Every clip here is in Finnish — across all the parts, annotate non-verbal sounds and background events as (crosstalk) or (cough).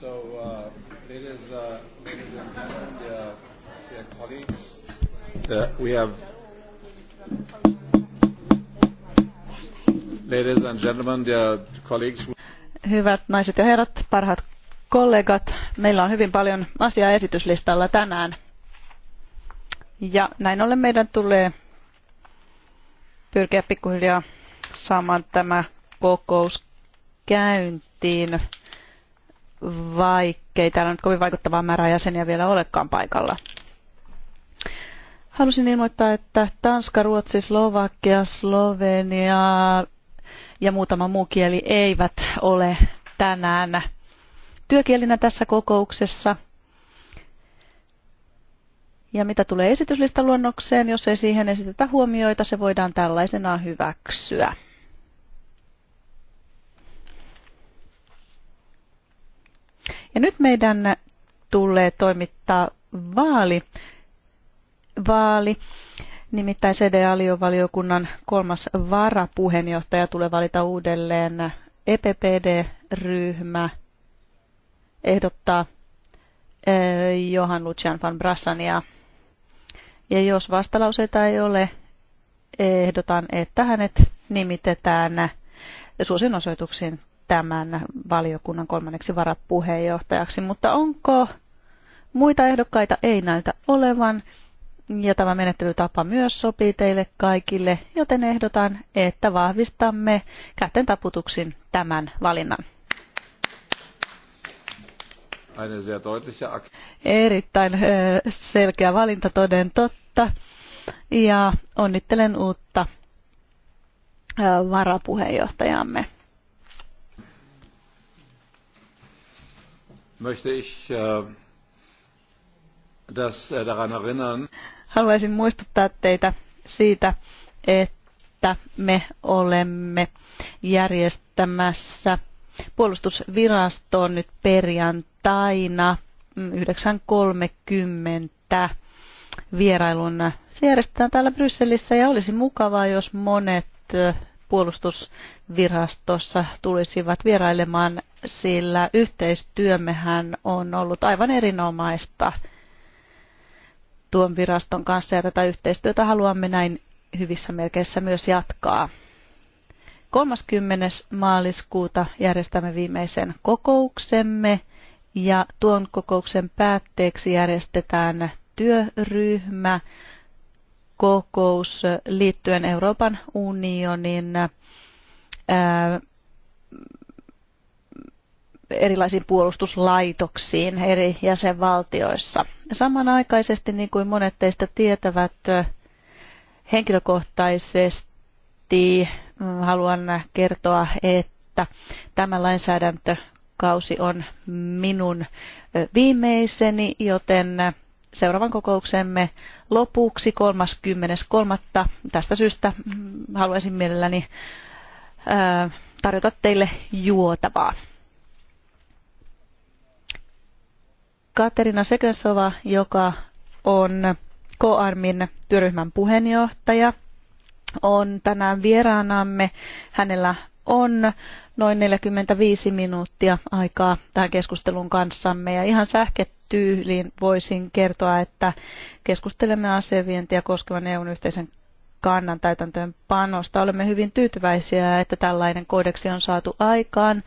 So, uh, ladies, uh, ladies and gentlemen, dear, dear colleagues, uh, we have. Ladies and gentlemen, dear colleagues. Hyvät naiset ja herrat, parhaat kollegat, meillä on hyvin paljon asiaa esityslistalla tänään. Ja näin ollen meidän tulee pyrkiä pikkuhiljaa saamaan tämä kokous käyntiin vaikkei täällä nyt kovin vaikuttavaa määrää jäseniä vielä olekaan paikalla. Halusin ilmoittaa, että Tanska, Ruotsi, Slovakia, Slovenia ja muutama muu kieli eivät ole tänään työkielinä tässä kokouksessa. Ja mitä tulee esityslistaluonnokseen, jos ei siihen esitetä huomioita, se voidaan tällaisenaan hyväksyä. Ja nyt meidän tulee toimittaa vaali, vaali Nimittäin CDA-valiokunnan kolmas varapuheenjohtaja tulee valita uudelleen. EPPD-ryhmä ehdottaa Johan Lucian van Brassania. Ja jos vastalauseita ei ole, ehdotan, että hänet nimitetään suosionosoituksin tämän valiokunnan kolmanneksi varapuheenjohtajaksi, mutta onko muita ehdokkaita ei näytä olevan, ja tämä menettelytapa myös sopii teille kaikille, joten ehdotan, että vahvistamme käten taputuksin tämän valinnan. Erittäin selkeä valinta toden totta. Ja onnittelen uutta varapuheenjohtajamme. möchte ich äh, das äh, daran erinnern. Haluaisin muistuttaa teitä siitä, että me olemme järjestämässä puolustusvirastoon nyt perjantaina 9.30 vierailun. Se järjestetään täällä Brysselissä ja olisi mukavaa, jos monet äh, puolustusvirastossa tulisivat vierailemaan sillä yhteistyömmehän on ollut aivan erinomaista tuon viraston kanssa ja tätä yhteistyötä haluamme näin hyvissä merkeissä myös jatkaa. 30. maaliskuuta järjestämme viimeisen kokouksemme ja tuon kokouksen päätteeksi järjestetään työryhmä kokous liittyen Euroopan unionin erilaisiin puolustuslaitoksiin eri jäsenvaltioissa. Samanaikaisesti, niin kuin monet teistä tietävät, henkilökohtaisesti mm, haluan kertoa, että tämä lainsäädäntökausi on minun viimeiseni, joten seuraavan kokouksemme lopuksi 30.3. Tästä syystä mm, haluaisin mielelläni tarjota teille juotavaa. Katerina Sekensova, joka on Koarmin työryhmän puheenjohtaja, on tänään vieraanamme. Hänellä on noin 45 minuuttia aikaa tähän keskustelun kanssamme ja ihan sähketyyliin voisin kertoa, että keskustelemme asevientiä koskevan EUn yhteisen kannan täytäntöön panosta. Olemme hyvin tyytyväisiä, että tällainen kodeksi on saatu aikaan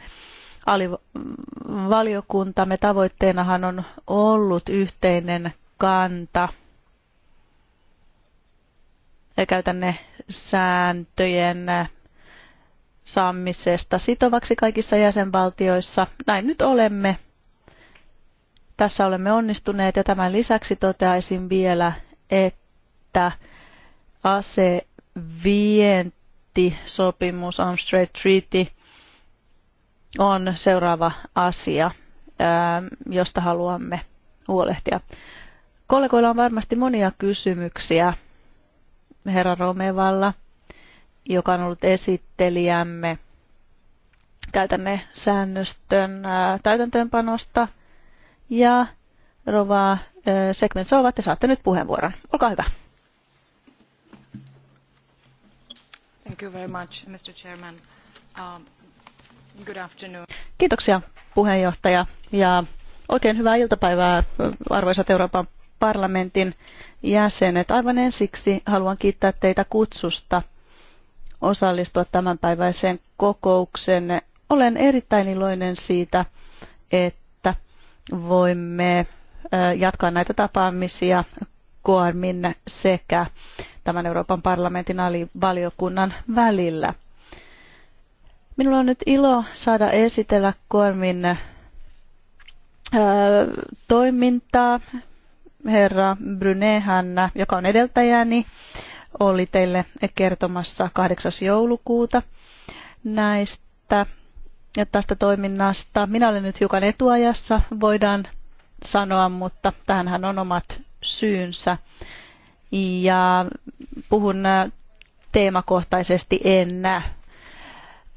valiokuntamme tavoitteenahan on ollut yhteinen kanta käytänne sääntöjen saamisesta sitovaksi kaikissa jäsenvaltioissa. Näin nyt olemme. Tässä olemme onnistuneet ja tämän lisäksi toteaisin vielä, että asevientisopimus, sopimus Trade Treaty, on seuraava asia, ähm, josta haluamme huolehtia. Kollegoilla on varmasti monia kysymyksiä herra Romevalla, joka on ollut esittelijämme käytänne säännöstön äh, täytäntöönpanosta. Ja Rova äh, Sekmensova, te saatte nyt puheenvuoron. Olkaa hyvä. Thank you very much, Mr. Chairman. Um, Kiitoksia puheenjohtaja ja oikein hyvää iltapäivää arvoisat Euroopan parlamentin jäsenet. Aivan ensiksi haluan kiittää teitä kutsusta osallistua tämänpäiväiseen kokoukseen. Olen erittäin iloinen siitä, että voimme jatkaa näitä tapaamisia Koarmin sekä tämän Euroopan parlamentin alivaliokunnan välillä. Minulla on nyt ilo saada esitellä Kormin äh, toimintaa. Herra Brynehanna, joka on edeltäjäni, oli teille kertomassa 8. joulukuuta näistä ja tästä toiminnasta. Minä olen nyt hiukan etuajassa, voidaan sanoa, mutta tähänhän on omat syynsä. Ja puhun äh, teemakohtaisesti ennä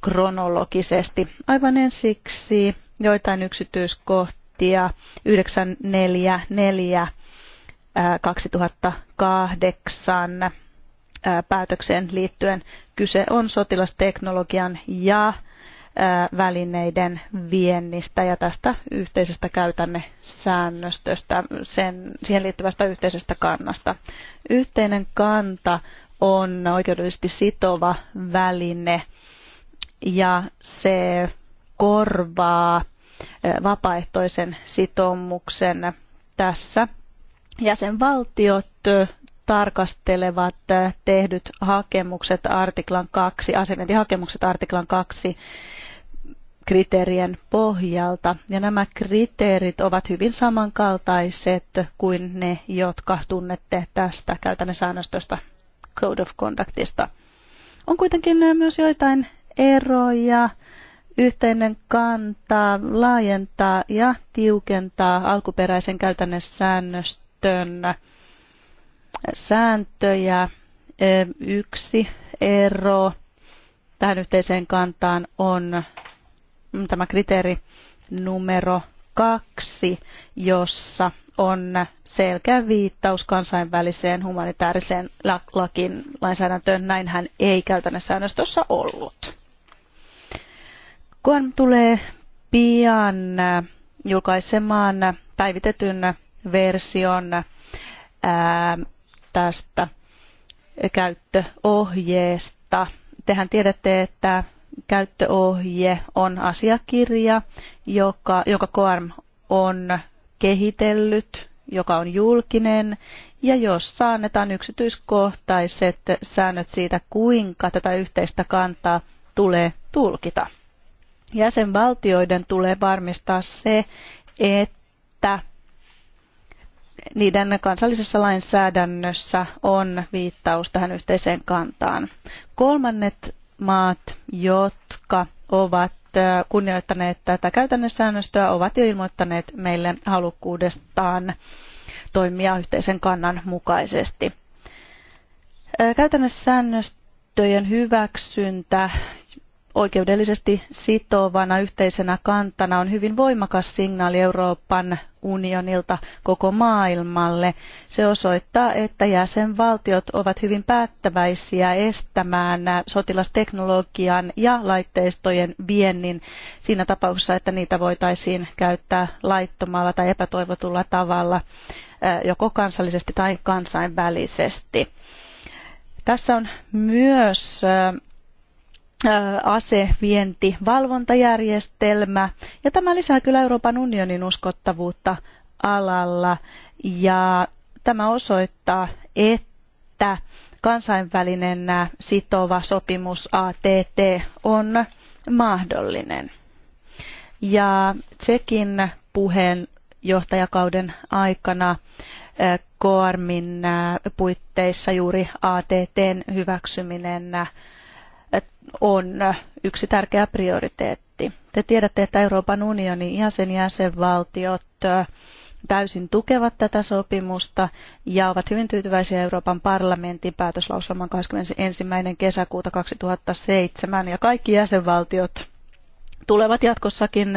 kronologisesti. Aivan ensiksi joitain yksityiskohtia 944 2008 äh, äh, päätökseen liittyen. Kyse on sotilasteknologian ja äh, välineiden viennistä ja tästä yhteisestä säännöstöstä, sen, siihen liittyvästä yhteisestä kannasta. Yhteinen kanta on oikeudellisesti sitova väline ja se korvaa vapaaehtoisen sitoumuksen tässä. Jäsenvaltiot tarkastelevat tehdyt hakemukset artiklan 2, asementihakemukset artiklan 2 kriteerien pohjalta. Ja nämä kriteerit ovat hyvin samankaltaiset kuin ne, jotka tunnette tästä käytännön säännöstöstä Code of Conductista. On kuitenkin myös joitain eroja. Yhteinen kantaa laajentaa ja tiukentaa alkuperäisen käytännön säännöstön sääntöjä. E, yksi ero tähän yhteiseen kantaan on tämä kriteeri numero kaksi, jossa on selkeä viittaus kansainväliseen humanitaariseen lakin lainsäädäntöön. Näinhän ei käytännössä säännöstössä ollut. Kuan tulee pian äh, julkaisemaan päivitetyn version äh, tästä käyttöohjeesta. Tehän tiedätte, että käyttöohje on asiakirja, joka, joka KOARM on kehitellyt, joka on julkinen ja jossa annetaan yksityiskohtaiset säännöt siitä, kuinka tätä yhteistä kantaa tulee tulkita. Jäsenvaltioiden tulee varmistaa se, että niiden kansallisessa lainsäädännössä on viittaus tähän yhteiseen kantaan. Kolmannet maat, jotka ovat kunnioittaneet tätä käytännössäännöstöä, ovat jo ilmoittaneet meille halukkuudestaan toimia yhteisen kannan mukaisesti. Käytännössäännöstöjen hyväksyntä oikeudellisesti sitovana yhteisenä kantana on hyvin voimakas signaali Euroopan unionilta koko maailmalle. Se osoittaa, että jäsenvaltiot ovat hyvin päättäväisiä estämään sotilasteknologian ja laitteistojen viennin siinä tapauksessa, että niitä voitaisiin käyttää laittomalla tai epätoivotulla tavalla eh, joko kansallisesti tai kansainvälisesti. Tässä on myös eh, asevientivalvontajärjestelmä. Ja tämä lisää kyllä Euroopan unionin uskottavuutta alalla ja tämä osoittaa, että kansainvälinen sitova sopimus ATT on mahdollinen. Ja Tsekin puheenjohtajakauden aikana Koarmin puitteissa juuri ATTn hyväksyminen on yksi tärkeä prioriteetti. Te tiedätte, että Euroopan unioni ja sen jäsenvaltiot täysin tukevat tätä sopimusta ja ovat hyvin tyytyväisiä Euroopan parlamentin päätöslauselman 21. kesäkuuta 2007 ja kaikki jäsenvaltiot tulevat jatkossakin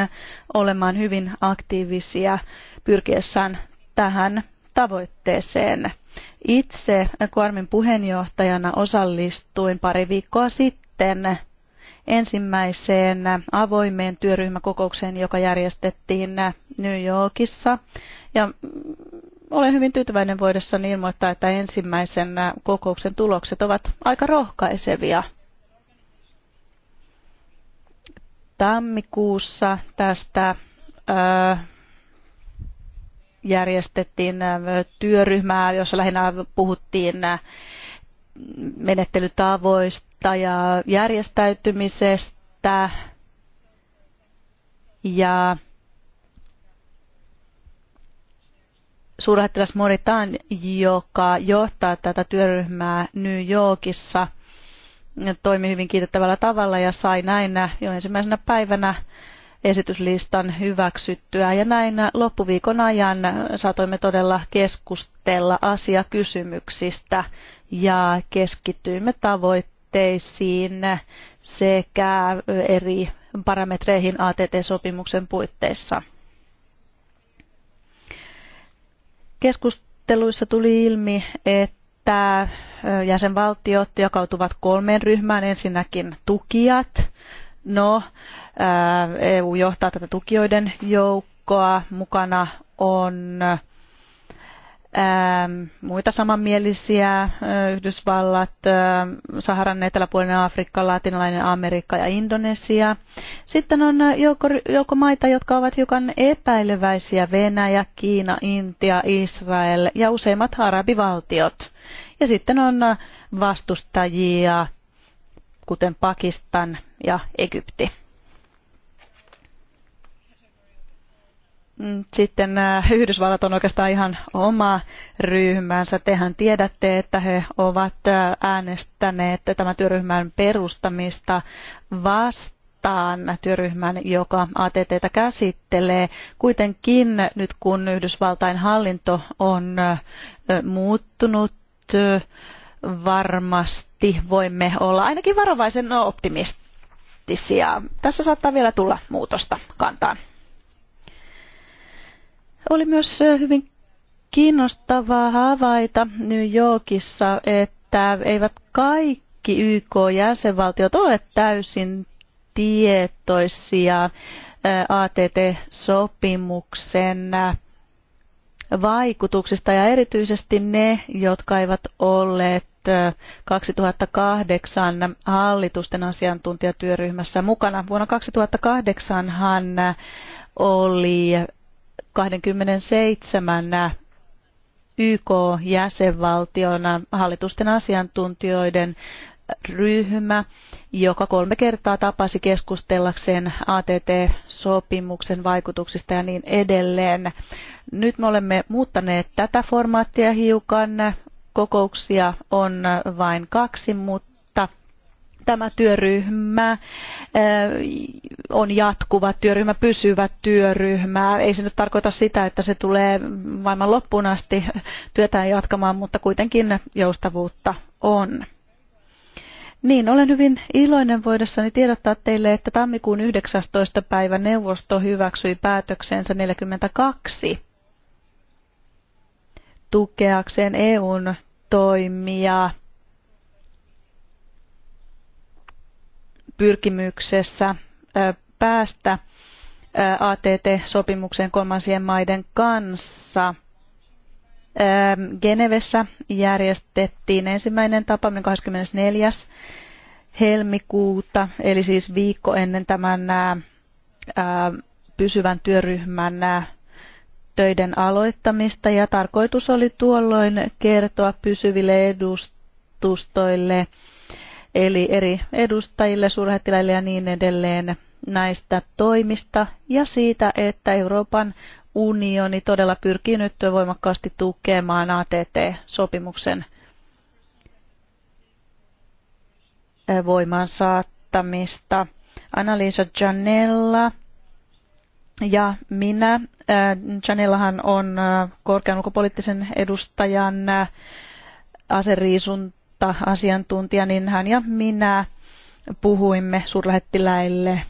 olemaan hyvin aktiivisia pyrkiessään tähän tavoitteeseen. Itse Kuormin puheenjohtajana osallistuin pari viikkoa sitten sitten ensimmäiseen avoimeen työryhmäkokoukseen, joka järjestettiin New Yorkissa. Ja mm, olen hyvin tyytyväinen voidessani ilmoittaa, että ensimmäisen kokouksen tulokset ovat aika rohkaisevia. Tammikuussa tästä järjestettiin työryhmää, jossa lähinnä puhuttiin menettelytavoista ja järjestäytymisestä ja suurlähettiläs Moritan, joka johtaa tätä työryhmää New Yorkissa, toimi hyvin kiitettävällä tavalla ja sai näinä jo ensimmäisenä päivänä esityslistan hyväksyttyä. Ja näin loppuviikon ajan saatoimme todella keskustella asiakysymyksistä ja keskittyimme tavoitteisiin sekä eri parametreihin ATT-sopimuksen puitteissa. Keskusteluissa tuli ilmi, että jäsenvaltiot jakautuvat kolmeen ryhmään. Ensinnäkin tukijat. No, EU johtaa tätä tukijoiden joukkoa. Mukana on Ähm, muita samanmielisiä, äh, Yhdysvallat, äh, Saharan eteläpuolinen Afrikka, Latinalainen Amerikka ja Indonesia. Sitten on äh, joukko, joukko maita, jotka ovat hiukan epäileväisiä, Venäjä, Kiina, Intia, Israel ja useimmat arabivaltiot. Ja sitten on vastustajia, kuten Pakistan ja Egypti. Mm, sitten äh, Yhdysvallat on oikeastaan ihan oma ryhmänsä. Tehän tiedätte, että he ovat äh, äänestäneet tämän työryhmän perustamista vastaan työryhmän, joka ATTtä käsittelee. Kuitenkin nyt kun Yhdysvaltain hallinto on äh, muuttunut, varmasti voimme olla ainakin varovaisen optimistisia. Tässä saattaa vielä tulla muutosta kantaan. Oli myös hyvin kiinnostavaa havaita New Yorkissa, että eivät kaikki YK-jäsenvaltiot ole täysin tietoisia ATT-sopimuksen vaikutuksista ja erityisesti ne, jotka eivät olleet 2008 hallitusten asiantuntijatyöryhmässä mukana. Vuonna 2008 oli 27 YK-jäsenvaltiona hallitusten asiantuntijoiden ryhmä, joka kolme kertaa tapasi keskustellakseen ATT-sopimuksen vaikutuksista ja niin edelleen. Nyt me olemme muuttaneet tätä formaattia hiukan. Kokouksia on vain kaksi, mutta tämä työryhmä on jatkuva työryhmä, pysyvä työryhmä. Ei se nyt tarkoita sitä, että se tulee maailman loppuun asti työtään jatkamaan, mutta kuitenkin joustavuutta on. Niin, olen hyvin iloinen voidessani tiedottaa teille, että tammikuun 19. päivä neuvosto hyväksyi päätöksensä 42 tukeakseen EUn toimia pyrkimyksessä päästä ATT-sopimukseen kolmansien maiden kanssa. Genevessä järjestettiin ensimmäinen tapaaminen 24. helmikuuta, eli siis viikko ennen tämän pysyvän työryhmän töiden aloittamista ja tarkoitus oli tuolloin kertoa pysyville edustustoille eli eri edustajille, suurlähettiläille ja niin edelleen näistä toimista ja siitä, että Euroopan unioni todella pyrkii nyt voimakkaasti tukemaan ATT-sopimuksen eh, voimaan saattamista. Annalisa Janella ja minä. Janellahan eh, on eh, korkean ulkopoliittisen edustajan aseriisun uutta asiantuntija, niin hän ja minä puhuimme suurlähettiläille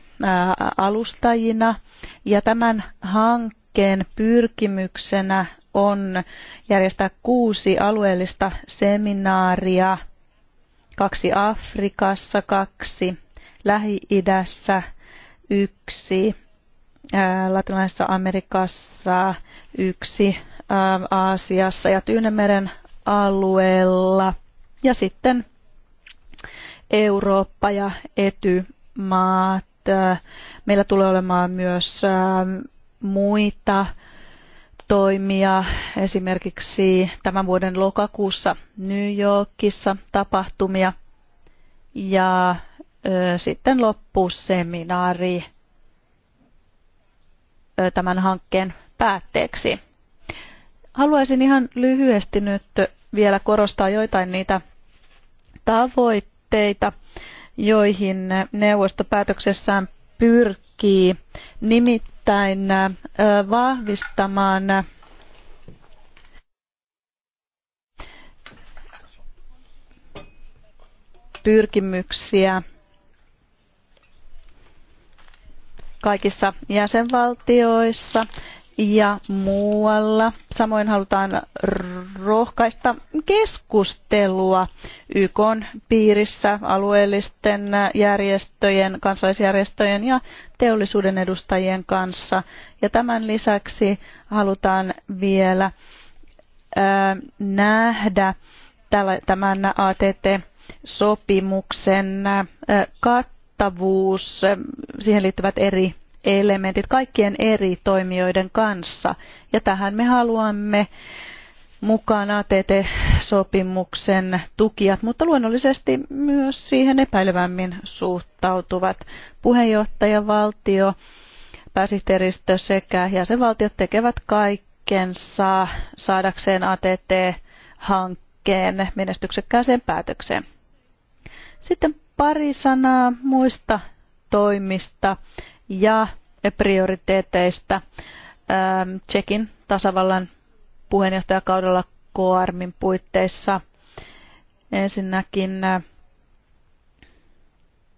alustajina. Ja tämän hankkeen pyrkimyksenä on järjestää kuusi alueellista seminaaria, kaksi Afrikassa, kaksi Lähi-idässä, yksi Latinalaisessa Amerikassa, yksi Aasiassa ja Tyynemeren alueella – ja sitten Eurooppa ja etymaat. Meillä tulee olemaan myös ähm, muita toimia. Esimerkiksi tämän vuoden lokakuussa New Yorkissa tapahtumia ja ö, sitten loppuseminaari ö, tämän hankkeen päätteeksi. Haluaisin ihan lyhyesti nyt vielä korostaa joitain niitä tavoitteita, joihin neuvosto päätöksessään pyrkii nimittäin vahvistamaan pyrkimyksiä kaikissa jäsenvaltioissa ja muualla. Samoin halutaan rohkaista keskustelua YK piirissä alueellisten järjestöjen, kansalaisjärjestöjen ja teollisuuden edustajien kanssa. Ja tämän lisäksi halutaan vielä nähdä tämän ATT-sopimuksen kattavuus, siihen liittyvät eri elementit kaikkien eri toimijoiden kanssa. Ja tähän me haluamme mukaan ATT-sopimuksen tukijat, mutta luonnollisesti myös siihen epäilevämmin suhtautuvat puheenjohtajavaltio, pääsihteeristö sekä jäsenvaltiot tekevät kaikkensa saadakseen ATT-hankkeen menestyksekkääseen päätökseen. Sitten pari sanaa muista toimista, ja prioriteeteista ähm, Tsekin tasavallan puheenjohtajakaudella koarmin puitteissa. Ensinnäkin äh,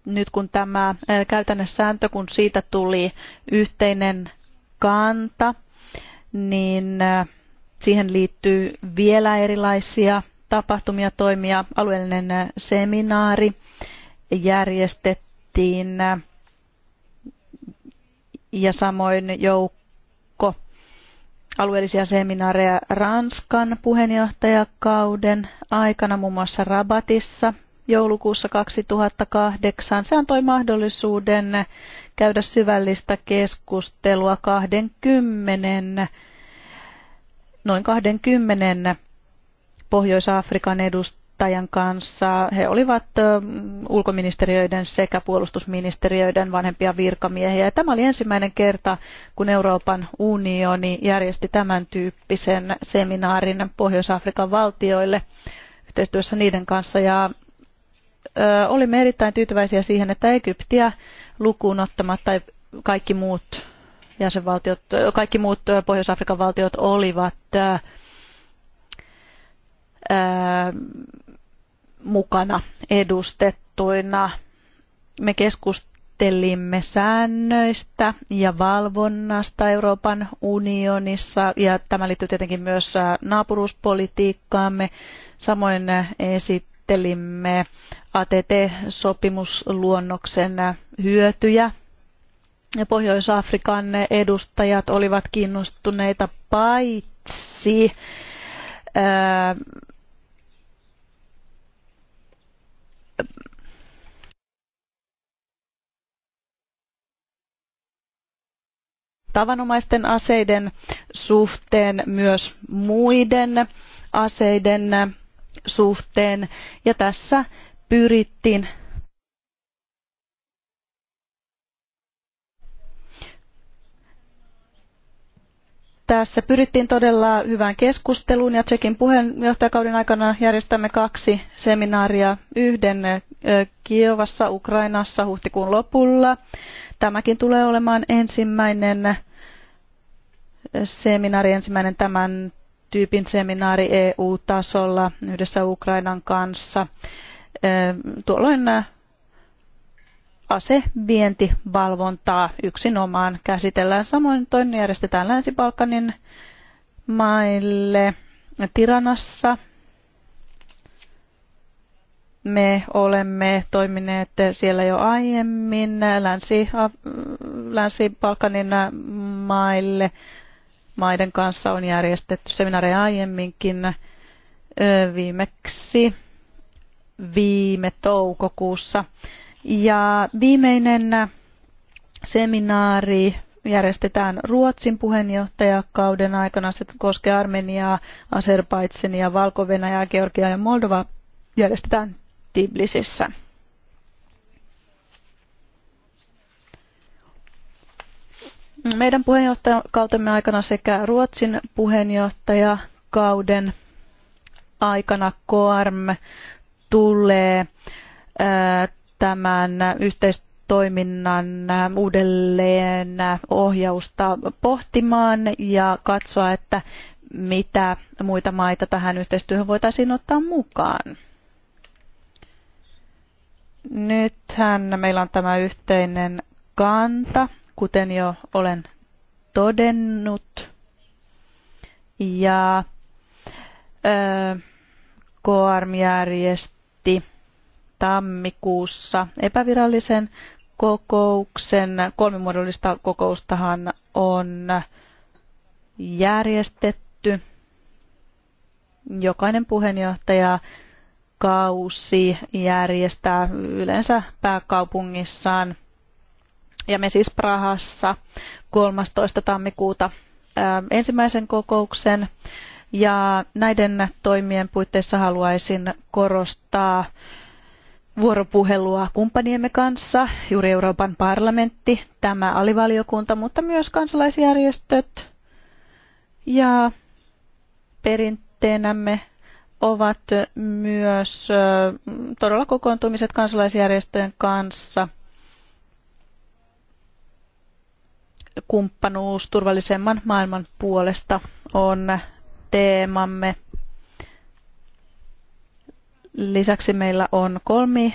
nyt kun tämä äh, käytännön sääntö, kun siitä tuli yhteinen kanta, niin äh, siihen liittyy vielä erilaisia tapahtumia, toimia. Alueellinen seminaari järjestettiin ja samoin joukko alueellisia seminaareja Ranskan puheenjohtajakauden aikana muun muassa Rabatissa joulukuussa 2008. Se antoi mahdollisuuden käydä syvällistä keskustelua 20, noin 20 Pohjois-Afrikan edustajan pääjohtajan kanssa. He olivat ulkoministeriöiden sekä puolustusministeriöiden vanhempia virkamiehiä. Ja tämä oli ensimmäinen kerta, kun Euroopan unioni järjesti tämän tyyppisen seminaarin Pohjois-Afrikan valtioille yhteistyössä niiden kanssa. Ja ö, olimme erittäin tyytyväisiä siihen, että Egyptiä lukuun ottamatta kaikki muut jäsenvaltiot, kaikki muut Pohjois-Afrikan valtiot olivat ää, mukana edustettuina. Me keskustelimme säännöistä ja valvonnasta Euroopan unionissa ja tämä liittyy tietenkin myös äh, naapuruuspolitiikkaamme. Samoin äh, esittelimme ATT-sopimusluonnoksen äh, hyötyjä Pohjois-Afrikan edustajat olivat kiinnostuneita paitsi tavanomaisten aseiden suhteen, myös muiden aseiden suhteen. Ja tässä pyrittiin Tässä pyrittiin todella hyvään keskusteluun ja Tsekin puheenjohtajakauden aikana järjestämme kaksi seminaaria, yhden Kiovassa, Ukrainassa huhtikuun lopulla. Tämäkin tulee olemaan ensimmäinen seminaari, ensimmäinen tämän tyypin seminaari EU-tasolla yhdessä Ukrainan kanssa. Tuolloin asevientivalvontaa yksinomaan käsitellään. Samoin toinen järjestetään Länsi-Balkanin maille Tiranassa. Me olemme toimineet siellä jo aiemmin Länsi-Balkanin maille maiden kanssa on järjestetty seminaareja aiemminkin viimeksi viime toukokuussa. Ja viimeinen seminaari järjestetään Ruotsin puheenjohtajakauden aikana. Se koskee Armeniaa, Azerbaidsenia, Valko-Venäjää, Georgiaa ja Moldovaa. Järjestetään Tiblisissä. Meidän puheenjohtajakautemme aikana sekä Ruotsin puheenjohtajakauden aikana KOARM tulee tämän yhteistoiminnan uudelleen ohjausta pohtimaan ja katsoa, että mitä muita maita tähän yhteistyöhön voitaisiin ottaa mukaan. Nythän meillä on tämä yhteinen kanta kuten jo olen todennut. Ja KOARM järjesti tammikuussa epävirallisen kokouksen. Kolmimuodollista kokoustahan on järjestetty. Jokainen puheenjohtaja kausi järjestää yleensä pääkaupungissaan ja me siis Prahassa 13. tammikuuta ensimmäisen kokouksen. Ja näiden toimien puitteissa haluaisin korostaa vuoropuhelua kumppaniemme kanssa, juuri Euroopan parlamentti, tämä alivaliokunta, mutta myös kansalaisjärjestöt. Ja perinteenämme ovat myös todella kokoontumiset kansalaisjärjestöjen kanssa kumppanuus turvallisemman maailman puolesta on teemamme. Lisäksi meillä on kolmi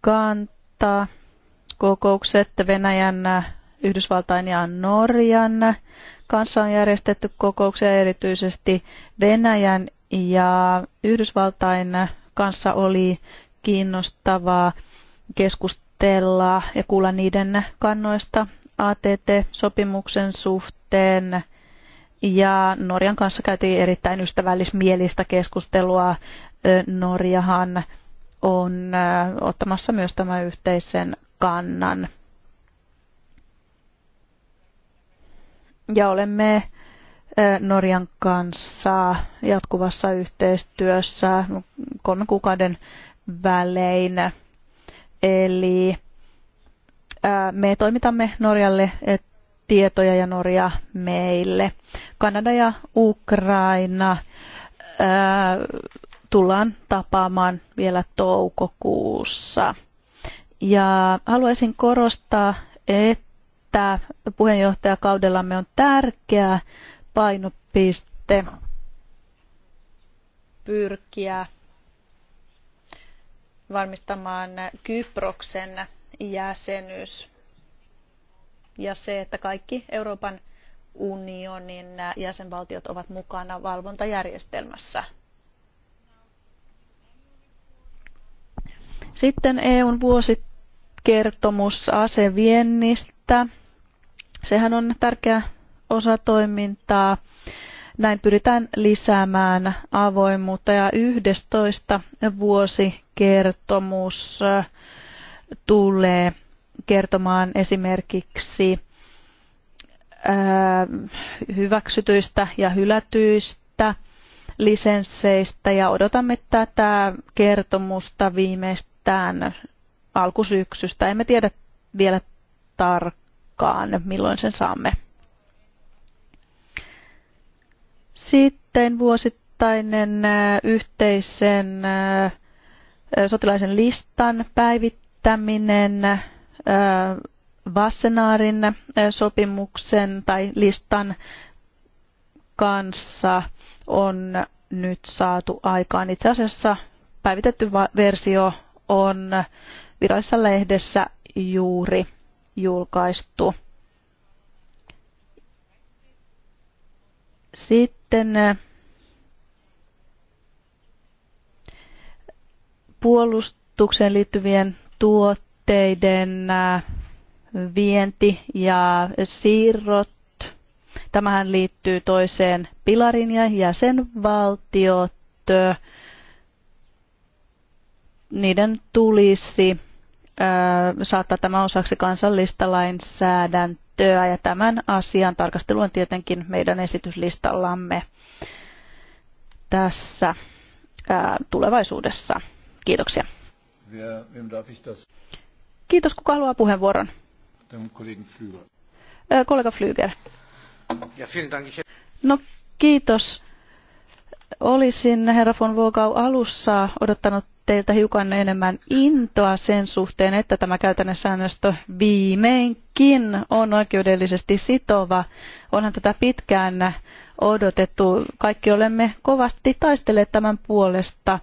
kanta kokoukset Venäjän, Yhdysvaltain ja Norjan kanssa on järjestetty kokouksia erityisesti Venäjän ja Yhdysvaltain kanssa oli kiinnostavaa keskustelua neuvotella ja kuulla niiden kannoista ATT-sopimuksen suhteen. Ja Norjan kanssa käytiin erittäin ystävällismielistä keskustelua. Norjahan on ottamassa myös tämän yhteisen kannan. Ja olemme Norjan kanssa jatkuvassa yhteistyössä kolmen kuukauden välein Eli me toimitamme Norjalle tietoja ja Norja meille. Kanada ja Ukraina tullaan tapaamaan vielä toukokuussa. Ja haluaisin korostaa, että puheenjohtajakaudellamme on tärkeä painopiste pyrkiä varmistamaan Kyproksen jäsenyys ja se, että kaikki Euroopan unionin jäsenvaltiot ovat mukana valvontajärjestelmässä. Sitten EUn vuosikertomus aseviennistä. Sehän on tärkeä osa toimintaa. Näin pyritään lisäämään avoimuutta ja 11 vuosikertomus äh, tulee kertomaan esimerkiksi äh, hyväksytyistä ja hylätyistä lisensseistä ja odotamme tätä kertomusta viimeistään alkusyksystä. Emme tiedä vielä tarkkaan, milloin sen saamme. Sitten vuosittainen äh, yhteisen äh, äh, sotilaisen listan päivittäminen Vassenaarin sopimuksen tai listan kanssa on nyt saatu aikaan. Itse asiassa päivitetty versio on virallisessa lehdessä juuri julkaistu. Sitten sitten äh, puolustukseen liittyvien tuotteiden äh, vienti ja siirrot. Tämähän liittyy toiseen pilarin ja jäsenvaltiot. Äh, niiden tulisi saattaa tämä osaksi kansallista lainsäädäntöä käyttöä ja tämän asian tarkastelu on tietenkin meidän esityslistallamme tässä ää, tulevaisuudessa. Kiitoksia. Kiitos, kuka haluaa puheenvuoron? kollega Flyger. No kiitos. Olisin herra von Vogau alussa odottanut teiltä hiukan enemmän intoa sen suhteen, että tämä käytännön säännöstö viimeinkin on oikeudellisesti sitova. Onhan tätä pitkään odotettu. Kaikki olemme kovasti taistelleet tämän puolesta.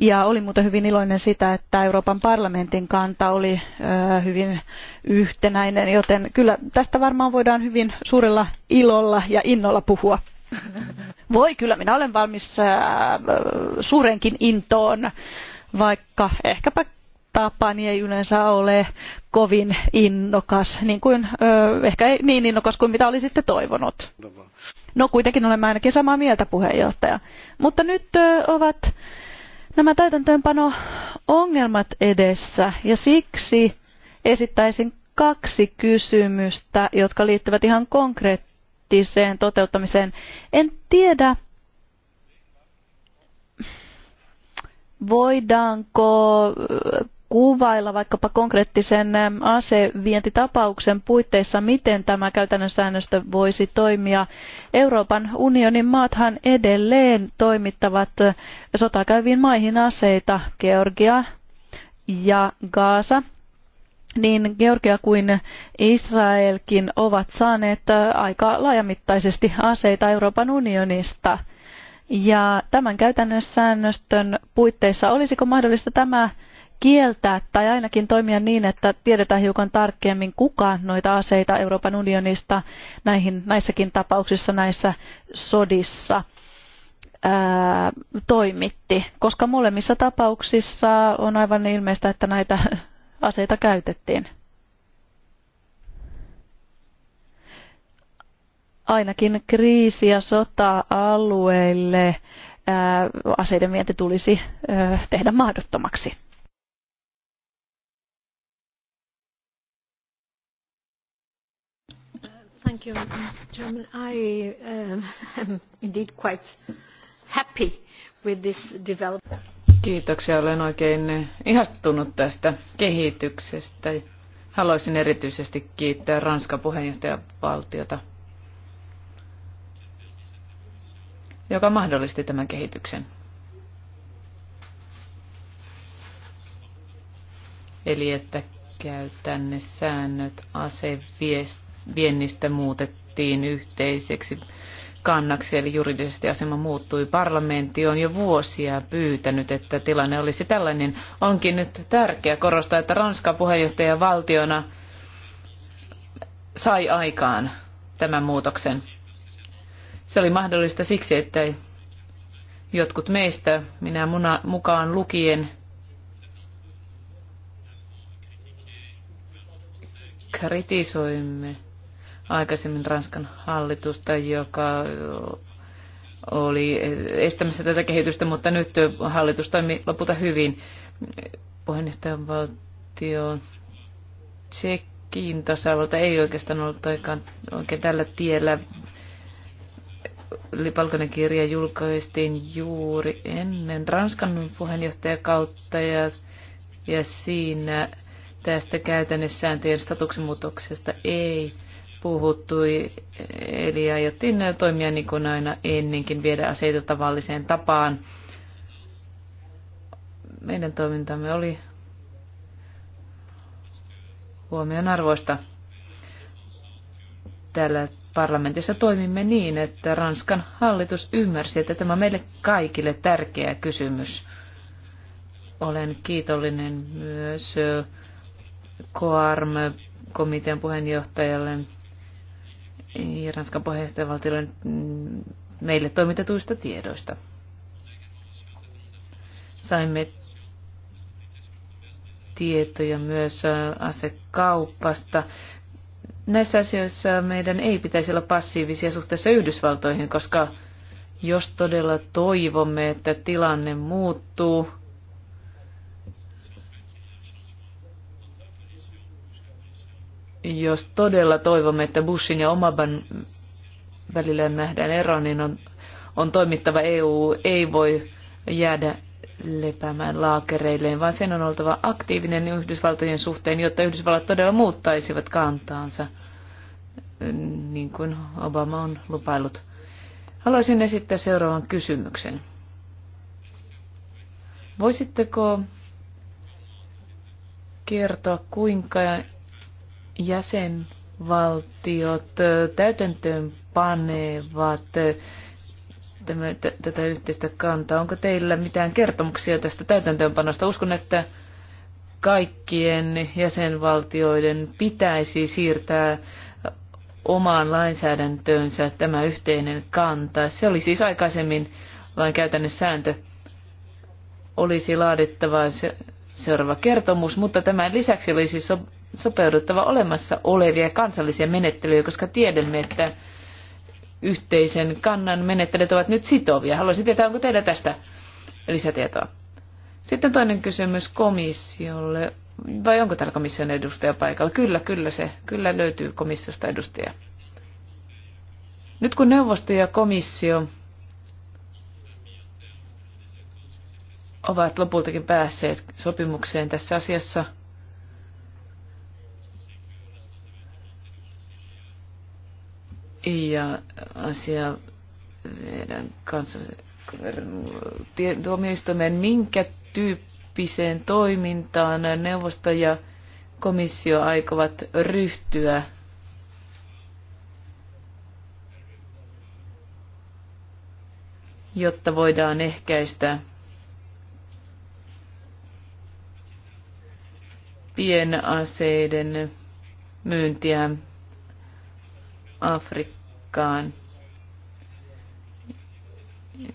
Ja oli muuten hyvin iloinen sitä, että Euroopan parlamentin kanta oli hyvin yhtenäinen, joten kyllä tästä varmaan voidaan hyvin suurella ilolla ja innolla puhua. (laughs) Voi kyllä, minä olen valmis suurenkin intoon vaikka ehkäpä tapani ei yleensä ole kovin innokas, niin kuin, ö, ehkä ei niin innokas kuin mitä olisitte toivonut. No kuitenkin olemme ainakin samaa mieltä puheenjohtaja. Mutta nyt ö, ovat nämä täytäntöönpano ongelmat edessä ja siksi esittäisin kaksi kysymystä, jotka liittyvät ihan konkreettiseen toteuttamiseen. En tiedä, voidaanko äh, kuvailla vaikkapa konkreettisen ähm, asevientitapauksen puitteissa, miten tämä käytännön säännöstö voisi toimia. Euroopan unionin maathan edelleen toimittavat äh, sotakäyviin maihin aseita, Georgia ja Gaasa. Niin Georgia kuin Israelkin ovat saaneet äh, aika laajamittaisesti aseita Euroopan unionista – ja tämän käytännön säännöstön puitteissa, olisiko mahdollista tämä kieltää tai ainakin toimia niin, että tiedetään hiukan tarkemmin, kuka noita aseita Euroopan unionista näihin, näissäkin tapauksissa, näissä sodissa ää, toimitti. Koska molemmissa tapauksissa on aivan ilmeistä, että näitä aseita käytettiin. ainakin kriisi- ja sota-alueille aseiden vienti tulisi tehdä mahdottomaksi. Thank you, Chairman. I uh, (laughs) am indeed quite happy with this development. Kiitoksia. Olen oikein ihastunut tästä kehityksestä. Haluaisin erityisesti kiittää Ranskan puheenjohtajavaltiota joka mahdollisti tämän kehityksen. Eli että käytän säännöt aseviennistä muutettiin yhteiseksi kannaksi, eli juridisesti asema muuttui. Parlamentti on jo vuosia pyytänyt, että tilanne olisi tällainen. Onkin nyt tärkeää korostaa, että Ranska puheenjohtajavaltiona sai aikaan tämän muutoksen. Se oli mahdollista siksi, että jotkut meistä, minä muna, mukaan lukien, kritisoimme aikaisemmin Ranskan hallitusta, joka oli estämässä tätä kehitystä, mutta nyt hallitus toimi lopulta hyvin. Puheenjohtajan valtio Tsekkiin tasavalta ei oikeastaan ollut oikein tällä tiellä valkoinen kirja julkaistiin juuri ennen Ranskan puheenjohtajakautta ja, ja siinä tästä käytännössääntöjen statuksen muutoksesta ei puhuttu, eli aiottiin toimia niin kuin aina ennenkin, viedä aseita tavalliseen tapaan. Meidän toimintamme oli huomionarvoista. Täällä parlamentissa toimimme niin, että Ranskan hallitus ymmärsi, että tämä on meille kaikille tärkeä kysymys. Olen kiitollinen myös COARM-komitean puheenjohtajalle ja Ranskan puheenjohtajavaltiolle meille toimitetuista tiedoista. Saimme tietoja myös asekaupasta. Näissä asioissa meidän ei pitäisi olla passiivisia suhteessa Yhdysvaltoihin, koska jos todella toivomme, että tilanne muuttuu, jos todella toivomme, että Bushin ja Omaban välillä nähdään ero, niin on, on toimittava EU ei voi jäädä lepäämään laakereilleen, vaan sen on oltava aktiivinen Yhdysvaltojen suhteen, jotta Yhdysvallat todella muuttaisivat kantaansa, niin kuin Obama on lupailut. Haluaisin esittää seuraavan kysymyksen. Voisitteko kertoa, kuinka jäsenvaltiot täytäntöön panevat tämä, tätä yhteistä kantaa. Onko teillä mitään kertomuksia tästä täytäntöönpanosta? Uskon, että kaikkien jäsenvaltioiden pitäisi siirtää omaan lainsäädäntöönsä tämä yhteinen kanta. Se oli siis aikaisemmin vain käytännön sääntö. Olisi laadittava se, seuraava kertomus, mutta tämän lisäksi olisi so, sopeuduttava olemassa olevia kansallisia menettelyjä, koska tiedämme, että yhteisen kannan menettelyt ovat nyt sitovia. Haluaisin tietää, onko teillä tästä lisätietoa. Sitten toinen kysymys komissiolle. Vai onko täällä komission edustaja paikalla? Kyllä, kyllä se. Kyllä löytyy komissiosta edustaja. Nyt kun neuvosto ja komissio ovat lopultakin päässeet sopimukseen tässä asiassa – ja asia meidän kanssa tuomioistuimeen, minkä tyyppiseen toimintaan neuvosto ja komissio aikovat ryhtyä jotta voidaan ehkäistä pienaseiden myyntiä Afrikkaan.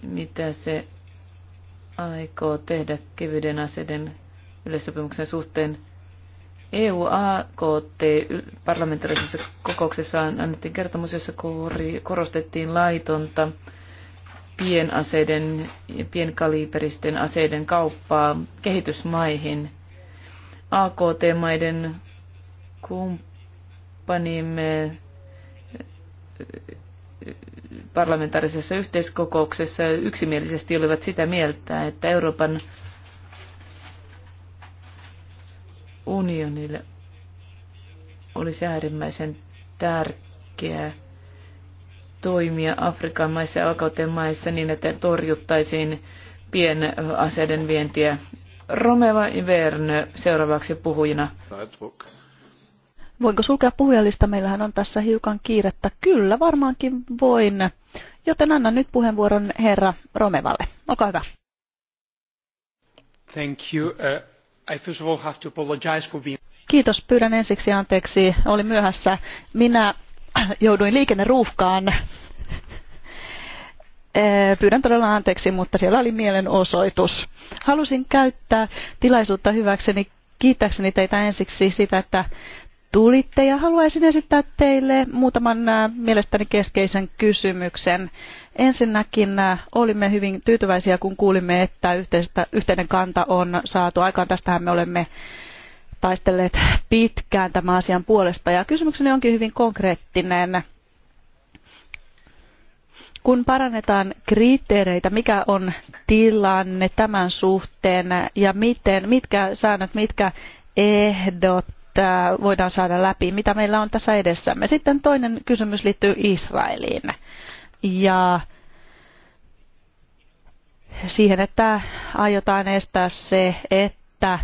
Mitä se aikoo tehdä kevyiden aseiden yleissopimuksen suhteen? EU-AKT-parlamentaarisessa kokouksessa annettiin kertomus, jossa korostettiin laitonta pienaseiden ja pienkaliiperisten aseiden kauppaa kehitysmaihin. AKT-maiden kumppanimme parlamentaarisessa yhteiskokouksessa yksimielisesti olivat sitä mieltä, että Euroopan unionille olisi äärimmäisen tärkeää toimia Afrikan maissa ja vakauteen maissa niin, että torjuttaisiin pienaseiden vientiä. Romeva Ivern seuraavaksi puhujana. Voinko sulkea puhujalista? Meillähän on tässä hiukan kiirettä. Kyllä, varmaankin voin. Joten annan nyt puheenvuoron herra Romevalle. Olkaa hyvä. Thank you. Uh, I first of all have to apologize for being... Kiitos, pyydän ensiksi anteeksi. oli myöhässä. Minä (clears throat) jouduin liikenneruuhkaan. Eh, pyydän todella anteeksi, mutta siellä oli mielenosoitus. Halusin käyttää tilaisuutta hyväkseni kiittääkseni teitä ensiksi siitä, että tulitte ja haluaisin esittää teille muutaman äh, mielestäni keskeisen kysymyksen. Ensinnäkin äh, olimme hyvin tyytyväisiä, kun kuulimme, että yhteistä, yhteinen kanta on saatu aikaan. Tästähän me olemme taistelleet pitkään tämän asian puolesta ja kysymykseni onkin hyvin konkreettinen. Kun parannetaan kriteereitä, mikä on tilanne tämän suhteen ja miten, mitkä säännöt, mitkä ehdot voidaan saada läpi, mitä meillä on tässä edessämme. Sitten toinen kysymys liittyy Israeliin ja siihen, että aiotaan estää se, että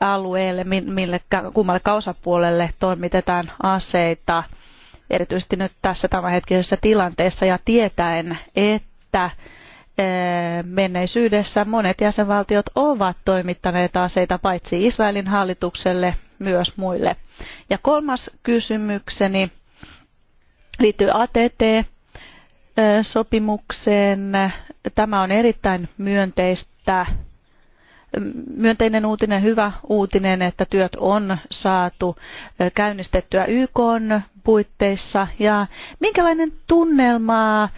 alueelle, mille, kummalle osapuolelle toimitetaan aseita, erityisesti nyt tässä tämänhetkisessä tilanteessa ja tietäen, että menneisyydessä monet jäsenvaltiot ovat toimittaneet aseita paitsi Israelin hallitukselle myös muille. Ja kolmas kysymykseni liittyy ATT-sopimukseen. Tämä on erittäin myönteistä myönteinen uutinen, hyvä uutinen, että työt on saatu käynnistettyä YK puitteissa. Ja minkälainen tunnelma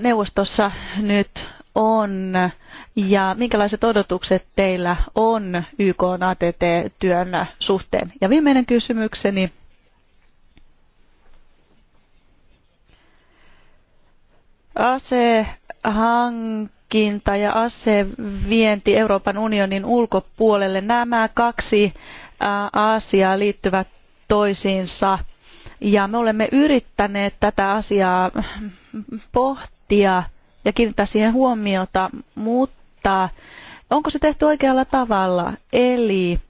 neuvostossa nyt on ja minkälaiset odotukset teillä on YK ATT-työn suhteen? Ja viimeinen kysymykseni. Asehankinta ja asevienti Euroopan unionin ulkopuolelle. Nämä kaksi asiaa liittyvät toisiinsa ja me olemme yrittäneet tätä asiaa pohtia ja kiinnittää siihen huomiota, mutta onko se tehty oikealla tavalla? Eli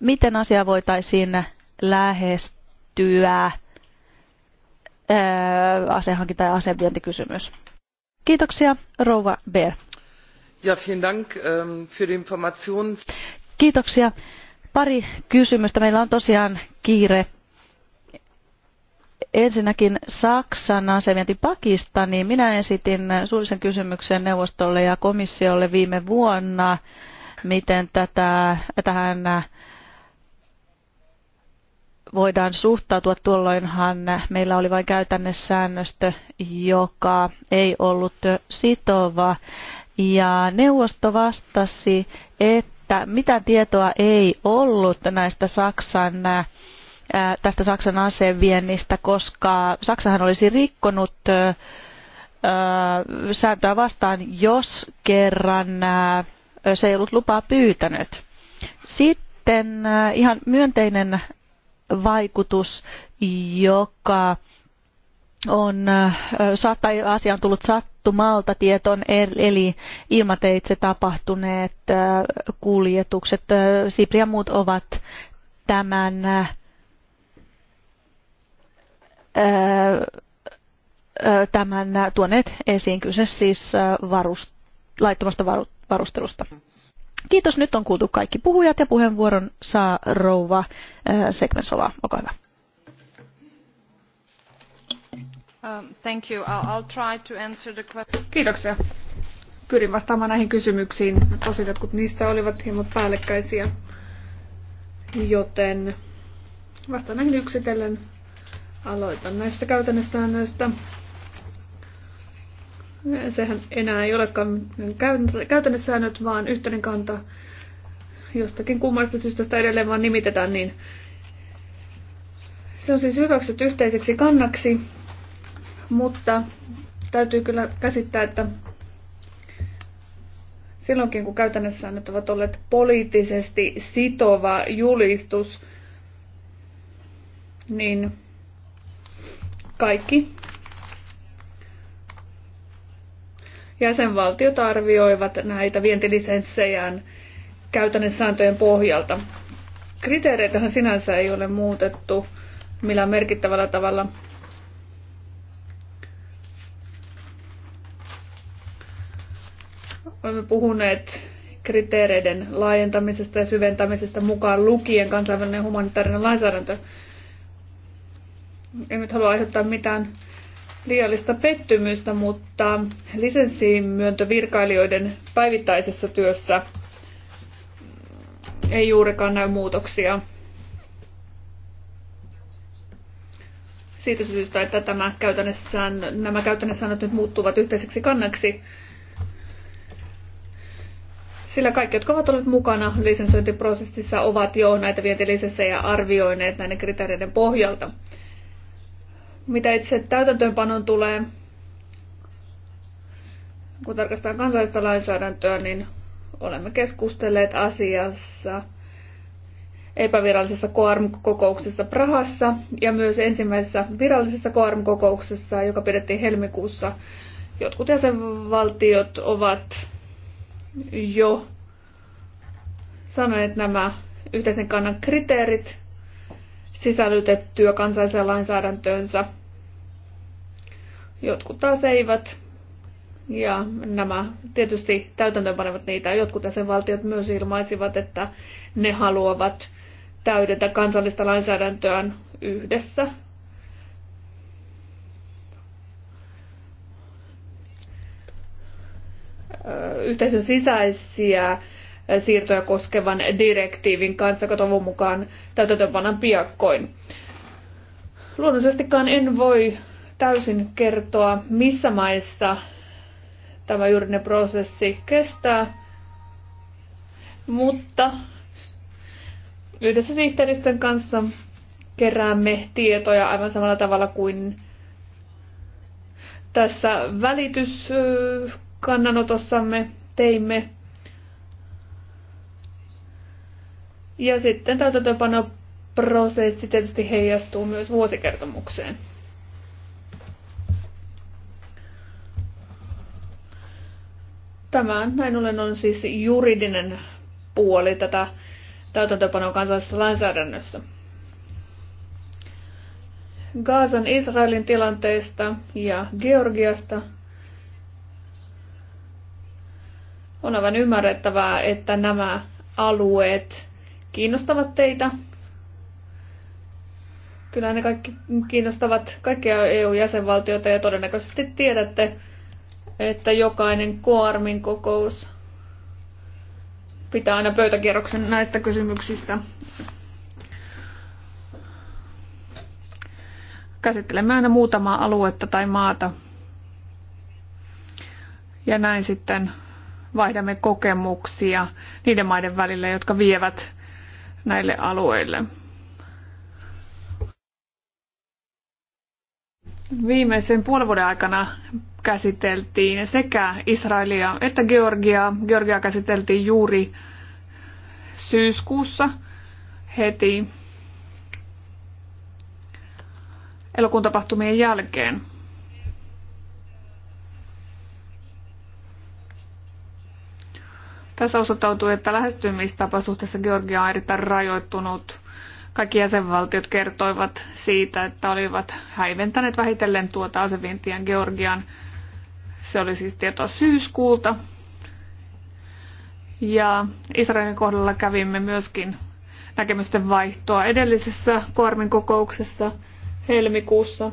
miten asia voitaisiin lähestyä? Öö, asehankinta- ja asevientikysymys. Kiitoksia, rouva Ber. Ja, vielen Dank ähm, für die Informationen. Kiitoksia Pari kysymystä. Meillä on tosiaan kiire. Ensinnäkin Saksan asevienti Pakistaniin. Minä esitin suullisen kysymyksen neuvostolle ja komissiolle viime vuonna, miten tätä, tähän voidaan suhtautua. Tuolloinhan meillä oli vain käytännössäännöstö, joka ei ollut sitova. Ja neuvosto vastasi, että että mitään tietoa ei ollut näistä Saksan tästä Saksan aseviennistä, koska Saksahan olisi rikkonut sääntöä vastaan, jos kerran se ei ollut lupaa pyytänyt. Sitten ihan myönteinen vaikutus, joka on, tai asia on tullut sattumalta tietoon, eli ilmateitse tapahtuneet kuljetukset. Sipri ja muut ovat tämän tämän tuoneet esiin. Kyse siis varust, laittomasta varustelusta. Kiitos. Nyt on kuultu kaikki puhujat ja puheenvuoron saa rouva Sekvensova. Olkaa hyvä. Kiitoksia. Pyrin vastaamaan näihin kysymyksiin. Tosin jotkut niistä olivat hieman päällekkäisiä, joten vastaan näihin yksitellen. Aloitan näistä käytännössäännöistä. Sehän enää ei olekaan säännöt, vaan yhteinen kanta jostakin kummasta syystä sitä edelleen vaan nimitetään niin. Se on siis hyväksytty yhteiseksi kannaksi mutta täytyy kyllä käsittää, että silloinkin kun käytännössä nyt ovat olleet poliittisesti sitova julistus, niin kaikki jäsenvaltiot arvioivat näitä vientilisenssejään käytännössä sääntöjen pohjalta. Kriteereitähän sinänsä ei ole muutettu millään merkittävällä tavalla. Olemme puhuneet kriteereiden laajentamisesta ja syventämisestä mukaan lukien kansainvälinen humanitaarinen lainsäädäntö. En nyt halua aiheuttaa mitään liiallista pettymystä, mutta lisenssiin virkailijoiden päivittäisessä työssä ei juurikaan näy muutoksia. Siitä syystä, että tämä käytännössä, nämä käytännössä nyt muuttuvat yhteiseksi kannaksi sillä kaikki, jotka ovat olleet mukana lisensointiprosessissa, ovat jo näitä vientilisensejä arvioineet näiden kriteereiden pohjalta. Mitä itse täytäntöönpanon tulee, kun tarkastetaan kansallista lainsäädäntöä, niin olemme keskustelleet asiassa epävirallisessa KOARM-kokouksessa Prahassa ja myös ensimmäisessä virallisessa KOARM-kokouksessa, joka pidettiin helmikuussa. Jotkut jäsenvaltiot ovat jo sanoneet nämä yhteisen kannan kriteerit sisällytettyä kansalliseen lainsäädäntöönsä. Jotkut taas eivät. Ja nämä tietysti täytäntöönpanevat niitä. Jotkut jäsenvaltiot myös ilmaisivat, että ne haluavat täydentää kansallista lainsäädäntöään yhdessä yhteisön sisäisiä siirtoja koskevan direktiivin kanssa, joka toivon mukaan täytäntöönpanan piakkoin. Luonnollisestikaan en voi täysin kertoa, missä maissa tämä juridinen prosessi kestää, mutta yhdessä sihteeristön kanssa keräämme tietoja aivan samalla tavalla kuin tässä välitys kannanotossamme teimme. Ja sitten täytäntöönpanoprosessi tietysti heijastuu myös vuosikertomukseen. Tämä näin ollen on siis juridinen puoli tätä täytäntöönpanoa kansallisessa lainsäädännössä. Gaasan Israelin tilanteesta ja Georgiasta – On aivan ymmärrettävää, että nämä alueet kiinnostavat teitä. Kyllä ne kaikki kiinnostavat kaikkia EU-jäsenvaltioita ja todennäköisesti tiedätte, että jokainen koarmin kokous pitää aina pöytäkierroksen näistä kysymyksistä. Käsittelemme aina muutamaa aluetta tai maata. Ja näin sitten vaihdamme kokemuksia niiden maiden välillä, jotka vievät näille alueille. Viimeisen puolen vuoden aikana käsiteltiin sekä Israelia että Georgiaa. Georgiaa käsiteltiin juuri syyskuussa heti elokuun tapahtumien jälkeen. Tässä osoittautui, että lähestymistapa suhteessa Georgia on erittäin rajoittunut. Kaikki jäsenvaltiot kertoivat siitä, että olivat häiventäneet vähitellen tuota asevientiä Georgian. Se oli siis tietoa syyskuulta. Ja Israelin kohdalla kävimme myöskin näkemysten vaihtoa edellisessä Kormin kokouksessa helmikuussa.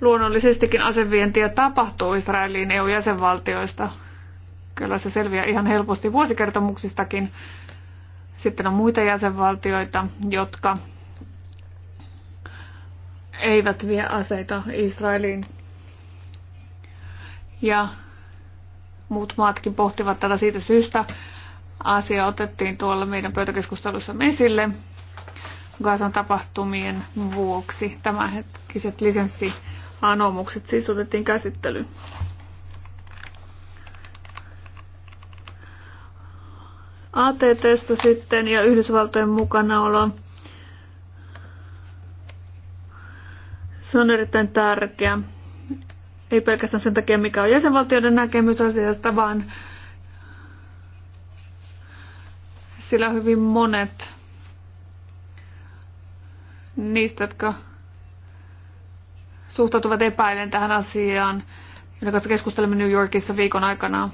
Luonnollisestikin asevientiä tapahtuu Israeliin EU-jäsenvaltioista Kyllä se selviää ihan helposti vuosikertomuksistakin. Sitten on muita jäsenvaltioita, jotka eivät vie aseita Israeliin. Ja muut maatkin pohtivat tätä siitä syystä. Asia otettiin tuolla meidän pöytäkeskustelussa esille Gazan tapahtumien vuoksi. Tämänhetkiset lisenssianomukset siis otettiin käsittelyyn. ATTstä sitten ja Yhdysvaltojen mukanaolo. Se on erittäin tärkeä. Ei pelkästään sen takia, mikä on jäsenvaltioiden näkemys asiasta, vaan sillä hyvin monet niistä, jotka suhtautuvat epäilen tähän asiaan, jonka kanssa keskustelimme New Yorkissa viikon aikana,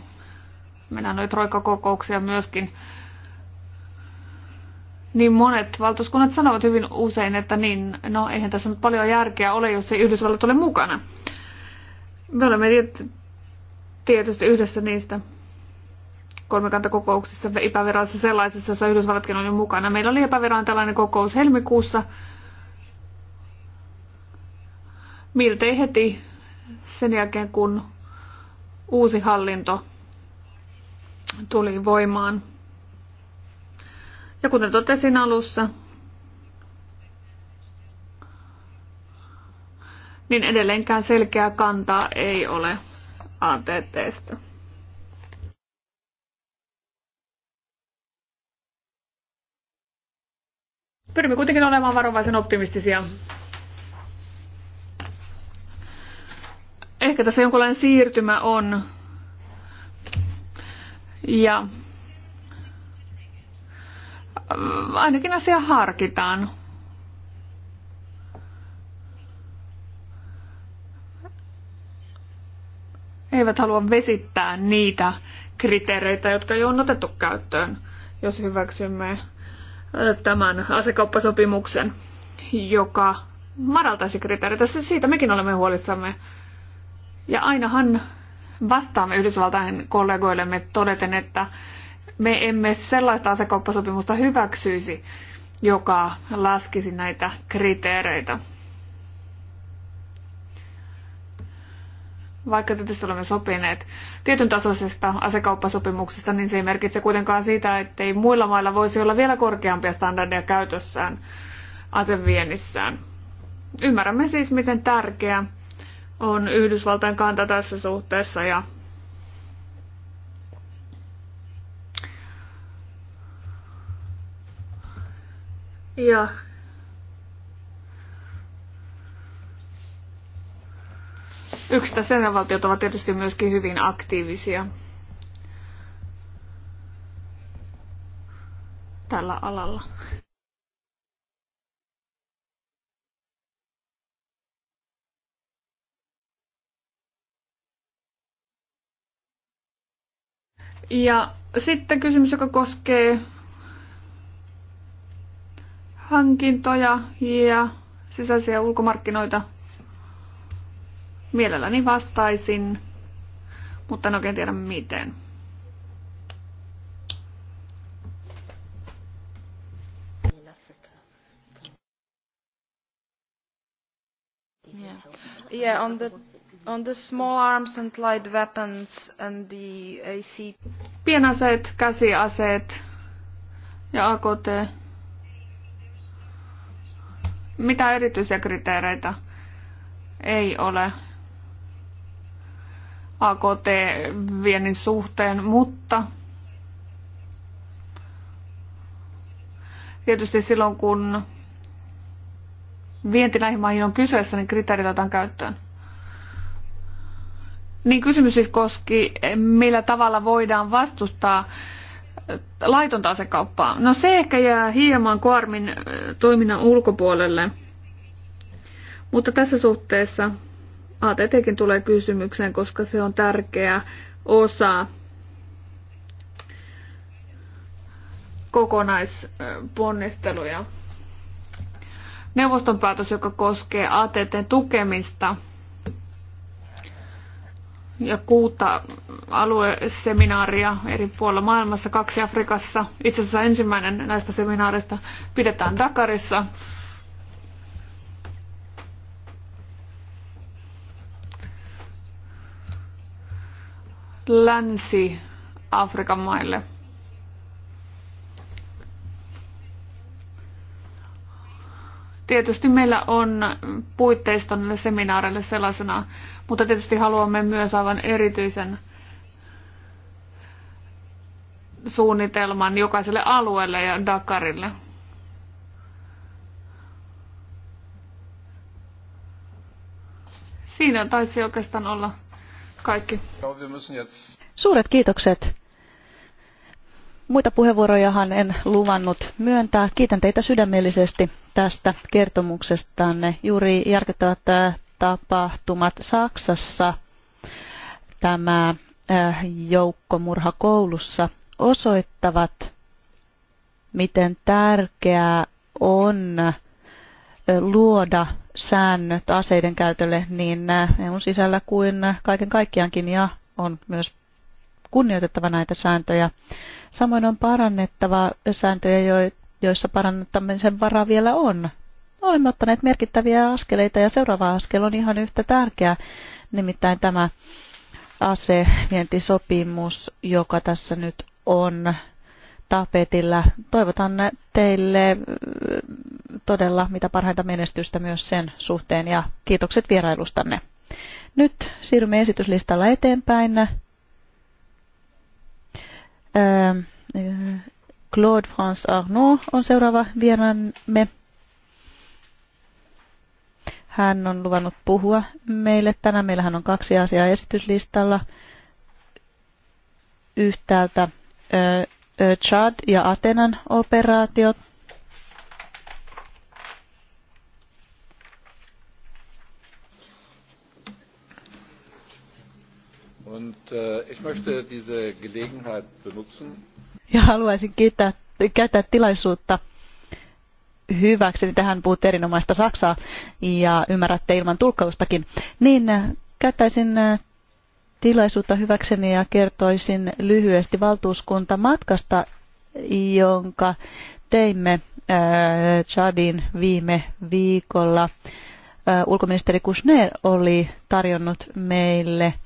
Meillä noita roikkakokouksia myöskin. Niin monet valtuuskunnat sanovat hyvin usein, että niin, no eihän tässä nyt paljon järkeä ole, jos ei Yhdysvallat ole mukana. Me olemme tietysti yhdessä niistä kolmikantakokouksissa epävirallisessa sellaisessa, jossa Yhdysvallatkin on jo mukana. Meillä oli epävirallinen tällainen kokous helmikuussa. Miltei heti sen jälkeen, kun uusi hallinto tuli voimaan. Ja kuten totesin alussa, niin edelleenkään selkeää kantaa ei ole ATTstä. Pyrimme kuitenkin olemaan varovaisen optimistisia. Ehkä tässä jonkinlainen siirtymä on ja ainakin asia harkitaan. Eivät halua vesittää niitä kriteereitä, jotka jo on otettu käyttöön, jos hyväksymme tämän asekauppasopimuksen, joka madaltaisi kriteereitä. Siitä mekin olemme huolissamme. Ja ainahan vastaamme Yhdysvaltain kollegoillemme todeten, että me emme sellaista asekauppasopimusta hyväksyisi, joka laskisi näitä kriteereitä. Vaikka tietysti olemme sopineet tietyn tasoisesta asekauppasopimuksesta, niin se ei merkitse kuitenkaan sitä, ettei muilla mailla voisi olla vielä korkeampia standardeja käytössään aseviennissään. Ymmärrämme siis, miten tärkeä on Yhdysvaltain kanta tässä suhteessa ja Ja yksittäiset valtiot ovat tietysti myöskin hyvin aktiivisia tällä alalla. Ja sitten kysymys, joka koskee hankintoja ja sisäisiä ulkomarkkinoita. Mielelläni vastaisin, mutta en oikein tiedä miten. Yeah, on the on the small arms and light weapons and the AC... Pienaseet, käsiaseet ja AKT. Mitä erityisiä kriteereitä ei ole AKT-viennin suhteen, mutta tietysti silloin kun vienti näihin maihin on kyseessä, niin kriteerit otetaan käyttöön. Niin kysymys siis koski, millä tavalla voidaan vastustaa äh, laitonta asekauppaa. No se ehkä jää hieman Koarmin äh, toiminnan ulkopuolelle. Mutta tässä suhteessa ATTkin tulee kysymykseen, koska se on tärkeä osa kokonaisponnisteluja. Neuvoston päätös, joka koskee ATTn tukemista – ja kuutta alueseminaaria eri puolilla maailmassa, kaksi Afrikassa. Itse asiassa ensimmäinen näistä seminaareista pidetään Dakarissa. Länsi-Afrikan maille. tietysti meillä on puitteisto näille seminaareille sellaisena, mutta tietysti haluamme myös aivan erityisen suunnitelman jokaiselle alueelle ja Dakarille. Siinä taisi oikeastaan olla kaikki. Suuret kiitokset. Muita puheenvuorojahan en luvannut myöntää. Kiitän teitä sydämellisesti tästä kertomuksestanne. Juuri järkyttävät äh, tapahtumat Saksassa, tämä äh, joukkomurha koulussa osoittavat, miten tärkeää on äh, luoda säännöt aseiden käytölle niin EUn sisällä kuin kaiken kaikkiaankin ja on myös kunnioitettava näitä sääntöjä Samoin on parannettava sääntöjä, joissa parannettamisen varaa vielä on. Olemme ottaneet merkittäviä askeleita ja seuraava askel on ihan yhtä tärkeä, nimittäin tämä asevientisopimus, joka tässä nyt on tapetilla. Toivotan teille äh, todella mitä parhainta menestystä myös sen suhteen ja kiitokset vierailustanne. Nyt siirrymme esityslistalla eteenpäin. Ähm, äh, Claude France Arnaud on seuraava vieraamme. Hän on luvannut puhua meille tänään. Meillähän on kaksi asiaa esityslistalla. Yhtäältä äh, äh, Chad ja Atenan operaatiot Und äh, ich möchte diese Gelegenheit benutzen. Ja haluaisin kiittää, käyttää tilaisuutta hyväksi. Tähän puhutte erinomaista Saksaa ja ymmärrätte ilman tulkkaustakin. Niin äh, käyttäisin äh, tilaisuutta hyväkseni ja kertoisin lyhyesti valtuuskuntamatkasta, jonka teimme Chadin viime viikolla. Ulkoministeri Kusner oli tarjonnut meille –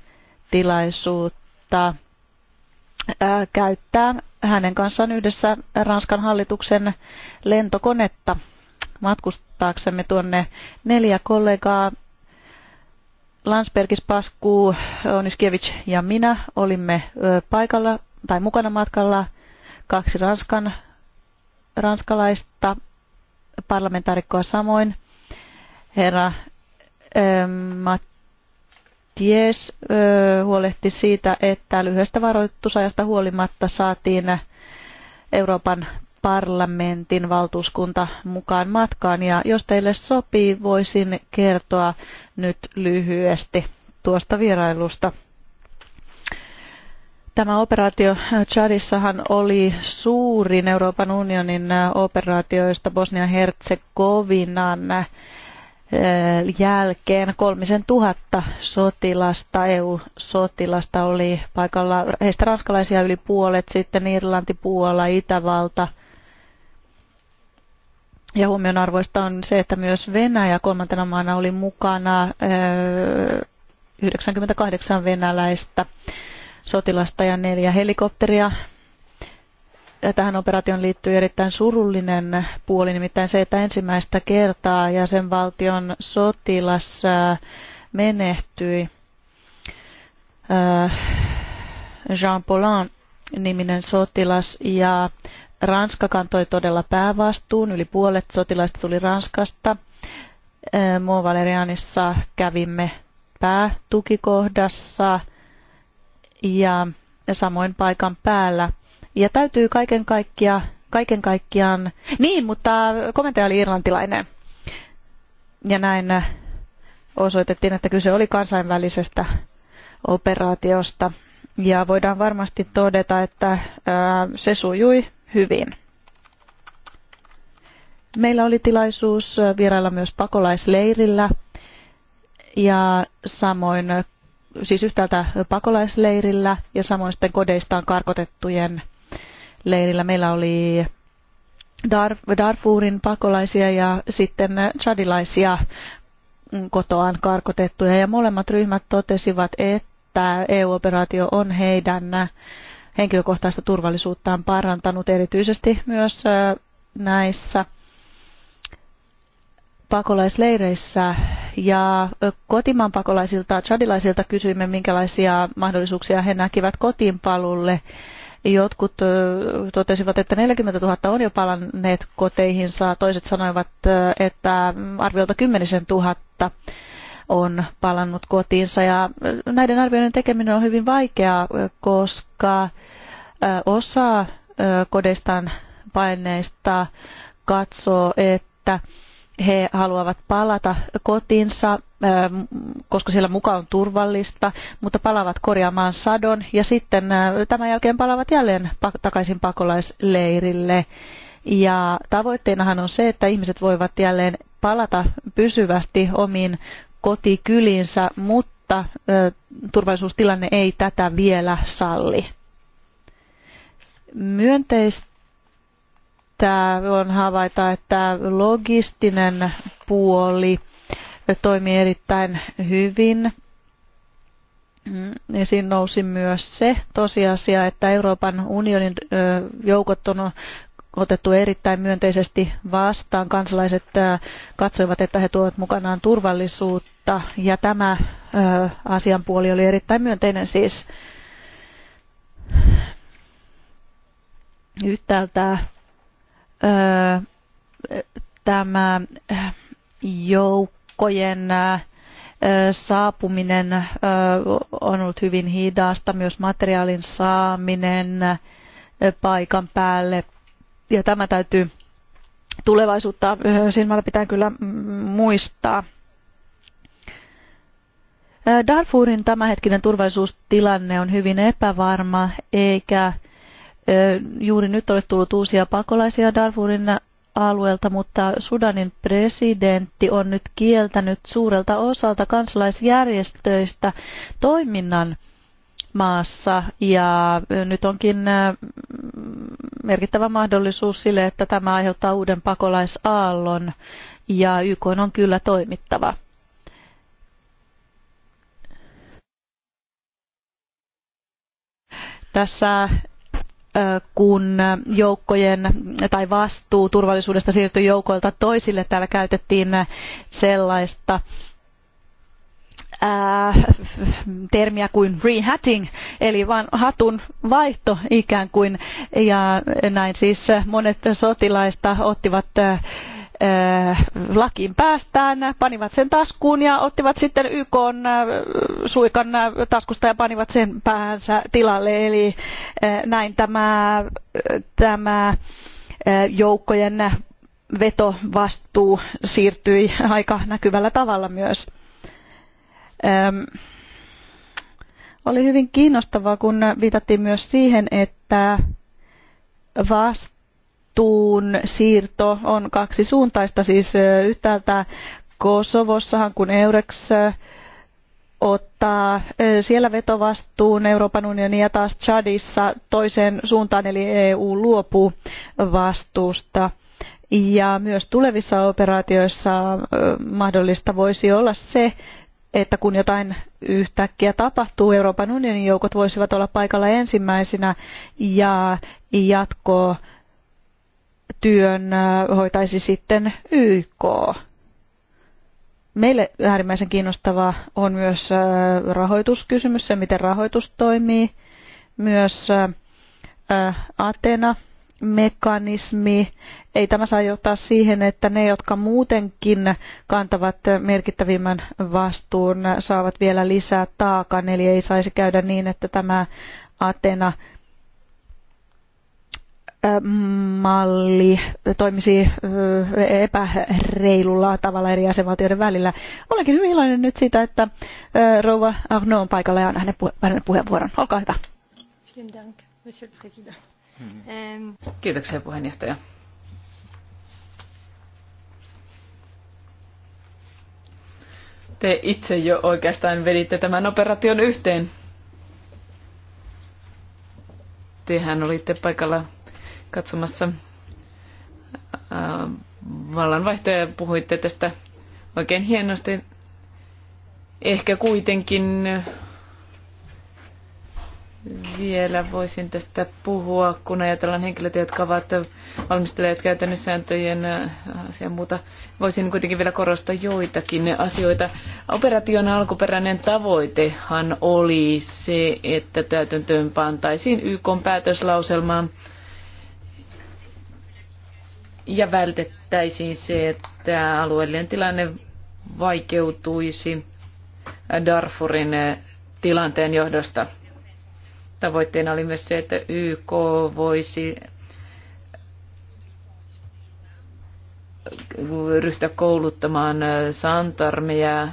tilaisuutta käyttää hänen kanssaan yhdessä Ranskan hallituksen lentokonetta matkustaaksemme tuonne neljä kollegaa. Landsbergis, Pasku, Oniskevich ja minä olimme paikalla tai mukana matkalla kaksi Ranskan, ranskalaista parlamentaarikkoa samoin, herra Matt Ties huolehti siitä, että lyhyestä varoitusajasta huolimatta saatiin Euroopan parlamentin valtuuskunta mukaan matkaan. Ja jos teille sopii, voisin kertoa nyt lyhyesti tuosta vierailusta. Tämä operaatio Chadissahan oli suurin Euroopan unionin operaatioista Bosnia-Herzegovinan jälkeen kolmisen tuhatta sotilasta, EU-sotilasta oli paikalla, heistä ranskalaisia yli puolet, sitten Irlanti, Puola, Itävalta. Ja huomionarvoista on se, että myös Venäjä kolmantena maana oli mukana 98 venäläistä sotilasta ja neljä helikopteria tähän operaatioon liittyy erittäin surullinen puoli, nimittäin se, että ensimmäistä kertaa jäsenvaltion sotilas äh, menehtyi. Äh, Jean Paulin niminen sotilas ja Ranska kantoi todella päävastuun. Yli puolet sotilaista tuli Ranskasta. Äh, Mo Valerianissa kävimme päätukikohdassa ja samoin paikan päällä – ja täytyy kaiken, kaikkia, kaiken kaikkiaan... Niin, mutta komentaja oli irlantilainen. Ja näin osoitettiin, että kyse oli kansainvälisestä operaatiosta. Ja voidaan varmasti todeta, että se sujui hyvin. Meillä oli tilaisuus vierailla myös pakolaisleirillä ja samoin siis yhtäältä pakolaisleirillä ja samoin sitten kodeistaan karkotettujen leirillä. Meillä oli Darfurin pakolaisia ja sitten chadilaisia kotoaan karkotettuja ja molemmat ryhmät totesivat, että EU-operaatio on heidän henkilökohtaista turvallisuuttaan parantanut erityisesti myös näissä pakolaisleireissä ja kotimaan pakolaisilta, chadilaisilta kysyimme, minkälaisia mahdollisuuksia he näkivät paluulle. Jotkut totesivat, että 40 000 on jo palanneet koteihinsa, toiset sanoivat, että arviolta 10 000 on palannut kotiinsa. Ja näiden arvioiden tekeminen on hyvin vaikeaa, koska osa kodeistaan paineista katsoo, että he haluavat palata kotiinsa, koska siellä mukaan on turvallista, mutta palaavat korjaamaan sadon ja sitten tämän jälkeen palaavat jälleen takaisin pakolaisleirille. Ja tavoitteenahan on se, että ihmiset voivat jälleen palata pysyvästi omiin kotikylinsä, mutta turvallisuustilanne ei tätä vielä salli. Myönteistä että on havaita, että logistinen puoli toimii erittäin hyvin. Mm, esiin nousi myös se tosiasia, että Euroopan unionin joukot on otettu erittäin myönteisesti vastaan. Kansalaiset katsoivat, että he tuovat mukanaan turvallisuutta ja tämä asian puoli oli erittäin myönteinen siis yhtäältä tämä joukkojen saapuminen on ollut hyvin hidasta, myös materiaalin saaminen paikan päälle. Ja tämä täytyy tulevaisuutta silmällä pitää kyllä muistaa. Darfurin tämänhetkinen turvallisuustilanne on hyvin epävarma, eikä juuri nyt ole tullut uusia pakolaisia Darfurin alueelta, mutta Sudanin presidentti on nyt kieltänyt suurelta osalta kansalaisjärjestöistä toiminnan maassa ja nyt onkin merkittävä mahdollisuus sille, että tämä aiheuttaa uuden pakolaisaallon ja YK on kyllä toimittava. Tässä kun joukkojen tai vastuu turvallisuudesta siirtyi joukoilta toisille. Täällä käytettiin sellaista termiä kuin rehatting, eli vain hatun vaihto ikään kuin. Ja näin siis monet sotilaista ottivat ää, Äh, lakiin päästään, panivat sen taskuun ja ottivat sitten YK äh, suikan äh, taskusta ja panivat sen päähänsä tilalle. Eli näin tämä, tämä joukkojen vetovastuu siirtyi aika näkyvällä tavalla myös. Ähm, oli hyvin kiinnostavaa, kun viitattiin myös siihen, että vasta vastuun siirto on kaksisuuntaista. Siis yhtäältä Kosovossahan, kun Eurex ottaa siellä vetovastuun Euroopan unionin ja taas Chadissa toiseen suuntaan, eli EU luopuu vastuusta. Ja myös tulevissa operaatioissa mahdollista voisi olla se, että kun jotain yhtäkkiä tapahtuu, Euroopan unionin joukot voisivat olla paikalla ensimmäisenä ja jatkoa työn hoitaisi sitten YK. Meille äärimmäisen kiinnostavaa on myös rahoituskysymys, se miten rahoitus toimii. Myös Atena-mekanismi. Ei tämä saa johtaa siihen, että ne, jotka muutenkin kantavat merkittävimmän vastuun, saavat vielä lisää taakan. Eli ei saisi käydä niin, että tämä Atena malli toimisi e-, epäreilulla tavalla eri jäsenvaltioiden välillä. Olenkin hyvin iloinen nyt siitä, että rouva Arnaud on paikalla ja on hänen puheenvuoron. Olkaa hyvä. Mm-hmm. Ähm, Kiitoksia puheenjohtaja. Te itse jo oikeastaan veditte tämän operaation yhteen. Tehän olitte paikalla katsomassa vallanvaihtoja ja puhuitte tästä oikein hienosti. Ehkä kuitenkin vielä voisin tästä puhua, kun ajatellaan henkilöitä, jotka ovat valmistelleet käytännön sääntöjen ja muuta. Voisin kuitenkin vielä korostaa joitakin asioita. Operaation alkuperäinen tavoitehan oli se, että täytäntöön pantaisiin YK päätöslauselmaan ja vältettäisiin se, että alueellinen tilanne vaikeutuisi Darfurin tilanteen johdosta. Tavoitteena oli myös se, että YK voisi ryhtyä kouluttamaan santarmeja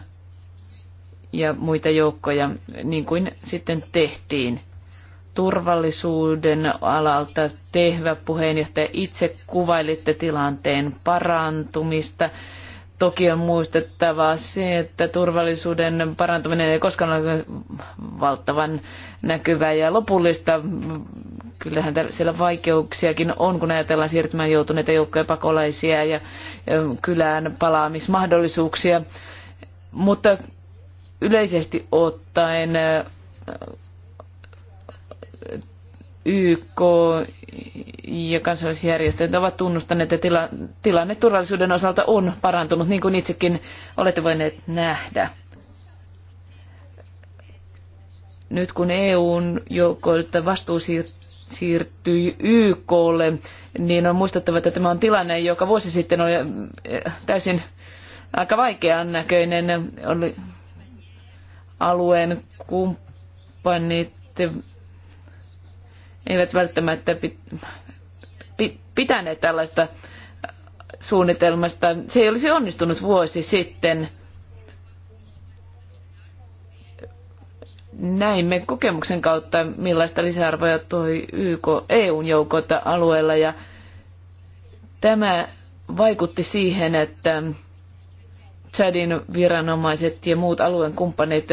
ja muita joukkoja, niin kuin sitten tehtiin – turvallisuuden alalta tehvä puheenjohtaja. Itse kuvailitte tilanteen parantumista. Toki on muistettava se, että turvallisuuden parantuminen ei koskaan ole valtavan näkyvää ja lopullista. Kyllähän siellä vaikeuksiakin on, kun ajatellaan siirtymään joutuneita joukkoja pakolaisia ja kylään palaamismahdollisuuksia. Mutta yleisesti ottaen YK ja kansallisjärjestöt ovat tunnustaneet, että tila, tilanne turvallisuuden osalta on parantunut, niin kuin itsekin olette voineet nähdä. Nyt kun EUn joukoilta vastuu siirtyi YKlle, niin on muistettava, että tämä on tilanne, joka vuosi sitten oli eh, täysin aika vaikean näköinen. Oli alueen kumppanit eivät välttämättä pitäneet tällaista suunnitelmasta. Se ei olisi onnistunut vuosi sitten. Näimme kokemuksen kautta, millaista lisäarvoja toi YK, EUn joukot alueella ja tämä vaikutti siihen, että Chadin viranomaiset ja muut alueen kumppanit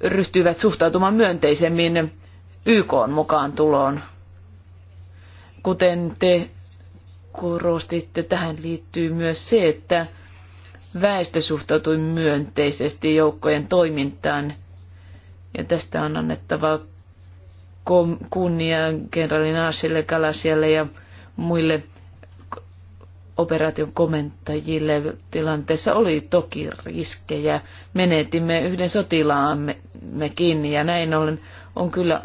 ryhtyivät suhtautumaan myönteisemmin YK mukaan tuloon. Kuten te korostitte, tähän liittyy myös se, että väestö suhtautui myönteisesti joukkojen toimintaan. Ja tästä on annettava kunnia kenraali Naasille, Kalasialle ja muille operaation komentajille tilanteessa oli toki riskejä. Menetimme yhden kiinni ja näin ollen on kyllä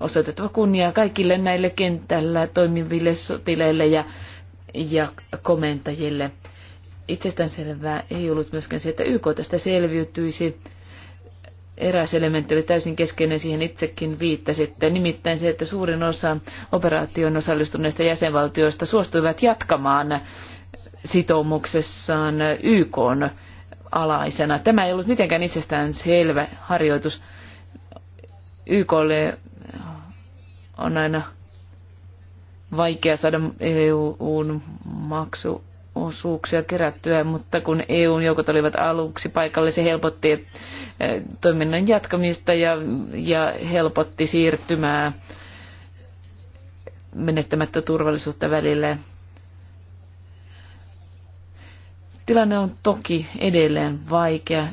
osoitettava kunniaa kaikille näille kentällä toimiville sotileille ja, ja komentajille. Itsestään selvää ei ollut myöskään se, että YK tästä selviytyisi. Eräs elementti oli täysin keskeinen, siihen itsekin viittasitte, nimittäin se, että suurin osa operaation osallistuneista jäsenvaltioista suostuivat jatkamaan sitoumuksessaan YK alaisena. Tämä ei ollut mitenkään itsestään selvä harjoitus YKlle on aina vaikea saada EUn maksuosuuksia kerättyä, mutta kun EUn joukot olivat aluksi paikalle, se helpotti eh, toiminnan jatkamista ja, ja helpotti siirtymää menettämättä turvallisuutta välille. Tilanne on toki edelleen vaikea.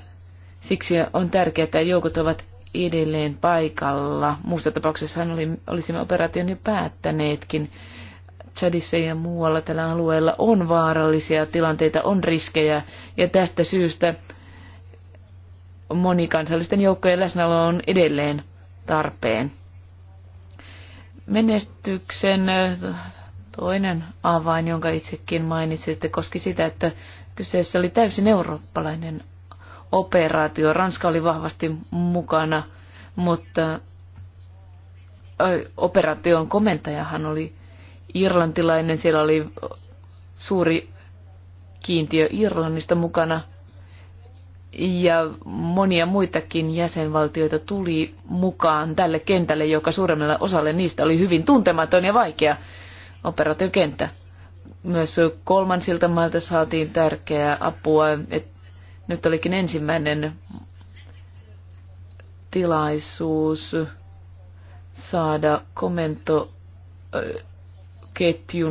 Siksi on tärkeää, että joukot ovat edelleen paikalla. Muussa tapauksessa hän oli, olisimme operaation jo päättäneetkin. Chadissa ja muualla tällä alueella on vaarallisia tilanteita, on riskejä ja tästä syystä monikansallisten joukkojen läsnäolo on edelleen tarpeen. Menestyksen äh, toinen avain, jonka itsekin mainitsitte, koski sitä, että kyseessä oli täysin eurooppalainen operaatio. Ranska oli vahvasti mukana, mutta operaation komentajahan oli irlantilainen. Siellä oli suuri kiintiö Irlannista mukana ja monia muitakin jäsenvaltioita tuli mukaan tälle kentälle, joka suuremmalle osalle niistä oli hyvin tuntematon ja vaikea operaatiokenttä. Myös kolmansilta mailta saatiin tärkeää apua, että nyt olikin ensimmäinen tilaisuus saada komentoketjun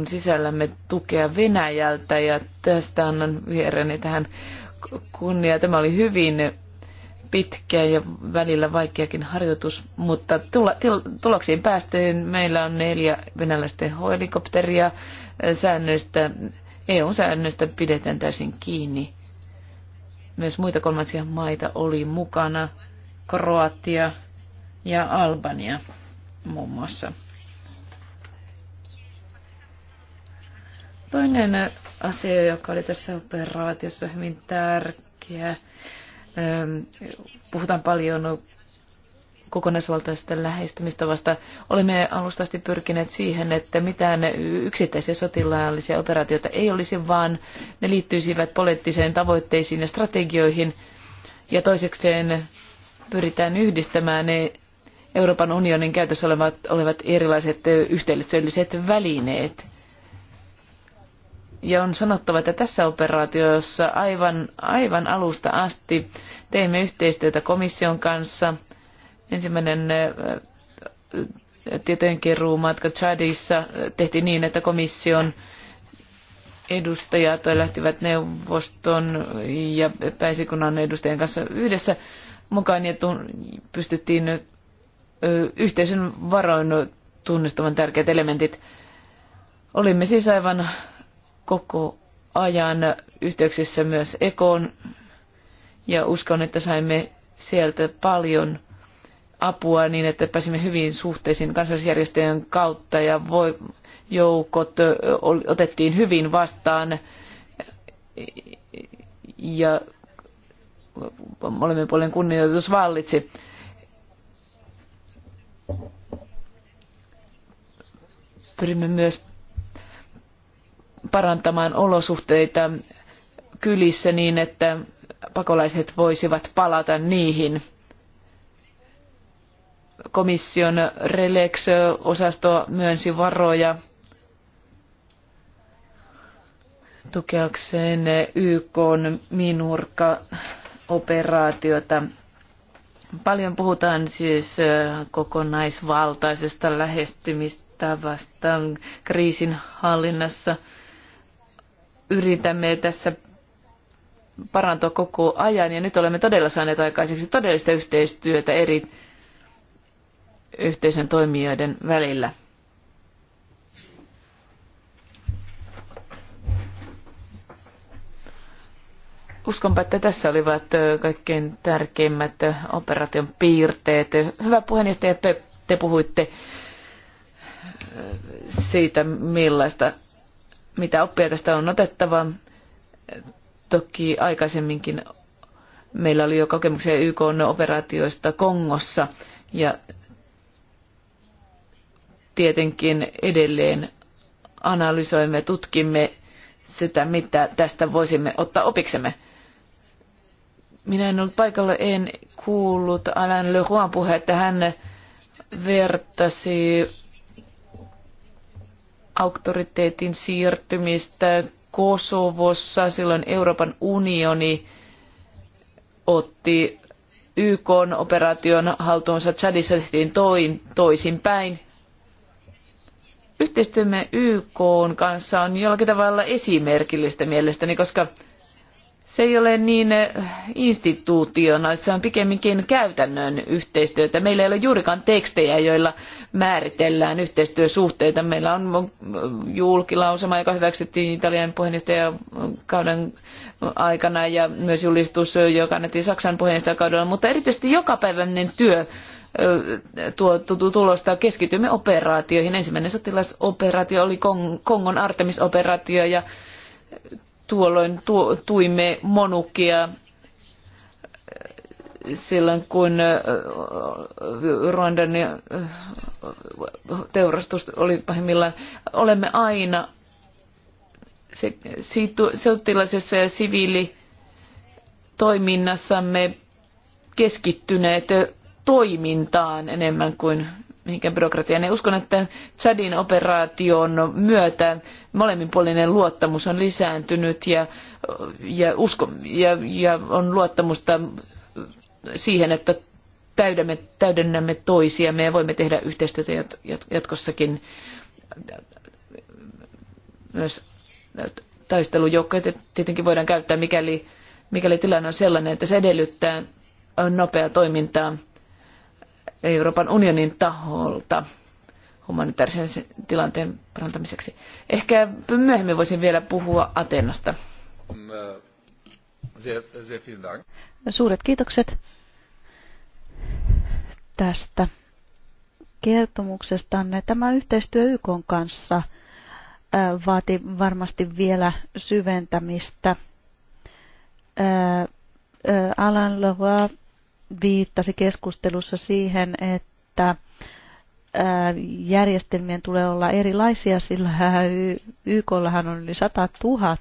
sisällämme tukea Venäjältä ja tästä annan viereni tähän kunnia. Tämä oli hyvin pitkä ja välillä vaikeakin harjoitus, mutta tulo, til, tuloksiin päästöön meillä on neljä venäläistä helikopteria säännöistä, EU-säännöistä pidetään täysin kiinni. Myös muita kolmansia maita oli mukana, Kroatia ja Albania muun muassa. Toinen asia, joka oli tässä operaatiossa hyvin tärkeä, puhutaan paljon lähestymistä lähestymistavasta. Olemme alustasti pyrkineet siihen, että mitään yksittäisiä sotilaallisia operaatioita ei olisi, vaan ne liittyisivät poliittiseen tavoitteisiin ja strategioihin. Ja toisekseen pyritään yhdistämään ne Euroopan unionin käytössä olevat, olevat erilaiset yhteisölliset välineet. Ja on sanottava, että tässä operaatiossa aivan, aivan alusta asti teimme yhteistyötä komission kanssa, Ensimmäinen matka Chadissa tehtiin niin, että komission edustajat lähtivät neuvoston ja pääsikunnan edustajien kanssa yhdessä mukaan ja pystyttiin yhteisen varoin tunnistamaan tärkeät elementit. Olimme siis aivan koko ajan yhteyksissä myös Ekoon ja uskon, että saimme sieltä paljon – apua niin, että pääsimme hyvin suhteisiin kansalaisjärjestöjen kautta ja voi, joukot otettiin hyvin vastaan ja molemmin puolen kunnioitus vallitsi. Pyrimme myös parantamaan olosuhteita kylissä niin, että pakolaiset voisivat palata niihin – komission Relex-osasto myönsi varoja tukeakseen YK minurka-operaatiota. Paljon puhutaan siis kokonaisvaltaisesta lähestymistavasta kriisin hallinnassa. Yritämme tässä parantua koko ajan ja nyt olemme todella saaneet aikaiseksi todellista yhteistyötä eri yhteisön toimijoiden välillä. Uskonpa, että tässä olivat kaikkein tärkeimmät operaation piirteet. Hyvä puheenjohtaja, te puhuitte siitä, millaista, mitä oppia tästä on otettava. Toki aikaisemminkin meillä oli jo kokemuksia YK operaatioista Kongossa ja tietenkin edelleen analysoimme, tutkimme sitä, mitä tästä voisimme ottaa opiksemme. Minä en ollut paikalla, en kuullut Alain Leroy puhetta. Hän vertasi auktoriteetin siirtymistä Kosovossa. Silloin Euroopan unioni otti YK-operaation haltuunsa Chadissa tehtiin toin, toisinpäin yhteistyömme YK kanssa on jollakin tavalla esimerkillistä mielestäni, koska se ei ole niin eh, instituutionaalista, se on pikemminkin käytännön yhteistyötä. Meillä ei ole juurikaan tekstejä, joilla määritellään yhteistyösuhteita. Meillä on eh, julkilausuma, joka hyväksyttiin Italian puheenjohtajakauden aikana ja myös julistus, eh, joka annettiin Saksan puheenjohtajakaudella, mutta erityisesti jokapäiväinen työ tuo, tuo, tulosta. Keskitymme operaatioihin. Ensimmäinen sotilasoperaatio oli Kongon Artemis-operaatio ja tuolloin tu, tuimme monukia silloin, kun Ruandan teurastus oli pahimmillaan. Olemme aina se, sotilaisessa ja siviilitoiminnassamme keskittyneet toimintaan enemmän kuin mihinkään byrokratiaan. Ja uskon, että Chadin operaation myötä molemminpuolinen luottamus on lisääntynyt ja, ja, usko, ja, ja on luottamusta siihen, että täydämme, täydennämme toisiamme ja voimme tehdä yhteistyötä jatkossakin myös taistelujoukkoja tietenkin voidaan käyttää, mikäli, mikäli tilanne on sellainen, että se edellyttää nopeaa toimintaa Euroopan unionin taholta humanitaarisen tilanteen parantamiseksi. Ehkä myöhemmin voisin vielä puhua Atenasta. Suuret kiitokset tästä kertomuksestanne. Tämä yhteistyö YK kanssa vaati varmasti vielä syventämistä. Alan Leroy viittasi keskustelussa siihen, että järjestelmien tulee olla erilaisia, sillä YKllahan on yli 100 000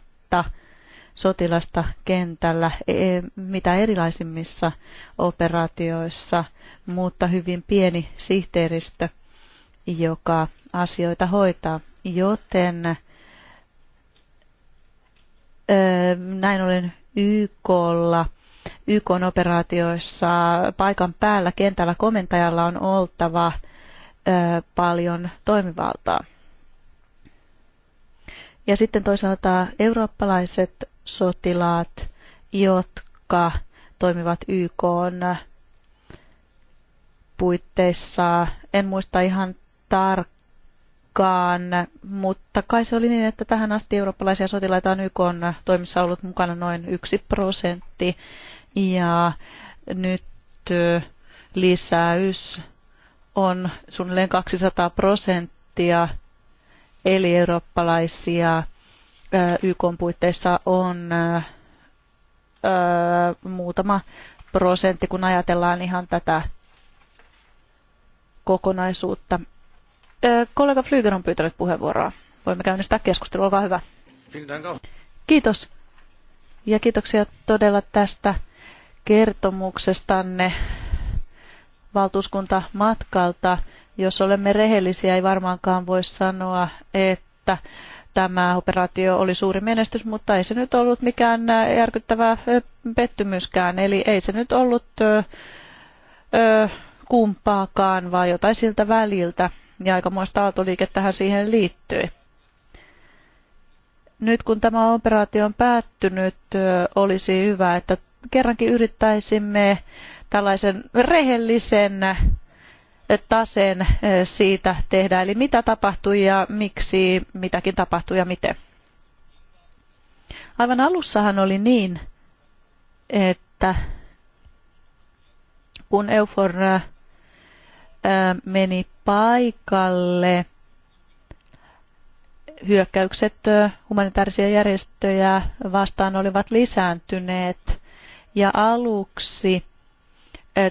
sotilasta kentällä e, e, mitä erilaisimmissa operaatioissa, mutta hyvin pieni sihteeristö, joka asioita hoitaa. Joten näin ollen YKlla – YK-operaatioissa paikan päällä kentällä komentajalla on oltava paljon toimivaltaa. Ja sitten toisaalta eurooppalaiset sotilaat, jotka toimivat YK puitteissa. En muista ihan tarkkaan, mutta kai se oli niin, että tähän asti eurooppalaisia sotilaita on YK toimissa ollut mukana noin yksi prosentti. Ja nyt lisäys on suunnilleen 200 prosenttia, eli eurooppalaisia YK puitteissa on muutama prosentti, kun ajatellaan ihan tätä kokonaisuutta. Kollega Flyger on pyytänyt puheenvuoroa. Voimme käynnistää keskustelua, olkaa hyvä. Kiitos. Ja kiitoksia todella tästä kertomuksestanne valtuuskuntamatkalta. matkalta. Jos olemme rehellisiä, ei varmaankaan voi sanoa, että tämä operaatio oli suuri menestys, mutta ei se nyt ollut mikään järkyttävä pettymyskään. Eli ei se nyt ollut ö, ö, kumpaakaan, vaan jotain siltä väliltä. Ja aikamoista aaltoliikettähän siihen liittyi. Nyt kun tämä operaatio on päättynyt, olisi hyvä, että kerrankin yrittäisimme tällaisen rehellisen taseen eh, siitä tehdä. Eli mitä tapahtui ja miksi mitäkin tapahtui ja miten. Aivan alussahan oli niin, että kun Eufor eh, meni paikalle, hyökkäykset eh, humanitaarisia järjestöjä vastaan olivat lisääntyneet ja aluksi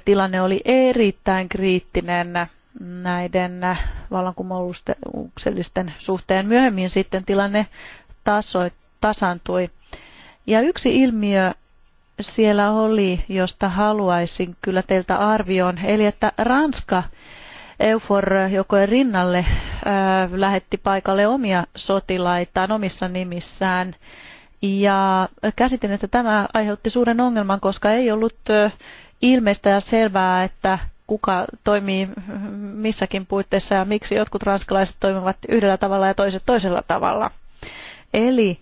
tilanne oli erittäin kriittinen näiden vallankumouksellisten suhteen. Myöhemmin sitten tilanne tasoi, tasantui. Ja yksi ilmiö siellä oli, josta haluaisin kyllä teiltä arvioon, eli että Ranska Eufor-jokojen rinnalle äh, lähetti paikalle omia sotilaitaan omissa nimissään. Äh, ja käsitin, että tämä aiheutti suuren ongelman, koska ei ollut ilmeistä ja selvää, että kuka toimii missäkin puitteissa ja miksi jotkut ranskalaiset toimivat yhdellä tavalla ja toiset toisella tavalla. Eli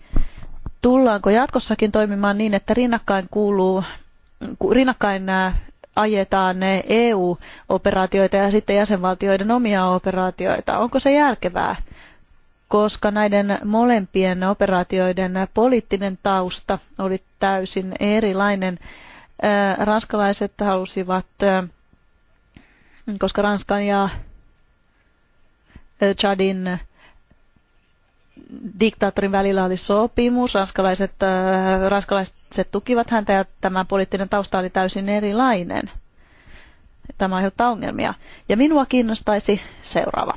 tullaanko jatkossakin toimimaan niin, että rinnakkain kuuluu, rinnakkain ajetaan ne EU-operaatioita ja sitten jäsenvaltioiden omia operaatioita. Onko se järkevää? koska näiden molempien operaatioiden poliittinen tausta oli täysin erilainen. Äh, ranskalaiset halusivat, äh, koska Ranskan ja äh, Chadin diktaattorin välillä oli sopimus, ranskalaiset, ranskalaiset tukivat häntä ja tämä poliittinen tausta oli täysin erilainen. Tämä aiheuttaa ongelmia. Ja minua kiinnostaisi seuraava.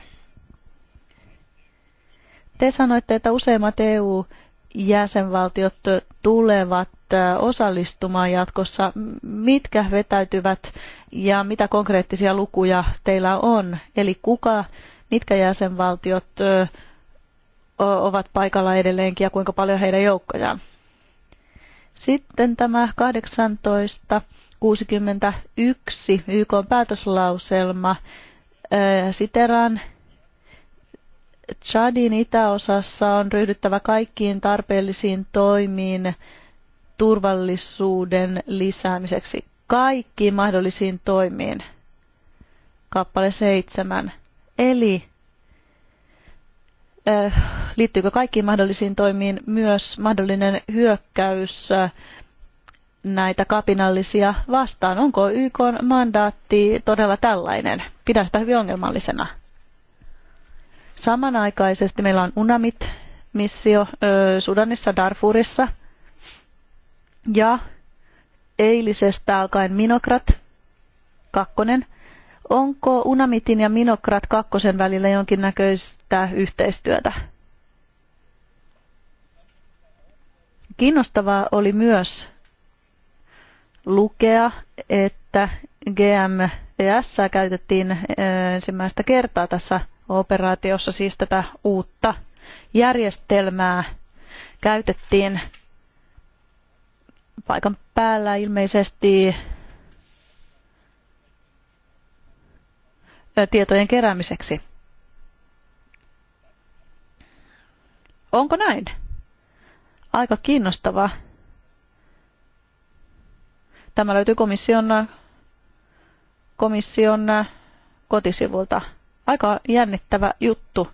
Te sanoitte, että useimmat EU-jäsenvaltiot tulevat äh, osallistumaan jatkossa. Mitkä vetäytyvät ja mitä konkreettisia lukuja teillä on? Eli kuka, mitkä jäsenvaltiot äh, ovat paikalla edelleenkin ja kuinka paljon heidän joukkojaan? Sitten tämä 1861 YK päätöslauselma. Äh, siteraan Chadin itäosassa on ryhdyttävä kaikkiin tarpeellisiin toimiin turvallisuuden lisäämiseksi. Kaikkiin mahdollisiin toimiin. Kappale seitsemän. Eli eh, liittyykö kaikkiin mahdollisiin toimiin myös mahdollinen hyökkäys eh, näitä kapinallisia vastaan? Onko YK mandaatti todella tällainen? Pidän sitä hyvin ongelmallisena. Samanaikaisesti meillä on UNAMIT-missio Sudanissa, Darfurissa. Ja eilisestä alkaen Minokrat kakkonen. Onko Unamitin ja Minokrat kakkosen välillä jonkinnäköistä yhteistyötä? Kiinnostavaa oli myös lukea, että GMES käytettiin ensimmäistä kertaa tässä operaatiossa siis tätä uutta järjestelmää käytettiin paikan päällä ilmeisesti tietojen keräämiseksi. Onko näin? Aika kiinnostavaa. Tämä löytyy komission, komission kotisivulta aika jännittävä juttu.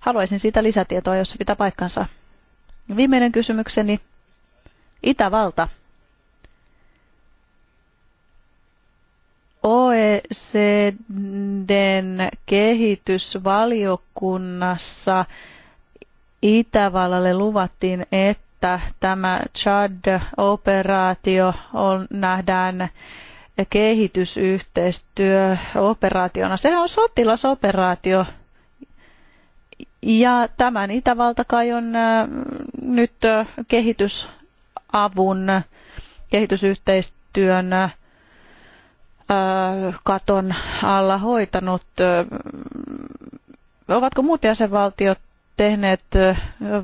Haluaisin siitä lisätietoa, jos se pitää paikkansa. Viimeinen kysymykseni. Itävalta. OECDn kehitysvaliokunnassa Itävallalle luvattiin, että tämä Chad-operaatio on, nähdään kehitysyhteistyöoperaationa. Se Sehän on sotilasoperaatio. Ja tämän Itävalta kai on nyt kehitysavun, kehitysyhteistyön katon alla hoitanut. Ovatko muut jäsenvaltiot tehneet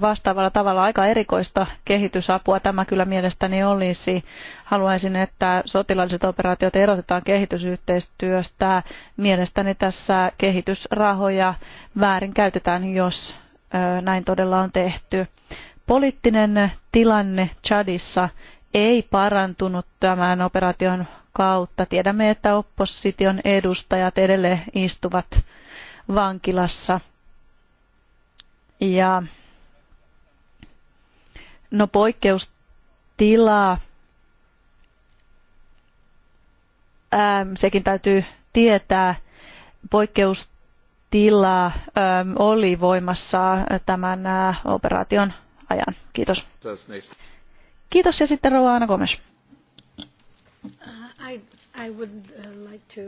vastaavalla tavalla aika erikoista kehitysapua. Tämä kyllä mielestäni olisi. Haluaisin, että sotilaalliset operaatiot erotetaan kehitysyhteistyöstä. Mielestäni tässä kehitysrahoja väärin käytetään, jos näin todella on tehty. Poliittinen tilanne Chadissa ei parantunut tämän operaation kautta. Tiedämme, että opposition edustajat edelleen istuvat vankilassa – ja no poikkeustilaa, ää, ähm, sekin täytyy tietää, poikkeustila ää, ähm, oli voimassa tämän ää, äh, operaation ajan. Kiitos. Kiitos ja sitten Rouva Anna Gomes. Uh, I, I would uh, like to,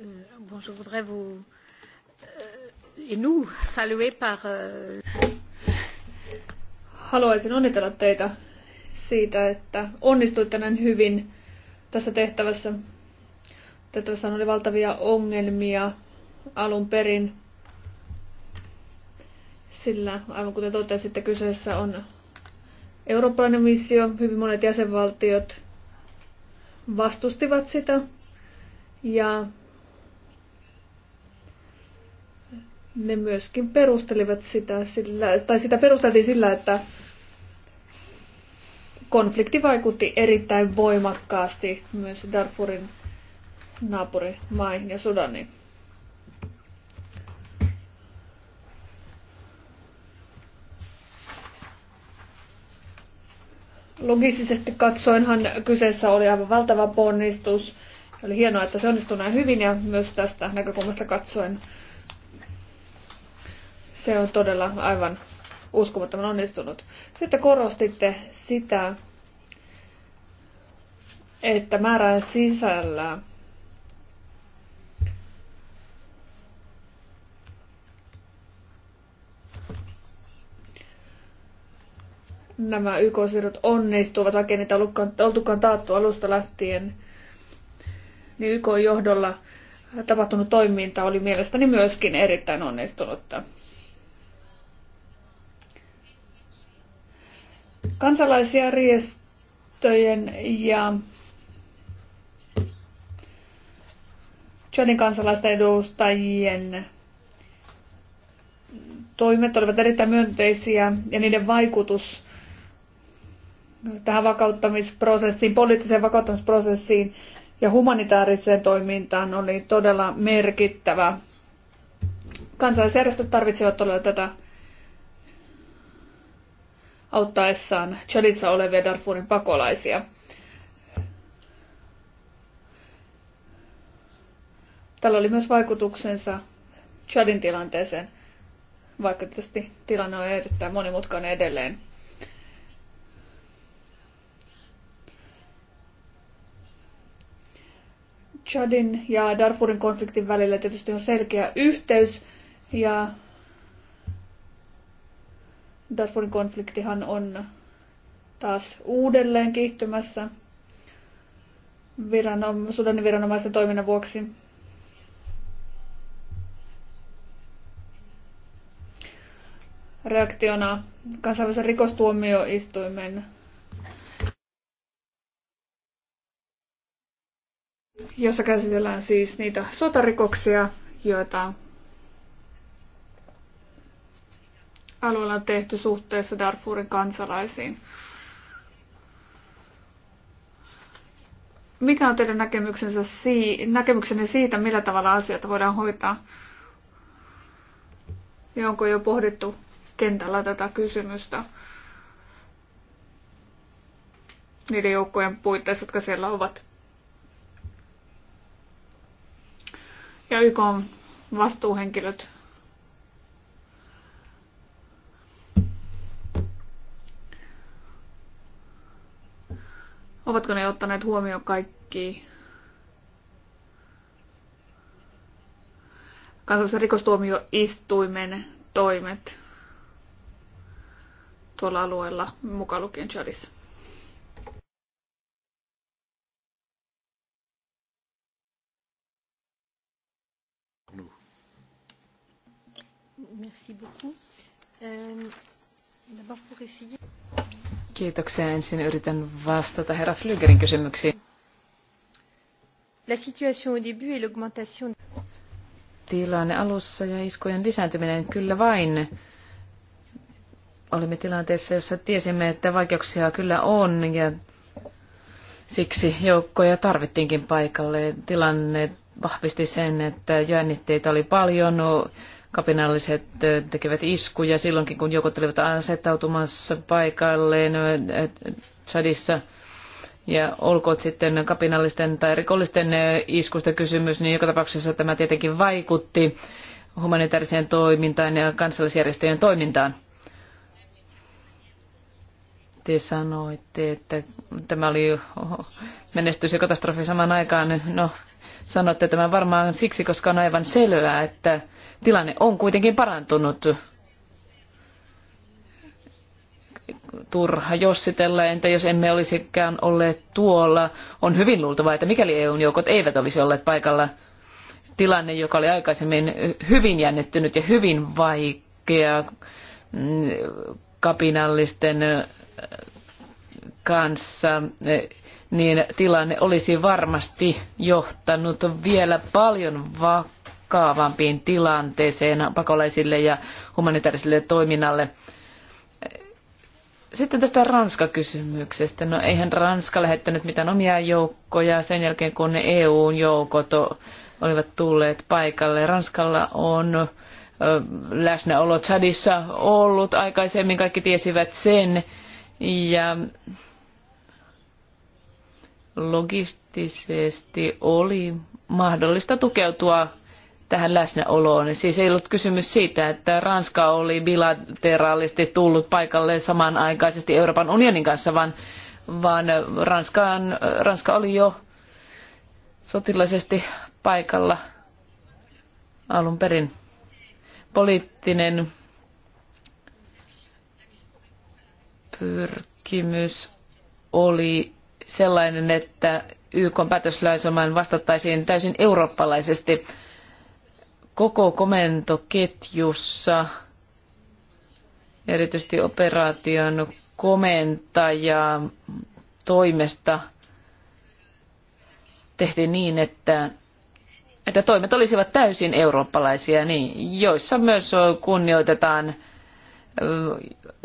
uh, bon, je voudrais vous et nous saluer par... Euh, Haluaisin onnitella teitä siitä, että onnistuitte näin hyvin tässä tehtävässä. Tehtävässä oli valtavia ongelmia alun perin, sillä aivan kuten totesitte, kyseessä on eurooppalainen missio. Hyvin monet jäsenvaltiot vastustivat sitä ja ne myöskin perustelivat sitä sillä, tai sitä perusteltiin sillä, että konflikti vaikutti erittäin voimakkaasti myös Darfurin naapurimaihin ja Sudaniin. Logistisesti katsoenhan kyseessä oli aivan valtava ponnistus. Oli hienoa, että se onnistui näin hyvin ja myös tästä näkökulmasta katsoen se on todella aivan uskomattoman onnistunut. Sitten korostitte sitä, että määrän sisällä nämä YK-siirrot onnistuvat, vaikka niitä oltukaan taattu alusta lähtien, niin YK-johdolla tapahtunut toiminta oli mielestäni myöskin erittäin onnistunutta. kansalaisjärjestöjen ja Chadin kansalaisten edustajien toimet olivat erittäin myönteisiä ja niiden vaikutus tähän vakauttamisprosessiin, poliittiseen vakauttamisprosessiin ja humanitaariseen toimintaan oli todella merkittävä. Kansalaisjärjestöt tarvitsevat todella tätä auttaessaan Chadissa olevia Darfurin pakolaisia. Tällä oli myös vaikutuksensa Chadin tilanteeseen, vaikka tietysti tilanne on erittäin monimutkainen edelleen. Chadin ja Darfurin konfliktin välillä tietysti on selkeä yhteys ja Darfurin konfliktihan on taas uudelleen kiihtymässä viranom- Sudanin viranomaisten toiminnan vuoksi. Reaktiona kansainvälisen rikostuomioistuimen jossa käsitellään siis niitä sotarikoksia, joita alueella on tehty suhteessa Darfurin kansalaisiin. Mikä on teidän näkemyksensä sii, näkemyksenne siitä, millä tavalla asioita voidaan hoitaa? Ja onko jo pohdittu kentällä tätä kysymystä niiden joukkojen puitteissa, jotka siellä ovat? Ja YK on vastuuhenkilöt Ovatko ne ottaneet huomioon kaikki kansallisen rikostuomioistuimen toimet tuolla alueella, mukaan lukien Chadissa? Merci beaucoup. Euh, D'abord pour essayer. Kiitoksia. Ensin yritän vastata herra Flygerin kysymyksiin. La situation au début et l'augmentation... Tilanne alussa ja iskujen lisääntyminen kyllä vain. Olimme tilanteessa, jossa tiesimme, että vaikeuksia kyllä on ja siksi joukkoja tarvittiinkin paikalle. Tilanne vahvisti sen, että jännitteitä oli paljon, kapinalliset tekevät iskuja silloinkin, kun joukot olivat asettautumassa paikalleen Chadissa. Ja olkoot sitten kapinallisten tai rikollisten iskusta kysymys, niin joka tapauksessa tämä tietenkin vaikutti humanitaariseen toimintaan ja kansallisjärjestöjen toimintaan. Te sanoitte, että tämä oli menestys ja katastrofi samaan aikaan. No, sanotte tämän varmaan siksi, koska on aivan selvää, että tilanne on kuitenkin parantunut. Turha jossitella, entä jos emme olisikään olleet tuolla. On hyvin luultavaa, että mikäli EUn joukot eivät olisi olleet paikalla, tilanne, joka oli aikaisemmin hyvin jännittynyt ja hyvin vaikea mm, kapinallisten kanssa, niin tilanne olisi varmasti johtanut vielä paljon va- vakavampiin tilanteeseen pakolaisille ja humanitaariselle toiminnalle. Sitten tästä Ranska-kysymyksestä. No eihän Ranska lähettänyt mitään omia joukkoja sen jälkeen, kun EUn joukot olivat tulleet paikalle. Ranskalla on läsnäolo Chadissa ollut aikaisemmin, kaikki tiesivät sen. Ja logistisesti oli mahdollista tukeutua tähän läsnäoloon. Siis ei ollut kysymys siitä, että Ranska oli bilateraalisti tullut paikalle samanaikaisesti Euroopan unionin kanssa, vaan, vaan Ranskaan, Ranska oli jo sotilaisesti paikalla alun perin. Poliittinen pyrkimys oli sellainen, että YK päätöslauselmaan vastattaisiin täysin eurooppalaisesti koko komentoketjussa, erityisesti operaation komentaja toimesta tehtiin niin, että, että toimet olisivat täysin eurooppalaisia, niin, joissa myös kunnioitetaan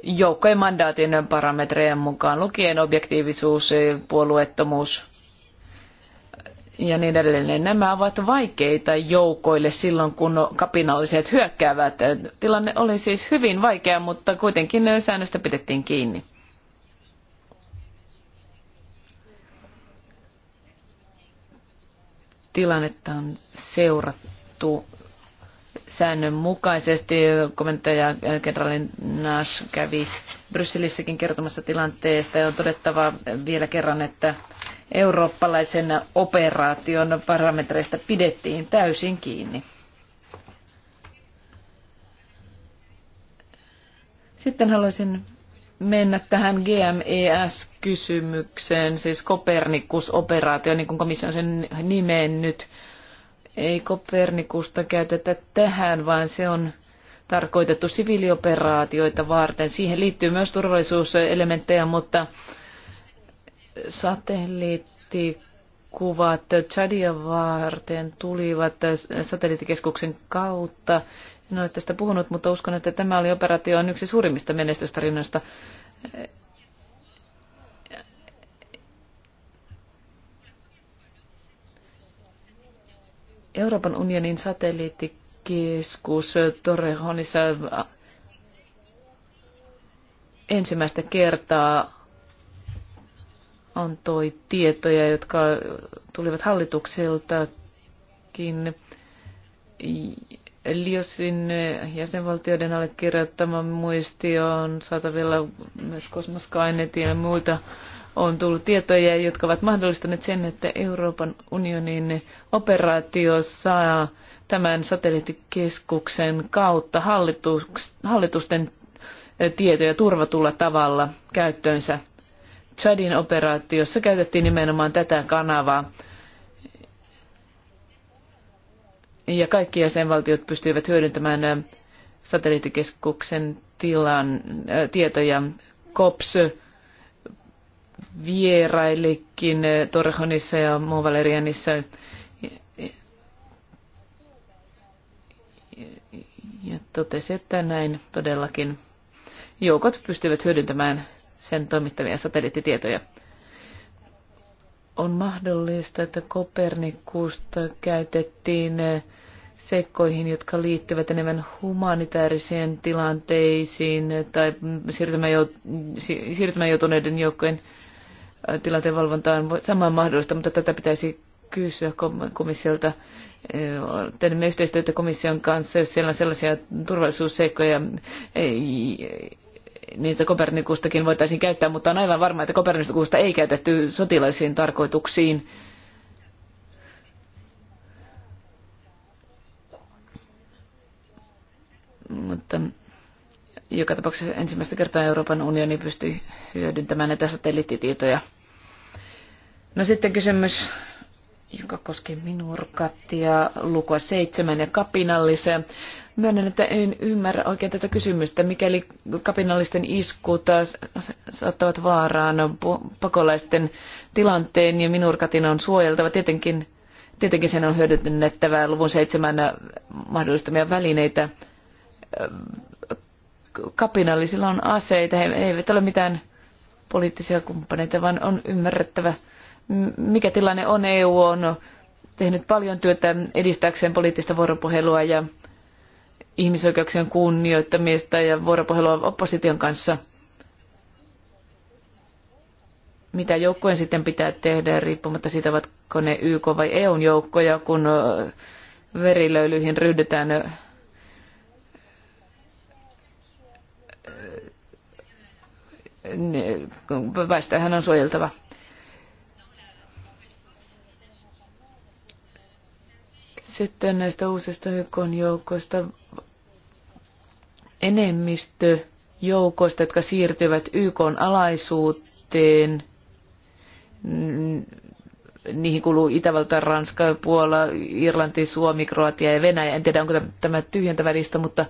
joukkojen mandaatin parametrejen mukaan lukien objektiivisuus, puolueettomuus ja niin edelleen. Nämä ovat vaikeita joukoille silloin, kun kapinalliset hyökkäävät. Tilanne oli siis hyvin vaikea, mutta kuitenkin säännöstä pidettiin kiinni. Tilannetta on seurattu säännönmukaisesti. Komentaja kenraali Nash kävi Brysselissäkin kertomassa tilanteesta ja on todettava vielä kerran, että eurooppalaisen operaation parametreista pidettiin täysin kiinni. Sitten haluaisin mennä tähän GMES-kysymykseen, siis Kopernikus-operaatio, niin kuin komissio on sen nimeen nyt. Ei Kopernikusta käytetä tähän, vaan se on tarkoitettu siviilioperaatioita varten. Siihen liittyy myös turvallisuuselementtejä, mutta satelliittikuvat Chadia varten tulivat satelliittikeskuksen kautta. En ole tästä puhunut, mutta uskon, että tämä oli on yksi suurimmista menestystarinoista. Euroopan unionin satelliittikeskus Torrejonissa ensimmäistä kertaa antoi tietoja, jotka tulivat hallitukseltakin. Liosin jäsenvaltioiden allekirjoittama muisti on saatavilla myös kosmoskainetin ja muilta on tullut tietoja, jotka ovat mahdollistaneet sen, että Euroopan unionin operaatio saa tämän satelliittikeskuksen kautta hallitusten tietoja turvatulla tavalla käyttöönsä. Chadin operaatiossa käytettiin nimenomaan tätä kanavaa. Ja kaikki jäsenvaltiot pystyivät hyödyntämään äh, satelliittikeskuksen tilan, ä, äh, tietoja. COPS vierailikin äh, Torhonissa ja Muvalerianissa. Ja totesi, että näin todellakin joukot pystyvät hyödyntämään sen toimittamia satelliittitietoja. On mahdollista, että Kopernikusta käytettiin seikkoihin, jotka liittyvät enemmän humanitaarisiin tilanteisiin tai siirtymään joutuneiden joukkojen tilanteen valvontaan samaan mahdollista, mutta tätä pitäisi kysyä komissiolta. Teemme yhteistyötä komission kanssa, jos siellä on sellaisia turvallisuusseikkoja, niitä Kopernikustakin voitaisiin käyttää, mutta on aivan varma, että Kopernikusta ei käytetty sotilaisiin tarkoituksiin. Mutta joka tapauksessa ensimmäistä kertaa Euroopan unioni pystyi hyödyntämään näitä satelliittitietoja. No sitten kysymys, joka koski minurkat ja lukua seitsemän ja kapinallisia. Myönnän, että en ymmärrä oikein tätä kysymystä. Mikäli kapinallisten iskut saattavat vaaraan pakolaisten tilanteen ja minurkatin on suojeltava, tietenkin, tietenkin sen on hyödynnettävä luvun seitsemän mahdollistamia välineitä. Kapinallisilla on aseita, he eivät ole mitään poliittisia kumppaneita, vaan on ymmärrettävä, mikä tilanne on. EU on tehnyt paljon työtä edistääkseen poliittista vuoropuhelua ja ihmisoikeuksien kunnioittamista ja vuoropuhelua opposition kanssa. Mitä joukkojen sitten pitää tehdä, riippumatta siitä, ovatko ne YK vai EUn joukkoja, kun verilöylyihin ryhdytään väestöhän on suojeltava. Sitten näistä uusista YKn joukoista enemmistö joukoista, jotka siirtyvät YKn alaisuuteen, niihin kuuluu Itävalta, Ranska, Puola, Irlanti, Suomi, Kroatia ja Venäjä. En tiedä, onko tämä tyhjentävä lista, mutta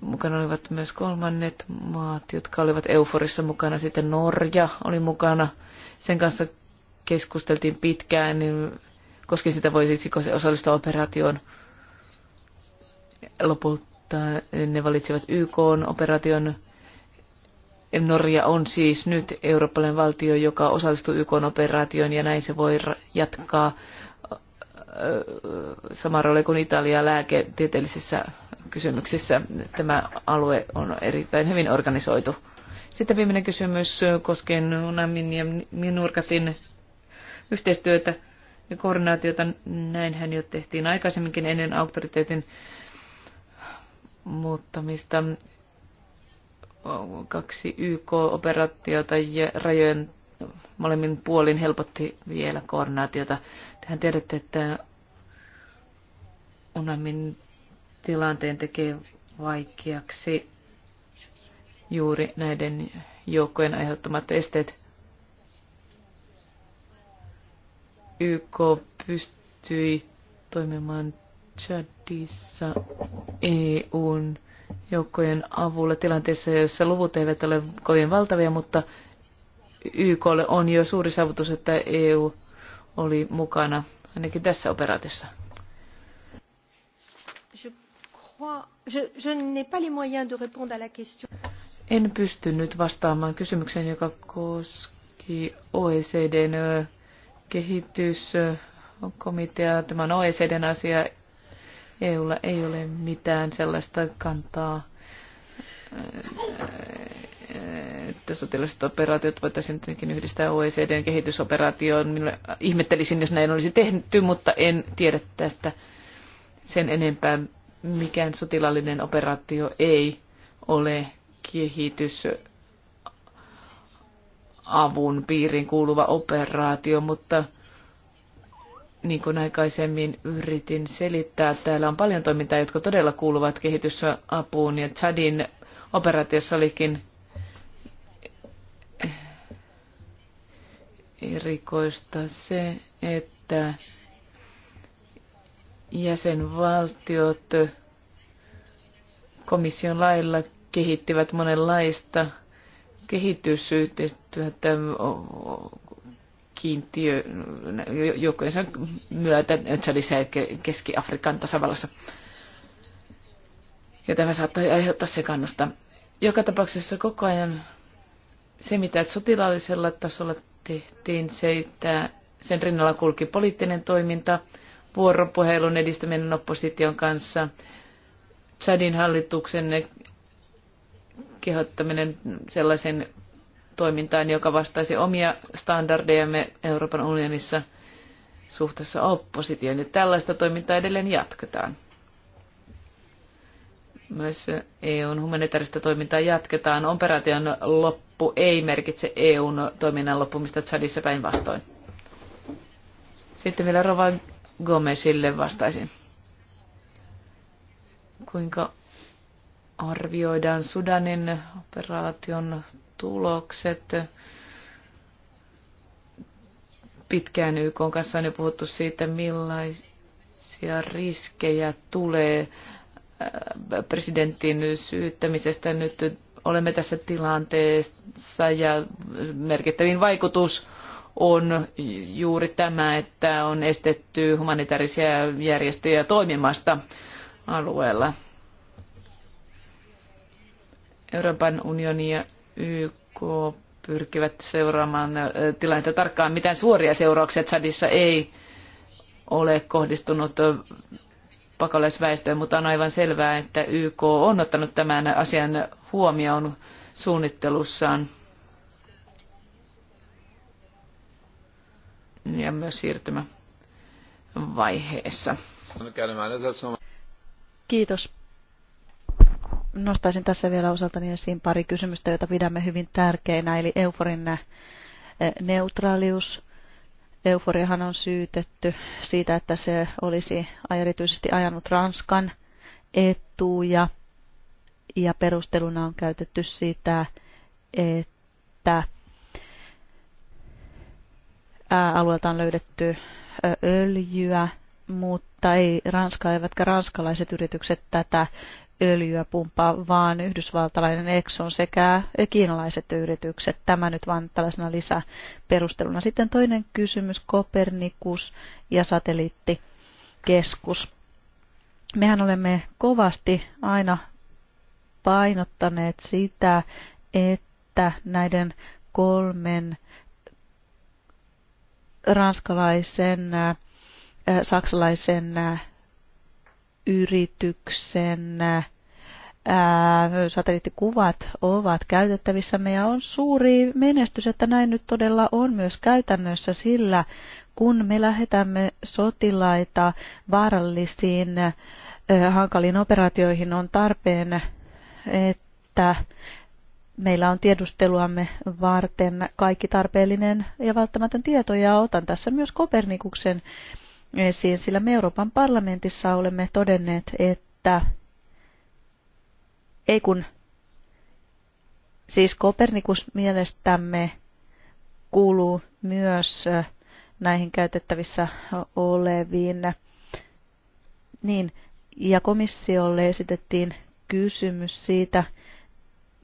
mukana olivat myös kolmannet maat, jotka olivat Euforissa mukana. Sitten Norja oli mukana. Sen kanssa keskusteltiin pitkään, niin koska sitä voisi se osallistua operaatioon. Lopulta ne valitsivat YK operaation. Norja on siis nyt eurooppalainen valtio, joka osallistuu YK operaatioon ja näin se voi jatkaa sama rooli kuin Italia lääketieteellisissä kysymyksissä. Tämä alue on erittäin hyvin organisoitu. Sitten viimeinen kysymys koskee Unamin ja Minurkatin yhteistyötä ja koordinaatiota. Näinhän jo tehtiin aikaisemminkin ennen auktoriteetin muuttamista. Kaksi YK-operaatiota ja rajojen molemmin puolin helpotti vielä koordinaatiota. Tehän tiedätte, että UNAMin tilanteen tekee vaikeaksi juuri näiden joukkojen aiheuttamat esteet. YK pystyi toimimaan Chadissa EUn joukkojen avulla tilanteessa, jossa luvut eivät ole kovin valtavia, mutta YKlle on jo suuri saavutus, että EU oli mukana ainakin tässä operaatiossa. En pysty nyt vastaamaan kysymykseen, joka koski OECDn kehityskomitea, tämä on OECDn asia, EUlla ei ole mitään sellaista kantaa, että sotilaiset operaatiot voitaisiin tietenkin yhdistää OECDn kehitysoperaatioon. Minä ihmettelisin, jos näin olisi tehty, mutta en tiedä tästä sen enempää. Mikään sotilaallinen operaatio ei ole kehitys avun piiriin kuuluva operaatio, mutta niin kuin aikaisemmin yritin selittää, täällä on paljon toimintaa, jotka todella kuuluvat kehitysapuun ja Chadin operaatiossa olikin erikoista se, että jäsenvaltiot komission lailla kehittivät monenlaista kehitysyhteistyötä kiintiö, joukkojensa myötä Tsadissa ja Keski-Afrikan tasavallassa. Ja tämä saattaa aiheuttaa sekannusta. Joka tapauksessa koko ajan se, mitä sotilaallisella tasolla tehtiin, se, että sen rinnalla kulki poliittinen toiminta, vuoropuhelun edistäminen opposition kanssa, Chadin hallituksen kehottaminen sellaisen toimintaan, joka vastaisi omia standardejamme Euroopan unionissa suhteessa oppositioon. Ja tällaista toimintaa edelleen jatketaan. Myös EUn humanitaarista toimintaa jatketaan. Operaation loppu ei merkitse EUn toiminnan loppumista Tsadissa päinvastoin. Sitten vielä Rova Gomezille vastaisin. Kuinka arvioidaan Sudanin operaation tulokset. Pitkään YK kanssa on jo puhuttu siitä, millaisia riskejä tulee äh, presidentin syyttämisestä. Nyt olemme tässä tilanteessa ja merkittävin vaikutus on juuri tämä, että on estetty humanitaarisia järjestöjä toimimasta alueella. Euroopan unioni ja YK pyrkivät seuraamaan äh, tilannetta tarkkaan. Mitään suoria seurauksia Chadissa ei ole kohdistunut äh, pakolaisväestöön, mutta on aivan selvää, että YK on ottanut tämän asian huomioon suunnittelussaan. Ja myös siirtymävaiheessa. Kiitos nostaisin tässä vielä osaltani esiin pari kysymystä, joita pidämme hyvin tärkeinä, eli euforin eh, neutraalius. Euforiahan on syytetty siitä, että se olisi erityisesti ajanut Ranskan etuja, ja perusteluna on käytetty sitä, että alueelta on löydetty öljyä, mutta ei Ranska eivätkä ranskalaiset yritykset tätä öljyä pumppaa, vaan yhdysvaltalainen Exxon sekä kiinalaiset yritykset. Tämä nyt vain tällaisena lisäperusteluna. Sitten toinen kysymys, Kopernikus ja satelliittikeskus. Mehän olemme kovasti aina painottaneet sitä, että näiden kolmen ranskalaisen, äh, saksalaisen äh, yrityksen satelliittikuvat ovat käytettävissä ja on suuri menestys, että näin nyt todella on myös käytännössä sillä, kun me lähetämme sotilaita vaarallisiin hankaliin operaatioihin on tarpeen, että meillä on tiedusteluamme varten kaikki tarpeellinen ja välttämätön tieto ja otan tässä myös Kopernikuksen esiin, sillä me Euroopan parlamentissa olemme todenneet, että ei kun siis Kopernikus mielestämme kuuluu myös näihin käytettävissä oleviin. Niin, ja komissiolle esitettiin kysymys siitä,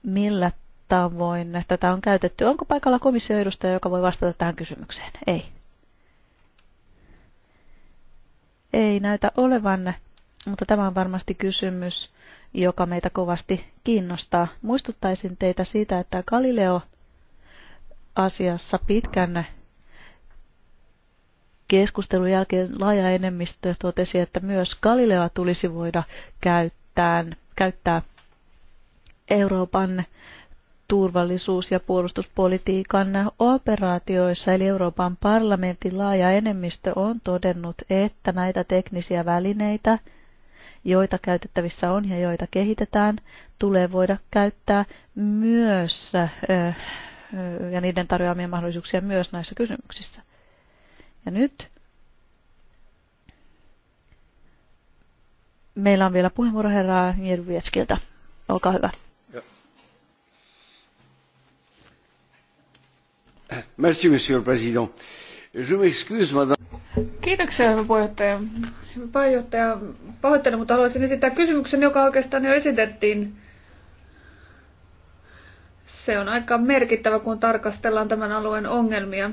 millä tavoin tätä on käytetty. Onko paikalla komission edustaja, joka voi vastata tähän kysymykseen? Ei. ei näytä olevan, mutta tämä on varmasti kysymys, joka meitä kovasti kiinnostaa. Muistuttaisin teitä siitä, että Galileo asiassa pitkän keskustelun jälkeen laaja enemmistö totesi, että myös Galilea tulisi voida käyttää, käyttää Euroopan turvallisuus- ja puolustuspolitiikan operaatioissa, eli Euroopan parlamentin laaja enemmistö on todennut, että näitä teknisiä välineitä, joita käytettävissä on ja joita kehitetään, tulee voida käyttää myös eh, ja niiden tarjoamia mahdollisuuksia myös näissä kysymyksissä. Ja nyt meillä on vielä puheenvuoro herraa Jedvietskiltä. Olkaa hyvä. Kiitoksia, pahoittelen, mutta haluaisin esittää kysymyksen, joka oikeastaan jo esitettiin. Se on aika merkittävä, kun tarkastellaan tämän alueen ongelmia.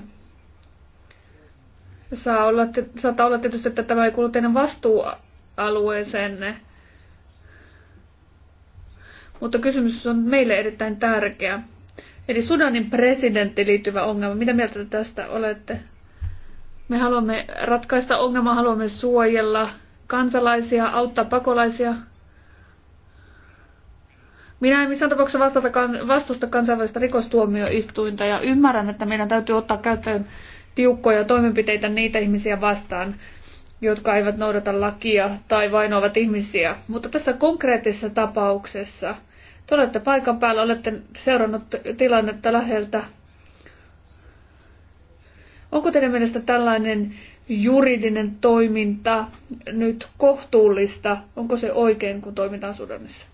Saa olla, saattaa olla tietysti, että tämä ei kuulu teidän vastuualueeseenne. Mutta kysymys on meille erittäin tärkeä. Eli Sudanin presidentti liittyvä ongelma. Mitä mieltä tästä olette? Me haluamme ratkaista ongelmaa, haluamme suojella kansalaisia, auttaa pakolaisia. Minä en missään tapauksessa vastata, vastusta kansainvälistä rikostuomioistuinta ja ymmärrän, että meidän täytyy ottaa käyttöön tiukkoja toimenpiteitä niitä ihmisiä vastaan, jotka eivät noudata lakia tai vainoavat ihmisiä. Mutta tässä konkreettisessa tapauksessa – te olette paikan päällä, olette seurannut tilannetta läheltä. Onko teidän mielestä tällainen juridinen toiminta nyt kohtuullista? Onko se oikein, kun toimitaan Sudanissa?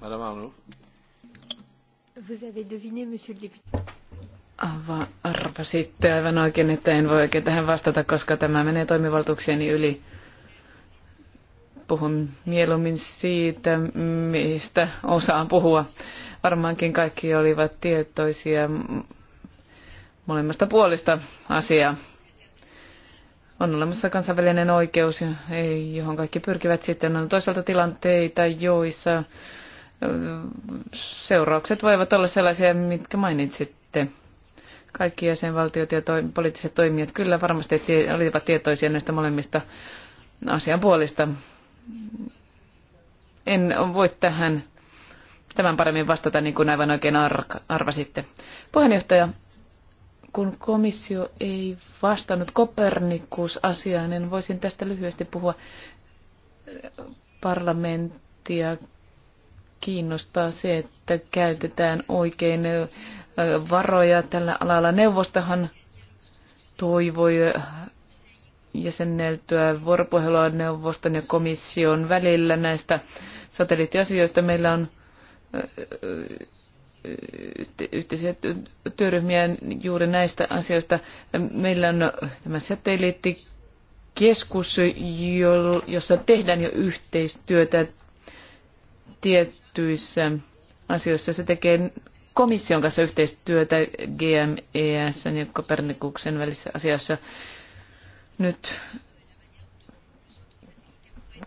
Madame Arnaud. Vous avez deviné, monsieur le Arvasitte aivan oikein, että en voi oikein tähän vastata, koska tämä menee toimivaltuuksieni yli. Puhun mieluummin siitä, mistä osaan puhua. Varmaankin kaikki olivat tietoisia molemmista puolista asiaa. On olemassa kansainvälinen oikeus, johon kaikki pyrkivät sitten. On toisaalta tilanteita, joissa seuraukset voivat olla sellaisia, mitkä mainitsitte. Kaikki jäsenvaltiot ja toi, poliittiset toimijat kyllä varmasti tie, olivat tietoisia näistä molemmista asian puolista, en voi tähän tämän paremmin vastata, niin kuin aivan oikein arvasitte. Puheenjohtaja, kun komissio ei vastannut Kopernikus-asiaan, niin voisin tästä lyhyesti puhua. Parlamenttia kiinnostaa se, että käytetään oikein varoja tällä alalla. Neuvostohan toivoi jäsenneltyä vuoropuhelua neuvoston ja komission välillä näistä satelliittiasioista. Meillä on yhteisiä työryhmiä juuri näistä asioista. Meillä on tämä satelliittikeskus, jossa tehdään jo yhteistyötä tiettyissä asioissa. Se tekee komission kanssa yhteistyötä GMES ja Kopernikuksen välissä asiassa. Nyt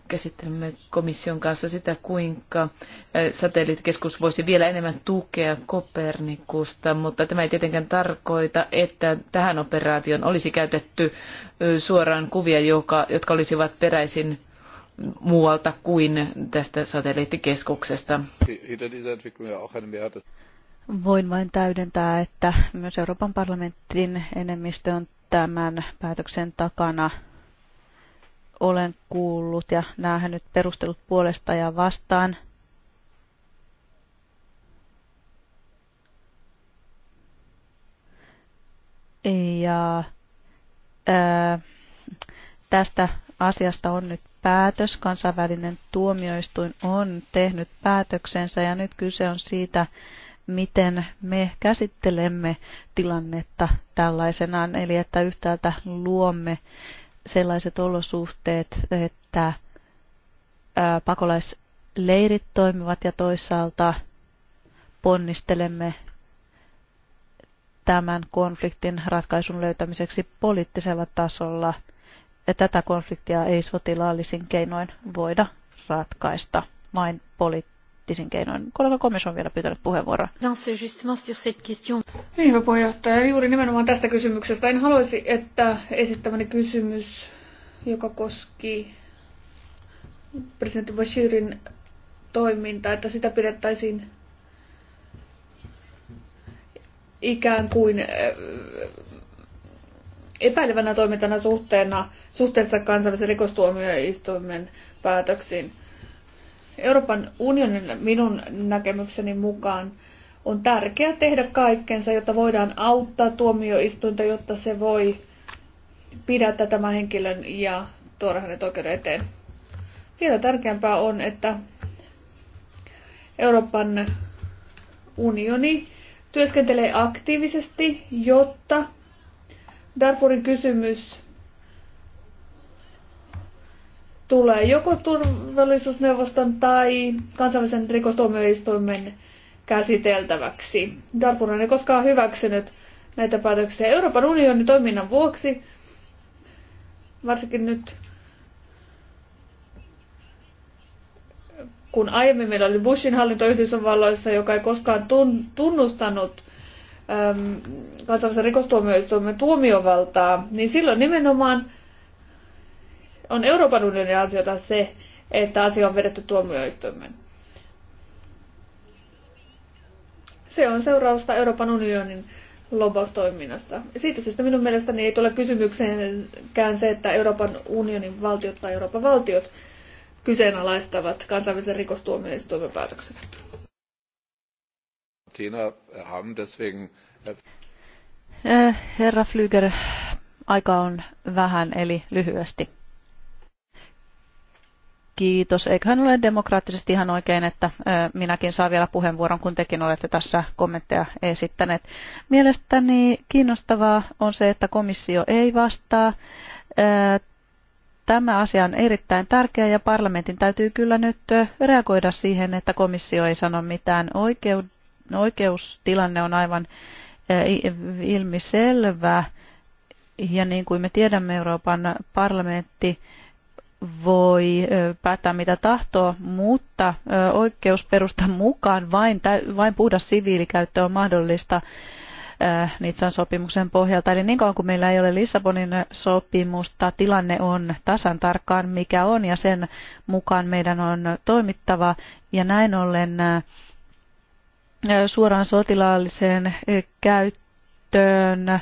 käsittelemme komission kanssa sitä, kuinka eh, satelliittikeskus voisi vielä enemmän tukea Kopernikusta, mutta tämä ei tietenkään tarkoita, että tähän operaation olisi käytetty eh, suoraan kuvia, jotka olisivat peräisin muualta kuin tästä satelliittikeskuksesta. Voin vain täydentää, että myös Euroopan parlamentin enemmistö on tämän päätöksen takana. Olen kuullut ja nähnyt perustelut puolesta ja vastaan. Ja ää, tästä asiasta on nyt päätös. Kansainvälinen tuomioistuin on tehnyt päätöksensä ja nyt kyse on siitä, miten me käsittelemme tilannetta tällaisenaan, eli että yhtäältä luomme sellaiset olosuhteet, että pakolaisleirit toimivat ja toisaalta ponnistelemme tämän konfliktin ratkaisun löytämiseksi poliittisella tasolla. Ja tätä konfliktia ei sotilaallisin keinoin voida ratkaista, vain poliittisesti poliittisin keinoin. Kollega Komis on vielä pyytänyt puheenvuoroa. Niin, hyvä puheenjohtaja. Juuri nimenomaan tästä kysymyksestä. En haluaisi, että esittämäni kysymys, joka koski presidentti Bashirin toimintaa, että sitä pidettäisiin ikään kuin äh, epäilevänä toimintana suhteena, suhteessa kansallisen rikostuomioistuimen päätöksiin. Euroopan unionin minun näkemykseni mukaan on tärkeää tehdä kaikkensa, jotta voidaan auttaa tuomioistuinta, jotta se voi pidättää tämän henkilön ja tuoda hänet oikeuden eteen. Vielä tärkeämpää on, että Euroopan unioni työskentelee aktiivisesti, jotta Darfurin kysymys tulee joko turvallisuusneuvoston tai kansainvälisen rikostuomioistuimen käsiteltäväksi. Darfur ei koskaan hyväksynyt näitä päätöksiä Euroopan unionin toiminnan vuoksi, varsinkin nyt kun aiemmin meillä oli Bushin hallinto Yhdysvalloissa, joka ei koskaan tunnustanut äm, kansainvälisen rikostuomioistuimen tuomiovaltaa, niin silloin nimenomaan on Euroopan unionin ansiota se, että asia on vedetty tuomioistuimen. Se on seurausta Euroopan unionin lobbaustoiminnasta. Siitä syystä minun mielestäni ei tule kysymykseenkään se, että Euroopan unionin valtiot tai Euroopan valtiot kyseenalaistavat kansainvälisen rikostuomioistuimen päätökset. Ähm, äh, eh, herra Flyger, aika on vähän, eli lyhyesti. Kiitos. Eiköhän ole demokraattisesti ihan oikein, että minäkin saan vielä puheenvuoron, kun tekin olette tässä kommentteja esittäneet. Mielestäni kiinnostavaa on se, että komissio ei vastaa. Tämä asia on erittäin tärkeä ja parlamentin täytyy kyllä nyt reagoida siihen, että komissio ei sano mitään. Oikeustilanne on aivan ilmiselvä ja niin kuin me tiedämme, Euroopan parlamentti voi päättää mitä tahtoo, mutta oikeusperustan mukaan vain, vain puhdas siviilikäyttö on mahdollista Nitsan sopimuksen pohjalta. Eli niin kauan kuin meillä ei ole Lissabonin sopimusta, tilanne on tasan tarkkaan mikä on ja sen mukaan meidän on toimittava. Ja näin ollen suoraan sotilaalliseen käyttöön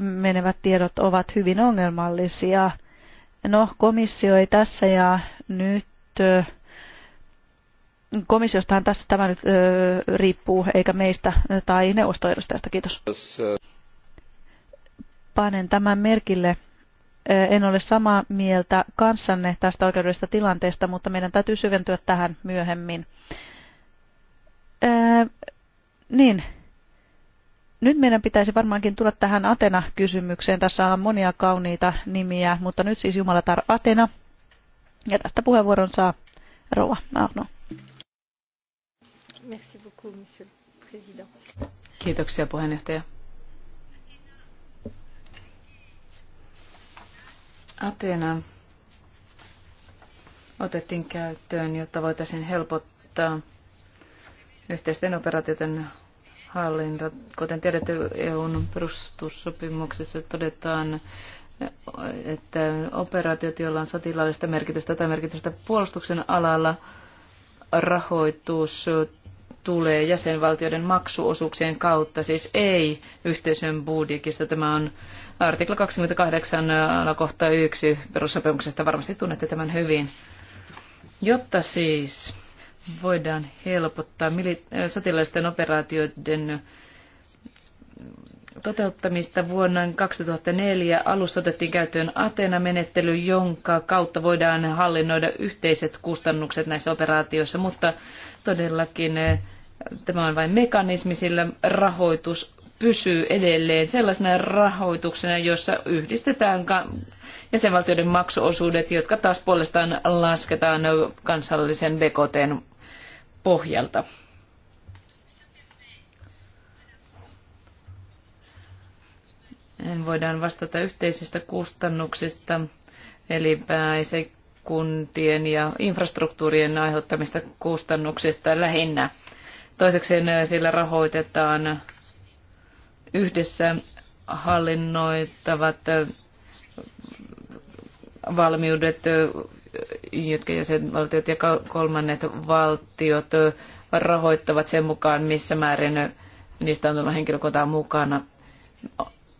menevät tiedot ovat hyvin ongelmallisia – No, komissio ei tässä ja nyt komissiostahan tässä tämä nyt ö, riippuu, eikä meistä tai neuvostoedustajasta. Kiitos. Panen tämän merkille. En ole samaa mieltä kanssanne tästä oikeudellisesta tilanteesta, mutta meidän täytyy syventyä tähän myöhemmin. Ö, niin, nyt meidän pitäisi varmaankin tulla tähän Atena-kysymykseen. Tässä on monia kauniita nimiä, mutta nyt siis Jumalatar Atena. Ja tästä puheenvuoron saa Rouva Arno. Merci beaucoup, monsieur le président. Kiitoksia puheenjohtaja. Atena otettiin käyttöön, jotta voitaisiin helpottaa yhteisten operaatioiden hallinta. Kuten tiedetty, EUn perustussopimuksessa todetaan, että operaatiot, joilla on sotilaallista merkitystä tai merkitystä puolustuksen alalla, rahoitus tulee jäsenvaltioiden maksuosuuksien kautta, siis ei yhteisön budjetista. Tämä on artikla 28 alakohta 1 perussopimuksesta. Varmasti tunnette tämän hyvin. Jotta siis voidaan helpottaa äh, sotilaisten operaatioiden toteuttamista vuonna 2004 alussa otettiin käyttöön Atena-menettely, jonka kautta voidaan hallinnoida yhteiset kustannukset näissä operaatioissa, mutta todellakin äh, tämä on vain mekanismi, sillä rahoitus pysyy edelleen sellaisena rahoituksena, jossa yhdistetään jäsenvaltioiden maksuosuudet, jotka taas puolestaan lasketaan kansallisen BKTn pohjalta. voidaan vastata yhteisistä kustannuksista, eli kuntien ja infrastruktuurien aiheuttamista kustannuksista lähinnä. Toiseksi äh, sillä rahoitetaan yhdessä hallinnoittavat äh, valmiudet äh, jotka jäsenvaltiot ja kolmannet valtiot rahoittavat sen mukaan, missä määrin niistä on tullut henkilökuntaa mukana.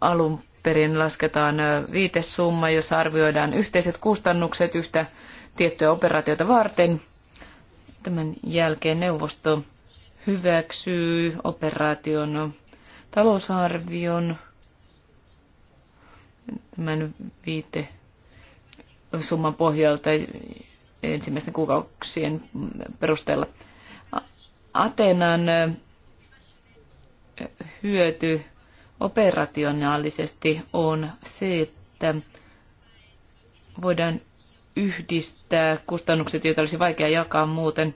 Alun perin lasketaan viitesumma, jossa arvioidaan yhteiset kustannukset yhtä tiettyä operaatiota varten. Tämän jälkeen neuvosto hyväksyy operaation talousarvion tämän viite summan pohjalta ensimmäisten kuukausien perusteella. Atenan hyöty operationaalisesti on se, että voidaan yhdistää kustannukset, joita olisi vaikea jakaa muuten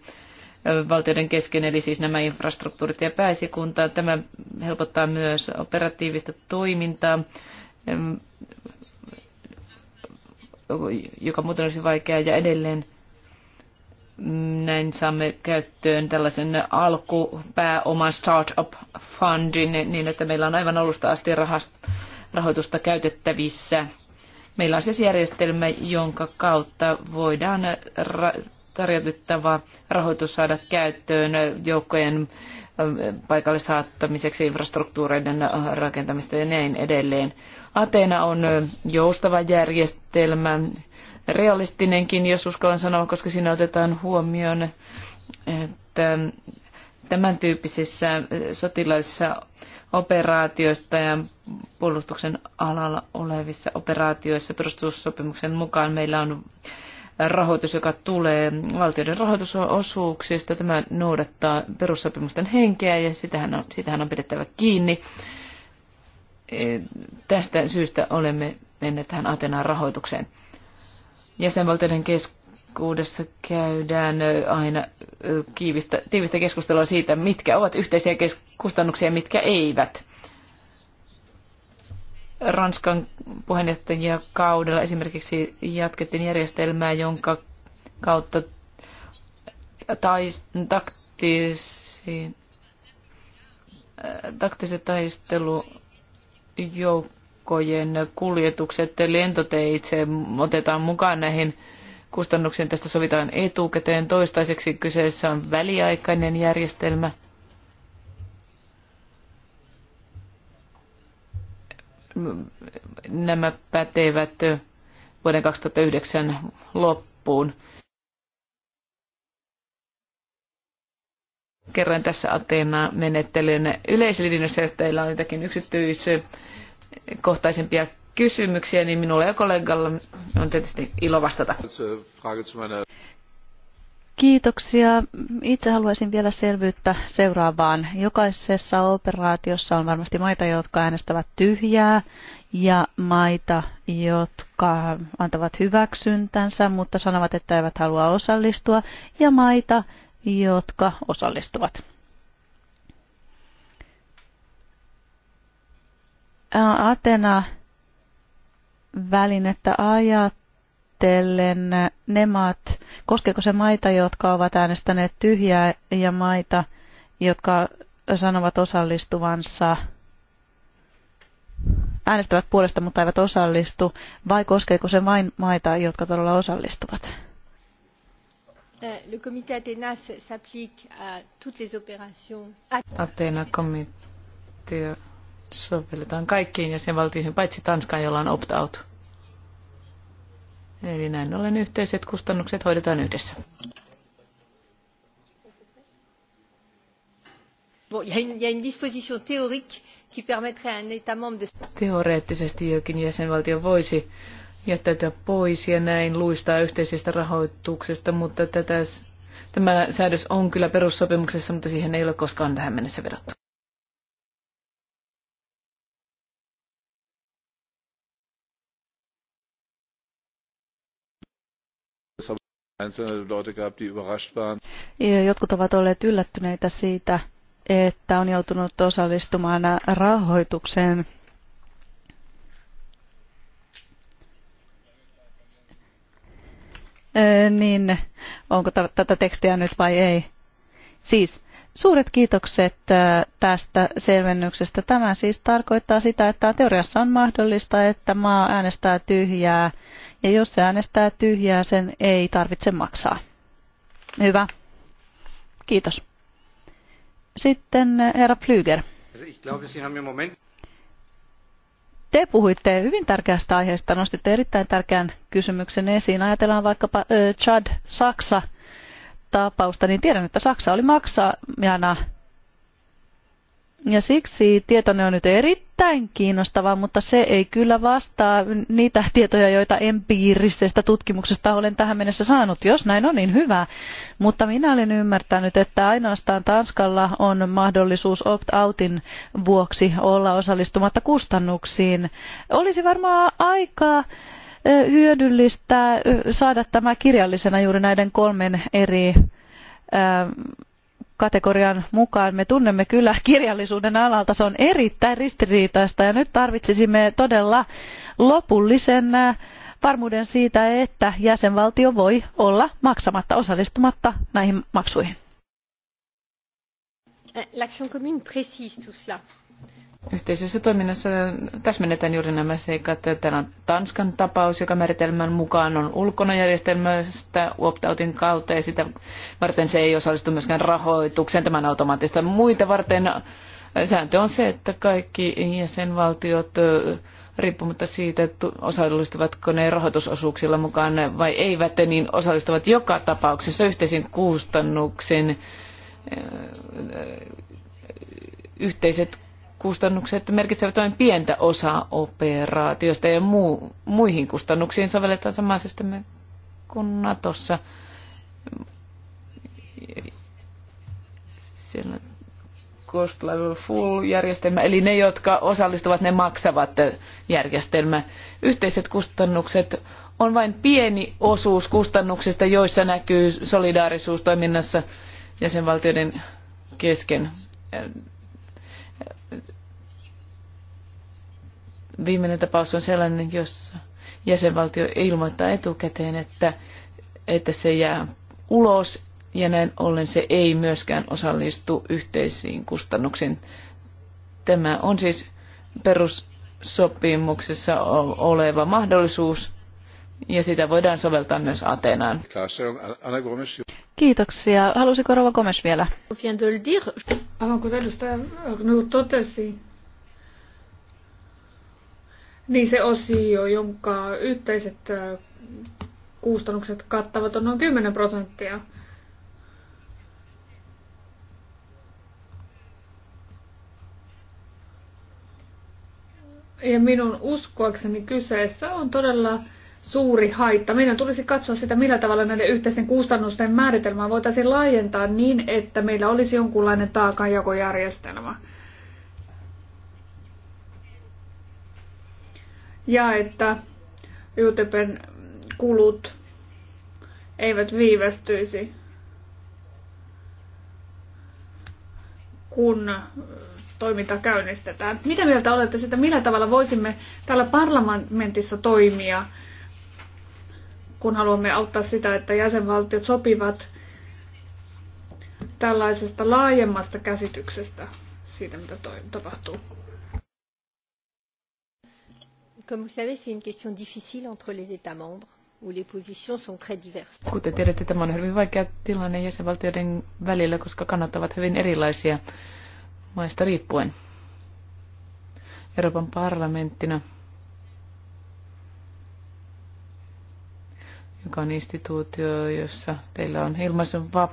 valtioiden kesken, eli siis nämä infrastruktuurit ja pääsikunta. Tämä helpottaa myös operatiivista toimintaa joka muuten olisi vaikeaa ja edelleen näin saamme käyttöön tällaisen alkupääoman startup fundin niin, että meillä on aivan alusta asti rahoitusta käytettävissä. Meillä on siis järjestelmä, jonka kautta voidaan ra- tarjotettava rahoitus saada käyttöön joukkojen paikalle saattamiseksi, infrastruktuureiden rakentamista ja näin edelleen. Ateena on joustava järjestelmä, realistinenkin, jos uskallan sanoa, koska siinä otetaan huomioon, että tämän tyyppisissä sotilaisissa operaatioista ja puolustuksen alalla olevissa operaatioissa perustussopimuksen mukaan meillä on rahoitus, joka tulee valtioiden rahoitusosuuksista. Tämä noudattaa perussopimusten henkeä ja sitähän on, sitähän on pidettävä kiinni. Tästä syystä olemme menneet tähän Atenaan rahoitukseen. Jäsenvaltioiden keskuudessa käydään aina kiivistä, tiivistä keskustelua siitä, mitkä ovat yhteisiä kustannuksia ja mitkä eivät. Ranskan Kaudella esimerkiksi jatkettiin järjestelmää, jonka kautta tais, taktisiin, taktiset taistelu joukkojen kuljetukset lentoteitse otetaan mukaan näihin kustannuksiin. Tästä sovitaan etukäteen. Toistaiseksi kyseessä on väliaikainen järjestelmä. Nämä pätevät vuoden 2009 loppuun. kerran tässä Ateena-menettelyn yleislinjassa, jos teillä on jotakin yksityiskohtaisempia kysymyksiä, niin minulla ja kollegalla on tietysti ilo vastata. Kiitoksia. Itse haluaisin vielä selvyyttä seuraavaan. Jokaisessa operaatiossa on varmasti maita, jotka äänestävät tyhjää ja maita, jotka antavat hyväksyntänsä, mutta sanovat, että eivät halua osallistua, ja maita, jotka osallistuvat. Atena välinettä ajatellen ne maat, koskeeko se maita, jotka ovat äänestäneet tyhjää ja maita, jotka sanovat osallistuvansa äänestävät puolesta, mutta eivät osallistu, vai koskeeko se vain maita, jotka todella osallistuvat? Euh, le comité Athénas s'applique à toutes les opérations. Athena-komitea sovelletaan kaikkiin jäsenvaltioihin, paitsi Tanskaan, jolla on opt-out. Eli näin ollen yhteiset kustannukset hoidetaan yhdessä. Teoreettisesti jokin jäsenvaltio voisi jättäytyä pois ja näin luistaa yhteisestä rahoituksesta, mutta tätä, tämä säädös on kyllä perussopimuksessa, mutta siihen ei ole koskaan tähän mennessä vedottu. Jotkut ovat olleet yllättyneitä siitä, että on joutunut osallistumaan rahoitukseen niin onko tätä tekstiä nyt vai ei. Siis suuret kiitokset tästä selvennyksestä. Tämä siis tarkoittaa sitä, että teoriassa on mahdollista, että maa äänestää tyhjää, ja jos se äänestää tyhjää, sen ei tarvitse maksaa. Hyvä. Kiitos. Sitten herra Pflüger. Te puhuitte hyvin tärkeästä aiheesta, nostitte erittäin tärkeän kysymyksen esiin. Ajatellaan vaikkapa Chad-Saksa tapausta, niin tiedän, että Saksa oli maksajana ja siksi tietonne on nyt erittäin kiinnostava, mutta se ei kyllä vastaa niitä tietoja, joita empiirisestä tutkimuksesta olen tähän mennessä saanut. Jos näin on, niin hyvä. Mutta minä olen ymmärtänyt, että ainoastaan Tanskalla on mahdollisuus opt-outin vuoksi olla osallistumatta kustannuksiin. Olisi varmaan aika hyödyllistä saada tämä kirjallisena juuri näiden kolmen eri kategorian mukaan. Me tunnemme kyllä kirjallisuuden alalta, se on erittäin ristiriitaista ja nyt tarvitsisimme todella lopullisen äh, varmuuden siitä, että jäsenvaltio voi olla maksamatta, osallistumatta näihin maksuihin. L'action commune précise tout cela. Yhteisössä toiminnassa täsmennetään juuri nämä seikat. Täällä on Tanskan tapaus, joka määritelmän mukaan on ulkona järjestelmästä opt-outin kautta ja sitä varten se ei osallistu myöskään rahoitukseen tämän automaattista. Muita varten sääntö on se, että kaikki jäsenvaltiot riippumatta siitä, että osallistuvatko ne rahoitusosuuksilla mukaan vai eivät, niin osallistuvat joka tapauksessa yhteisiin kustannuksiin. Yhteiset kustannukset merkitsevät vain pientä osaa operaatiosta ja muu, muihin kustannuksiin sovelletaan samaa systeemiä kuin Natossa. Siellä cost level full järjestelmä, eli ne, jotka osallistuvat, ne maksavat järjestelmä. Yhteiset kustannukset on vain pieni osuus kustannuksista, joissa näkyy solidaarisuus toiminnassa jäsenvaltioiden kesken Viimeinen tapaus on sellainen, jossa jäsenvaltio ilmoittaa etukäteen, että, että se jää ulos ja näin ollen se ei myöskään osallistu yhteisiin kustannuksiin. Tämä on siis perussopimuksessa oleva mahdollisuus ja sitä voidaan soveltaa myös Ateenaan. Kiitoksia. Halusiko Rova Gomes vielä? Aivan kuten edustaja Agnew totesi, niin se osio, jonka yhteiset kustannukset kattavat, on noin 10 prosenttia. Ja minun uskoakseni kyseessä on todella suuri haitta. Meidän tulisi katsoa sitä, millä tavalla näiden yhteisten kustannusten määritelmää voitaisiin laajentaa niin, että meillä olisi jonkunlainen taakanjakojärjestelmä. Ja että YouTuben kulut eivät viivästyisi, kun toiminta käynnistetään. Mitä mieltä olette sitä, millä tavalla voisimme täällä parlamentissa toimia kun haluamme auttaa sitä, että jäsenvaltiot sopivat tällaisesta laajemmasta käsityksestä siitä, mitä toi, tapahtuu. Comme vous savez, c'est une question difficile entre les États membres, où les positions sont très diverses. Kuten tiedätte, tämä on hyvin vaikea tilanne jäsenvaltioiden välillä, koska kannat ovat hyvin erilaisia maista riippuen. Euroopan parlamenttina joka on instituutio, jossa teillä on ilmaisen vap...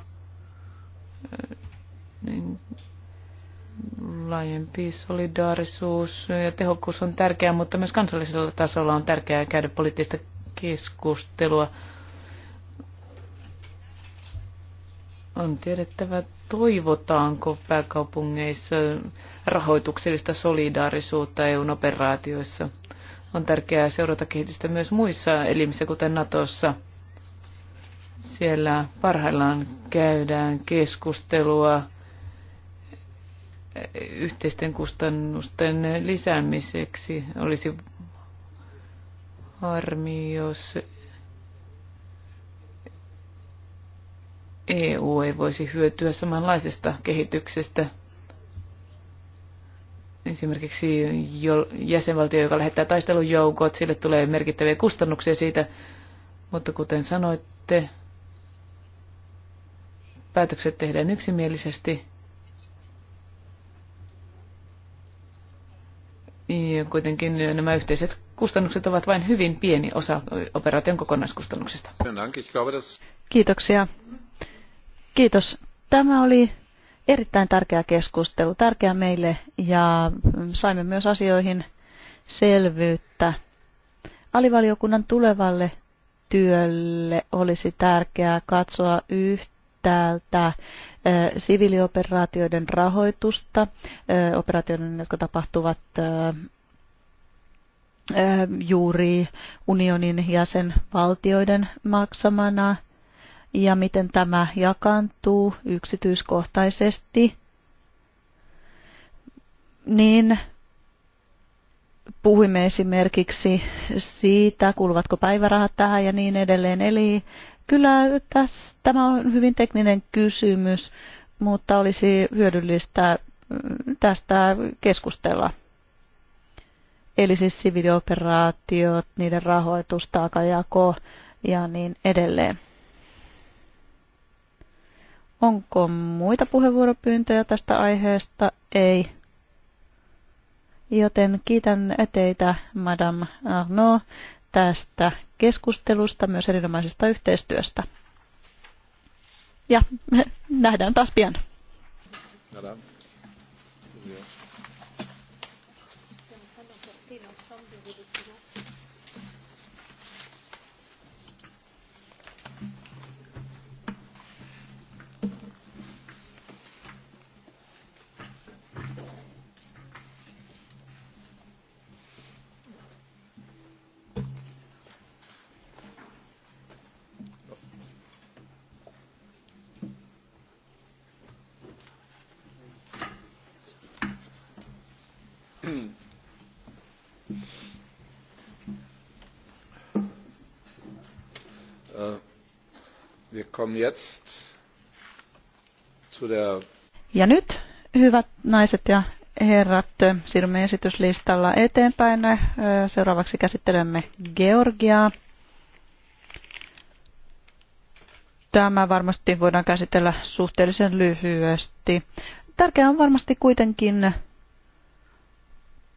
Niin, laajempi solidaarisuus ja tehokkuus on tärkeää, mutta myös kansallisella tasolla on tärkeää käydä poliittista keskustelua. On tiedettävä, toivotaanko pääkaupungeissa rahoituksellista solidaarisuutta eu operaatioissa – on tärkeää seurata kehitystä myös muissa elimissä, kuten Natossa. Siellä parhaillaan käydään keskustelua yhteisten kustannusten lisäämiseksi. Olisi harmi, jos EU ei voisi hyötyä samanlaisesta kehityksestä esimerkiksi jäsenvaltio, joka lähettää taistelujoukot, sille tulee merkittäviä kustannuksia siitä, mutta kuten sanoitte, päätökset tehdään yksimielisesti. Ja kuitenkin nämä yhteiset kustannukset ovat vain hyvin pieni osa operaation kokonaiskustannuksista. Kiitoksia. Kiitos. Tämä oli erittäin tärkeä keskustelu, tärkeä meille ja saimme myös asioihin selvyyttä. Alivaliokunnan tulevalle työlle olisi tärkeää katsoa yhtäältä siviilioperaatioiden rahoitusta, operaatioiden, jotka tapahtuvat juuri unionin jäsenvaltioiden maksamana – ja miten tämä jakantuu yksityiskohtaisesti, niin puhuimme esimerkiksi siitä, kuuluvatko päivärahat tähän ja niin edelleen. Eli kyllä tässä, tämä on hyvin tekninen kysymys, mutta olisi hyödyllistä mm, tästä keskustella. Eli siis siviilioperaatiot, niiden rahoitus, taakajako ja niin edelleen. Onko muita puheenvuoropyyntöjä tästä aiheesta? Ei. Joten kiitän teitä, Madame Arnaud, tästä keskustelusta, myös erinomaisesta yhteistyöstä. Ja (laughs) nähdään taas pian. Madame. Ja nyt, hyvät naiset ja herrat, siirrymme esityslistalla eteenpäin. Seuraavaksi käsittelemme Georgiaa. Tämä varmasti voidaan käsitellä suhteellisen lyhyesti. Tärkeää on varmasti kuitenkin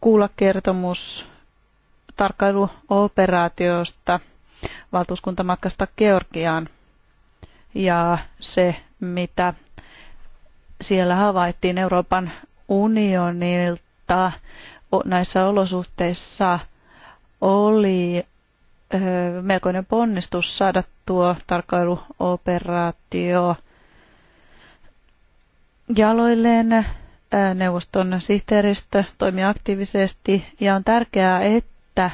kuulla kertomus tarkkailuoperaatiosta valtuuskuntamatkasta Georgiaan – ja se, mitä siellä havaittiin Euroopan unionilta näissä olosuhteissa, oli melkoinen ponnistus saada tuo tarkkailuoperaatio jaloilleen. Neuvoston sihteeristö toimi aktiivisesti ja on tärkeää, että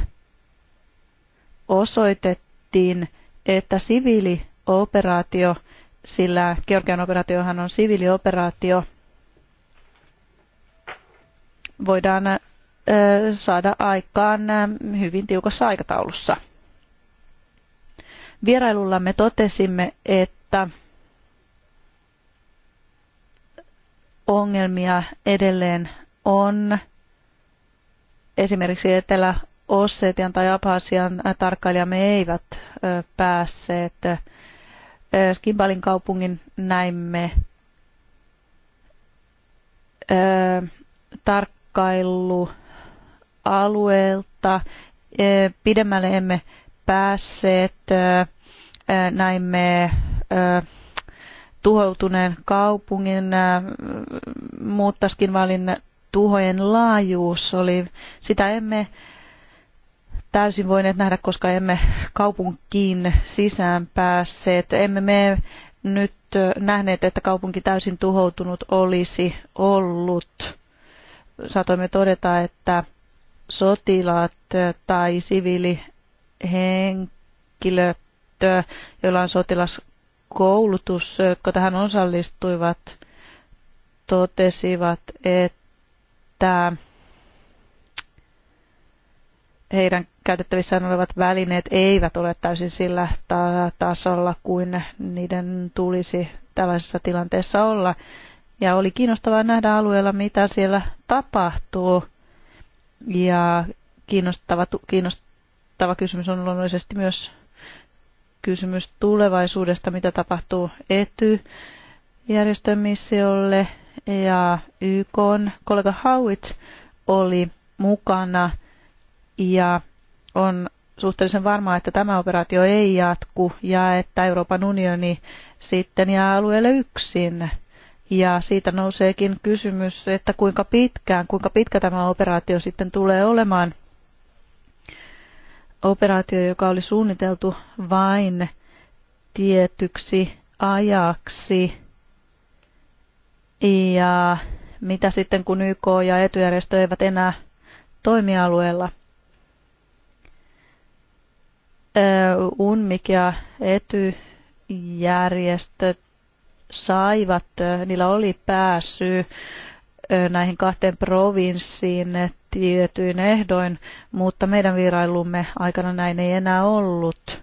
osoitettiin, että siviili operaatio, sillä Georgian operaatiohan on siviilioperaatio, voidaan saada aikaan hyvin tiukassa aikataulussa. Vierailullamme totesimme, että ongelmia edelleen on. Esimerkiksi Etelä-Ossetian tai Abhasian tarkkailijamme eivät päässeet Skibalin kaupungin näimme tarkkailualueelta. Pidemmälle emme päässeet, näimme tuhoutuneen kaupungin, mutta Skinvalin tuhojen laajuus oli, sitä emme täysin voineet nähdä, koska emme kaupunkiin sisään päässeet. Emme me nyt nähneet, että kaupunki täysin tuhoutunut olisi ollut. Saatoimme todeta, että sotilaat tai siviilihenkilöt, joilla on sotilaskoulutus, jotka tähän osallistuivat, totesivat, että heidän käytettävissä olevat välineet eivät ole täysin sillä ta- tasolla kuin niiden tulisi tällaisessa tilanteessa olla. Ja oli kiinnostavaa nähdä alueella, mitä siellä tapahtuu. Ja kiinnostava, kiinnostava kysymys on luonnollisesti myös kysymys tulevaisuudesta, mitä tapahtuu ety järjestön missiolle. Ja YK kollega Howitz oli mukana ja on suhteellisen varmaa, että tämä operaatio ei jatku ja että Euroopan unioni sitten jää alueelle yksin. Ja siitä nouseekin kysymys, että kuinka pitkään, kuinka pitkä tämä operaatio sitten tulee olemaan. Operaatio, joka oli suunniteltu vain tietyksi ajaksi. Ja mitä sitten, kun YK ja etujärjestö eivät enää toimialueella – UNMIK ja ETY-järjestöt saivat, niillä oli pääsy näihin kahteen provinssiin tietyin ehdoin, mutta meidän vierailumme aikana näin ei enää ollut,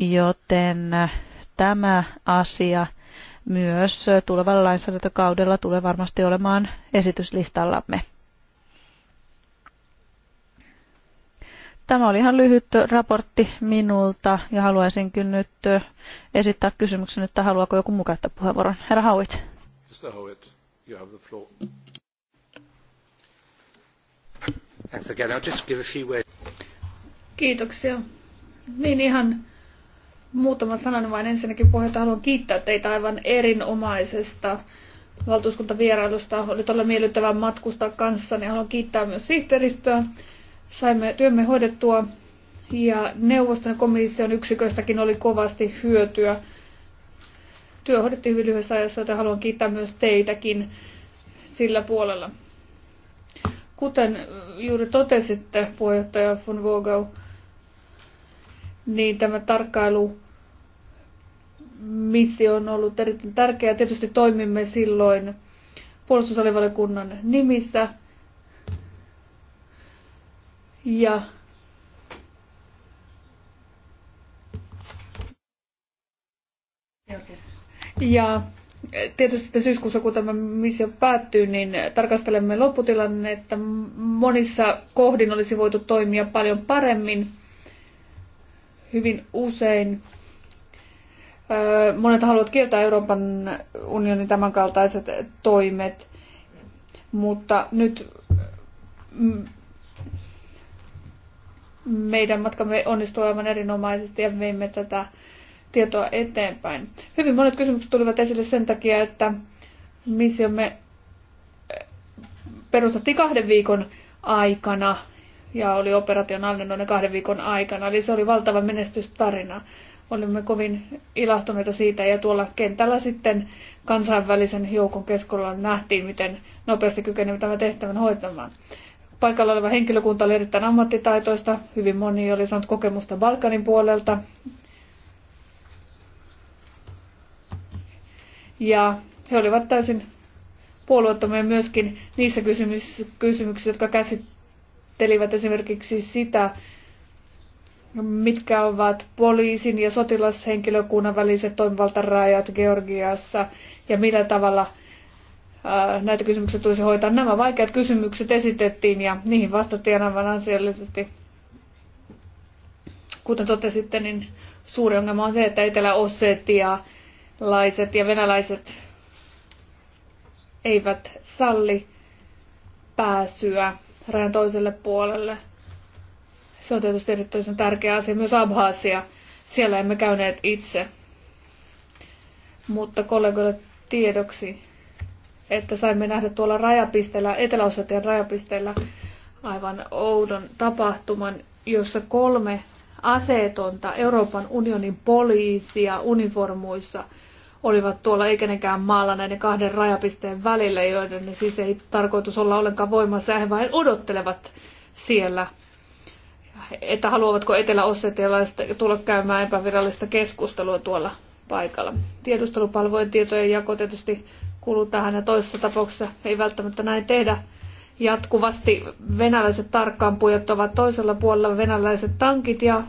joten tämä asia myös tulevalla lainsäädäntökaudella tulee varmasti olemaan esityslistallamme. Tämä oli ihan lyhyt raportti minulta ja haluaisinkin nyt esittää kysymyksen, että haluaako joku muu käyttää puheenvuoron. Herra Howitt. Mr. Howitt, you have the floor. Thanks again. I'll just give a few words. Kiitoksia. Niin ihan muutama sanan vain ensinnäkin pohjalta haluan kiittää teitä aivan erinomaisesta valtuuskuntavierailusta. Oli todella miellyttävää matkustaa kanssani. Haluan kiittää myös sihteeristöä Saimme työmme hoidettua ja neuvoston komission yksiköistäkin oli kovasti hyötyä. Työ hoidettiin hyvin lyhyessä ajassa, joten haluan kiittää myös teitäkin sillä puolella. Kuten juuri totesitte, puheenjohtaja von Vogel, niin tämä tarkkailu missio on ollut erittäin tärkeä. Tietysti toimimme silloin puolustusalivaliokunnan nimissä ja ja tietysti syyskuussa, kun tämä missio päättyy, niin tarkastelemme että Monissa kohdin olisi voitu toimia paljon paremmin. Hyvin usein monet haluavat kieltää Euroopan unionin tämänkaltaiset toimet, mutta nyt mm, meidän matkamme onnistui aivan erinomaisesti ja veimme tätä tietoa eteenpäin. Hyvin monet kysymykset tulivat esille sen takia, että missiomme eh, perustettiin kahden viikon aikana ja oli operationaalinen noin kahden viikon aikana. Eli se oli valtava menestystarina. Olimme kovin ilahtuneita siitä ja tuolla kentällä sitten kansainvälisen joukon keskellä nähtiin, miten nopeasti kykenemme tämän tehtävän hoitamaan. Paikalla oleva henkilökunta oli erittäin ammattitaitoista. Hyvin moni oli saanut kokemusta Balkanin puolelta. Ja he olivat täysin puolueettomia myöskin niissä kysymyksissä, jotka käsittelivät esimerkiksi sitä, mitkä ovat poliisin ja sotilashenkilökunnan väliset toimivaltarajat Georgiassa ja millä tavalla Äh, näitä kysymyksiä tulisi hoitaa. Nämä vaikeat kysymykset esitettiin ja niihin vastattiin aivan ansiollisesti. Kuten totesitte, niin suuri ongelma on se, että laiset ja venäläiset eivät salli pääsyä rajan toiselle puolelle. Se on tietysti erityisen tärkeä asia. Myös Abhaasia. Siellä emme käyneet itse. Mutta kollegoille tiedoksi että saimme nähdä tuolla rajapisteellä, etelä rajapisteellä aivan oudon tapahtuman, jossa kolme aseetonta Euroopan unionin poliisia uniformuissa olivat tuolla eikä nekään maalla näiden kahden rajapisteen välillä, joiden ne siis ei tarkoitus olla ollenkaan voimassa, ja he vain odottelevat siellä, että haluavatko etelä tulla käymään epävirallista keskustelua tuolla paikalla. Tiedustelupalvelujen tietojen jako tietysti kuuluu tähän ja toisessa tapauksessa ei välttämättä näin tehdä. Jatkuvasti venäläiset tarkkaanpujat ovat toisella puolella venäläiset tankit ja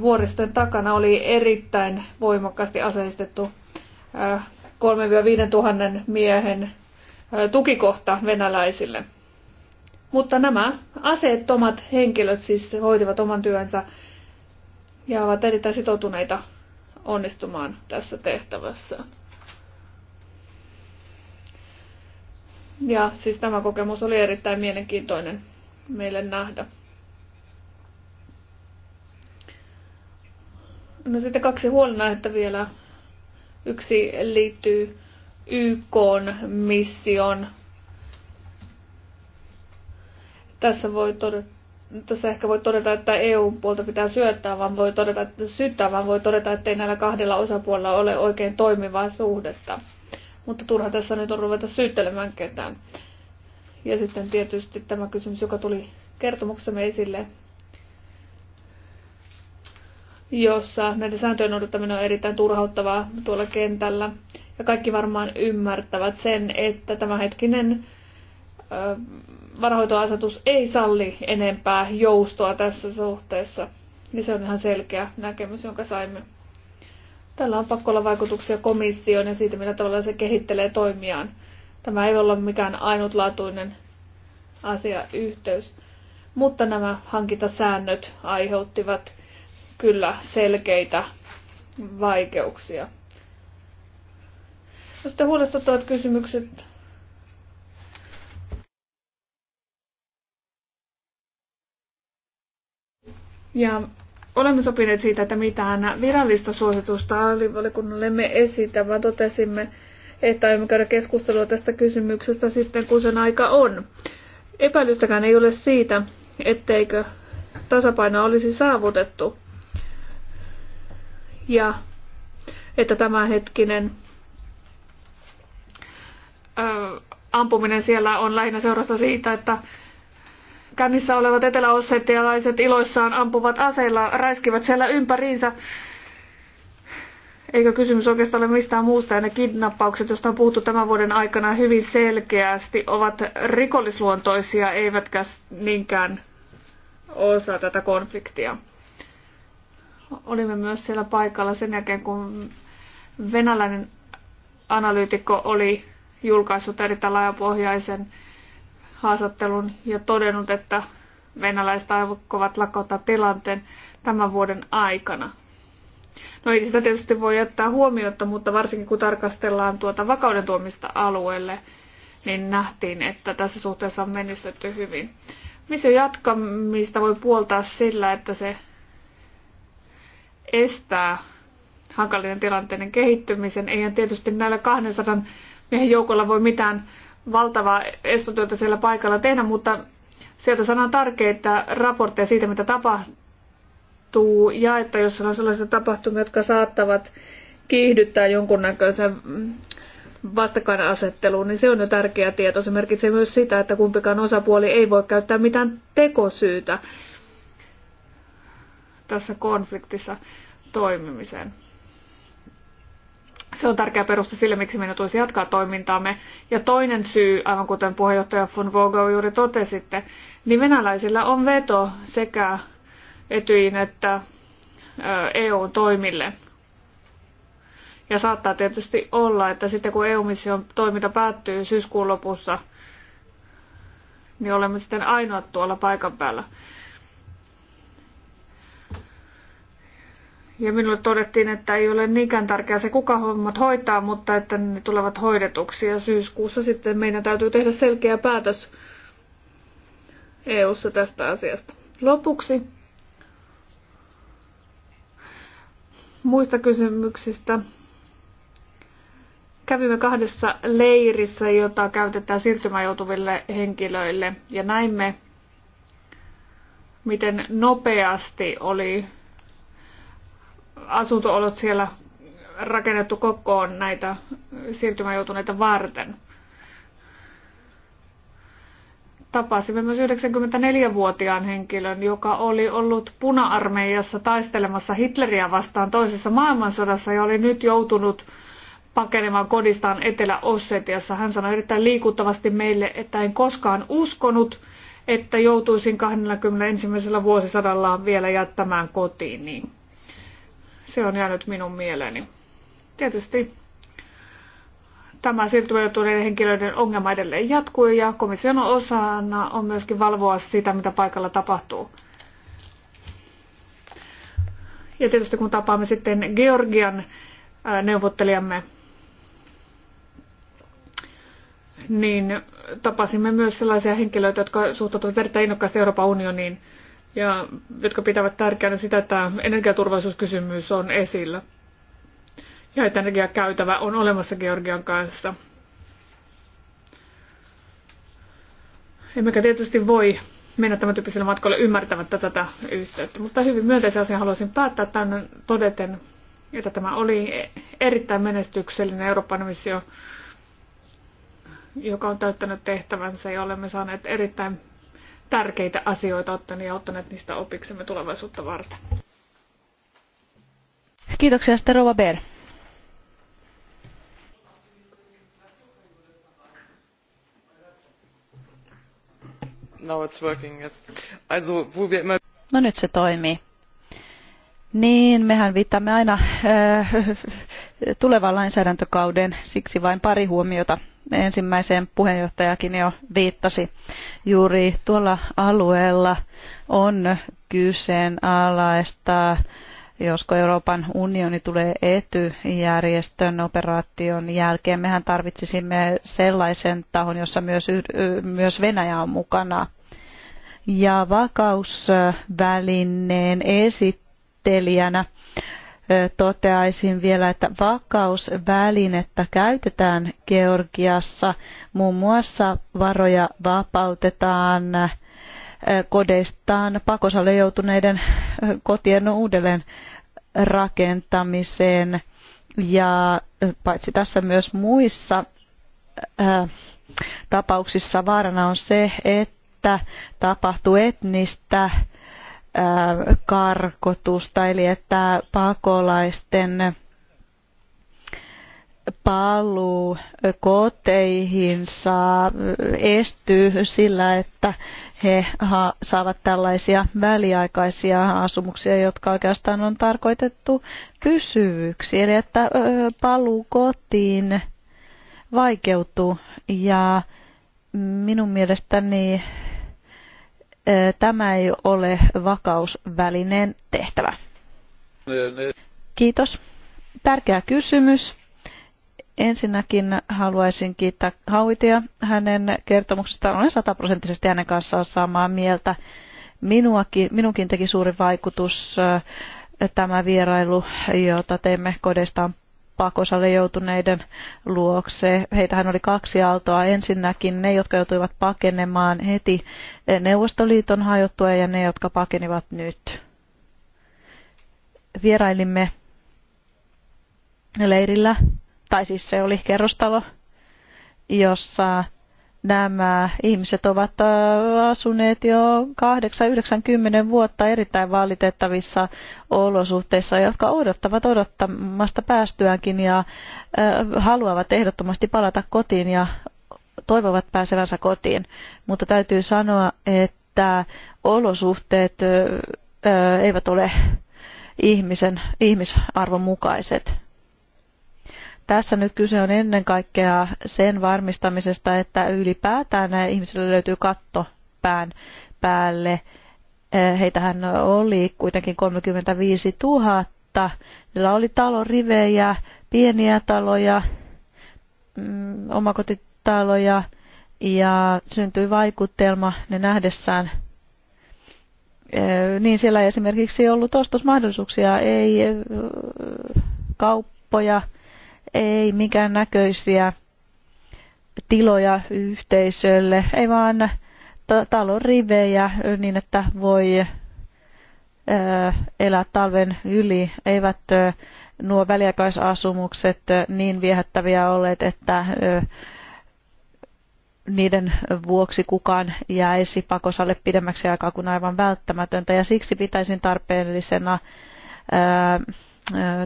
vuoristojen takana oli erittäin voimakkaasti aseistettu 3-5 tuhannen miehen tukikohta venäläisille. Mutta nämä aseettomat henkilöt siis hoitivat oman työnsä ja ovat erittäin sitoutuneita onnistumaan tässä tehtävässä. Ja siis tämä kokemus oli erittäin mielenkiintoinen meille nähdä. No sitten kaksi huolenaihetta vielä. Yksi liittyy YK-mission. Tässä voi todeta, tässä ehkä voi todeta, että EU-puolta pitää syöttää, vaan voi todeta, että syyttää, vaan voi todeta, että ei näillä kahdella osapuolella ole oikein toimivaa suhdetta. Mutta turha tässä nyt on ruveta syyttelemään ketään. Ja sitten tietysti tämä kysymys, joka tuli kertomuksemme esille, jossa näiden sääntöjen noudattaminen on erittäin turhauttavaa tuolla kentällä. Ja kaikki varmaan ymmärtävät sen, että tämä hetkinen varhoitoasetus ei salli enempää joustoa tässä suhteessa. Niin se on ihan selkeä näkemys, jonka saimme. Tällä on pakko olla vaikutuksia komissioon ja siitä, millä tavalla se kehittelee toimiaan. Tämä ei ole mikään ainutlaatuinen asiayhteys. Mutta nämä hankintasäännöt aiheuttivat kyllä selkeitä vaikeuksia. No sitten huolestuttavat kysymykset Ja olemme sopineet siitä, että mitään virallista suositusta alivaliokunnalle me esitä, vaan totesimme, että emme käydä keskustelua tästä kysymyksestä sitten, kun sen aika on. Epäilystäkään ei ole siitä, etteikö tasapaino olisi saavutettu. Ja että tämänhetkinen ö, ampuminen siellä on lähinnä seurasta siitä, että kännissä olevat eteläossetialaiset iloissaan ampuvat aseilla, räiskivät siellä ympäriinsä. Eikä kysymys oikeastaan ole mistään muusta, ja ne kidnappaukset, joista on puhuttu tämän vuoden aikana hyvin selkeästi, ovat rikollisluontoisia, eivätkä niinkään osa tätä konfliktia. Olimme myös siellä paikalla sen jälkeen, kun venäläinen analyytikko oli julkaissut erittäin laajapohjaisen haastattelun ja todennut, että venäläiset aivokkovat lakota tilanteen tämän vuoden aikana. No ei sitä tietysti voi jättää huomiota, mutta varsinkin kun tarkastellaan tuota vakauden tuomista alueelle, niin nähtiin, että tässä suhteessa on menestytty hyvin. Missä jatkamista voi puoltaa sillä, että se estää hankalien tilanteiden kehittymisen. Eihän tietysti näillä 200 miehen joukolla voi mitään valtavaa estotyötä siellä paikalla tehdä, mutta sieltä saadaan tärkeitä raportteja siitä, mitä tapahtuu, ja että jos on sellaisia tapahtumia, jotka saattavat kiihdyttää jonkunnäköisen vastakkainasetteluun, niin se on jo tärkeä tieto. Se merkitsee myös sitä, että kumpikaan osapuoli ei voi käyttää mitään tekosyytä tässä konfliktissa toimimiseen. Se on tärkeä peruste sille, miksi meidän tulisi jatkaa toimintaamme. Ja toinen syy, aivan kuten puheenjohtaja von Vogel juuri totesitte, niin venäläisillä on veto sekä Etyin että EU-toimille. Ja saattaa tietysti olla, että sitten kun EU-mission toiminta päättyy syyskuun lopussa, niin olemme sitten ainoat tuolla paikan päällä. Ja minulle todettiin, että ei ole niinkään tärkeää se, kuka hommat hoitaa, mutta että ne tulevat hoidetuksi. Ja syyskuussa sitten meidän täytyy tehdä selkeä päätös EU-ssa tästä asiasta. Lopuksi muista kysymyksistä. Kävimme kahdessa leirissä, jota käytetään siirtymään joutuville henkilöille, ja näimme, miten nopeasti oli asuntoolot siellä rakennettu kokoon näitä siirtymään joutuneita varten. Tapasimme myös 94-vuotiaan henkilön, joka oli ollut puna-armeijassa taistelemassa Hitleriä vastaan toisessa maailmansodassa ja oli nyt joutunut pakenemaan kodistaan Etelä-Ossetiassa. Hän sanoi erittäin liikuttavasti meille, että en koskaan uskonut, että joutuisin 21. vuosisadalla vielä jättämään kotiin. Niin se on jäänyt minun mieleeni. Tietysti tämä siirtymäjohtuneiden henkilöiden ongelma edelleen jatkuu ja komission osana on myöskin valvoa sitä, mitä paikalla tapahtuu. Ja tietysti kun tapaamme sitten Georgian neuvottelijamme, niin tapasimme myös sellaisia henkilöitä, jotka suhtautuvat erittäin innokkaasti Euroopan unioniin – ja jotka pitävät tärkeänä sitä, että energiaturvallisuuskysymys on esillä ja että energiakäytävä on olemassa Georgian kanssa. Emmekä tietysti voi mennä tämän tyyppiselle matkalle ymmärtämättä tätä yhteyttä. Mutta hyvin myönteisen asian haluaisin päättää tämän todeten, että tämä oli erittäin menestyksellinen Euroopan missio, joka on täyttänyt tehtävänsä ja olemme saaneet erittäin tärkeitä asioita ottaneet ja ottaneet niistä opiksemme tulevaisuutta varten. Kiitoksia, Sterova Ber. No, it's working, yes. Also, wo wir immer... No nyt se toimii. Niin, mehän viittaamme aina äh, tulevan lainsäädäntökauden, siksi vain pari huomiota. Ensimmäiseen puheenjohtajakin jo viittasi. Juuri tuolla alueella on kyseenalaista, josko Euroopan unioni tulee etyjärjestön operaation jälkeen. Mehän tarvitsisimme sellaisen tahon, jossa myös, myös Venäjä on mukana. Ja vakausvälineen esittely esittelijänä toteaisin vielä, että vakausvälinettä käytetään Georgiassa. Muun muassa varoja vapautetaan kodeistaan pakosalle joutuneiden kotien uudelleen rakentamiseen ja paitsi tässä myös muissa tapauksissa vaarana on se, että tapahtuu etnistä karkotusta, eli että pakolaisten paluu koteihinsa estyy sillä, että he saavat tällaisia väliaikaisia asumuksia, jotka oikeastaan on tarkoitettu pysyvyyksi. Eli että paluu kotiin vaikeutuu ja minun mielestäni tämä ei ole vakausvälineen tehtävä. Kiitos. Tärkeä kysymys. Ensinnäkin haluaisin kiittää Hauitia hänen kertomuksestaan. Olen sataprosenttisesti hänen kanssaan samaa mieltä. Minuakin, minunkin teki suuri vaikutus tämä vierailu, jota teimme kodestaan pakosalle joutuneiden luokse. Heitähän oli kaksi aaltoa. Ensinnäkin ne, jotka joutuivat pakenemaan heti Neuvostoliiton hajottua ja ne, jotka pakenivat nyt. Vierailimme leirillä, tai siis se oli kerrostalo, jossa nämä ihmiset ovat asuneet jo 8-90 vuotta erittäin valitettavissa olosuhteissa, jotka odottavat odottamasta päästyäänkin ja haluavat ehdottomasti palata kotiin ja toivovat pääsevänsä kotiin. Mutta täytyy sanoa, että olosuhteet eivät ole ihmisen, ihmisarvon mukaiset tässä nyt kyse on ennen kaikkea sen varmistamisesta, että ylipäätään ihmisille löytyy katto pään päälle. Eh, heitähän oli kuitenkin 35 000. Niillä oli talon rivejä, pieniä taloja, mm, omakotitaloja ja syntyi vaikutelma ne nähdessään eh, niin siellä ei esimerkiksi ollut ostosmahdollisuuksia, ei eh, kauppoja, ei minkään näköisiä tiloja yhteisölle, ei vaan talon rivejä niin, että voi elää talven yli, eivät nuo väliaikaisasumukset niin viehättäviä olleet, että niiden vuoksi kukaan jäisi pakosalle pidemmäksi aikaa kuin aivan välttämätöntä. Ja siksi pitäisin tarpeellisena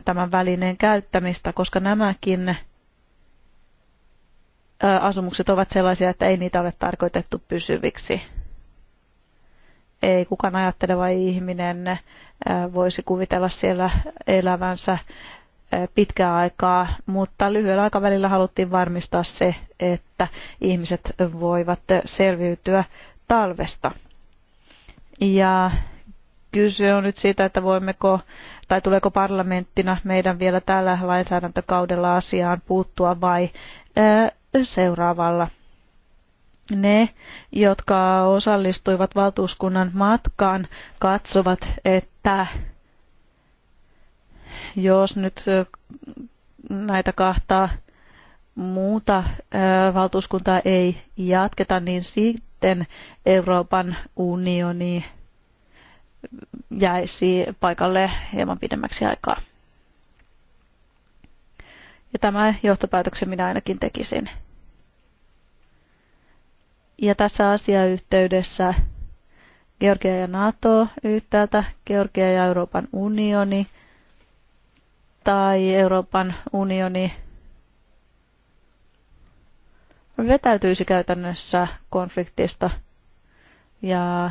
tämän välineen käyttämistä, koska nämäkin asumukset ovat sellaisia, että ei niitä ole tarkoitettu pysyviksi. Ei kukaan ajatteleva ihminen voisi kuvitella siellä elävänsä pitkää aikaa, mutta lyhyellä aikavälillä haluttiin varmistaa se, että ihmiset voivat selviytyä talvesta. Ja kyse on nyt siitä, että voimmeko tai tuleeko parlamenttina meidän vielä tällä lainsäädäntökaudella asiaan puuttua vai seuraavalla. Ne, jotka osallistuivat valtuuskunnan matkaan, katsovat, että jos nyt näitä kahta muuta valtuuskuntaa ei jatketa, niin sitten Euroopan unioni jäisi paikalle hieman pidemmäksi aikaa. Ja tämä johtopäätöksen minä ainakin tekisin. Ja tässä asiayhteydessä Georgia ja NATO yhtäältä, Georgia ja Euroopan unioni tai Euroopan unioni vetäytyisi käytännössä konfliktista ja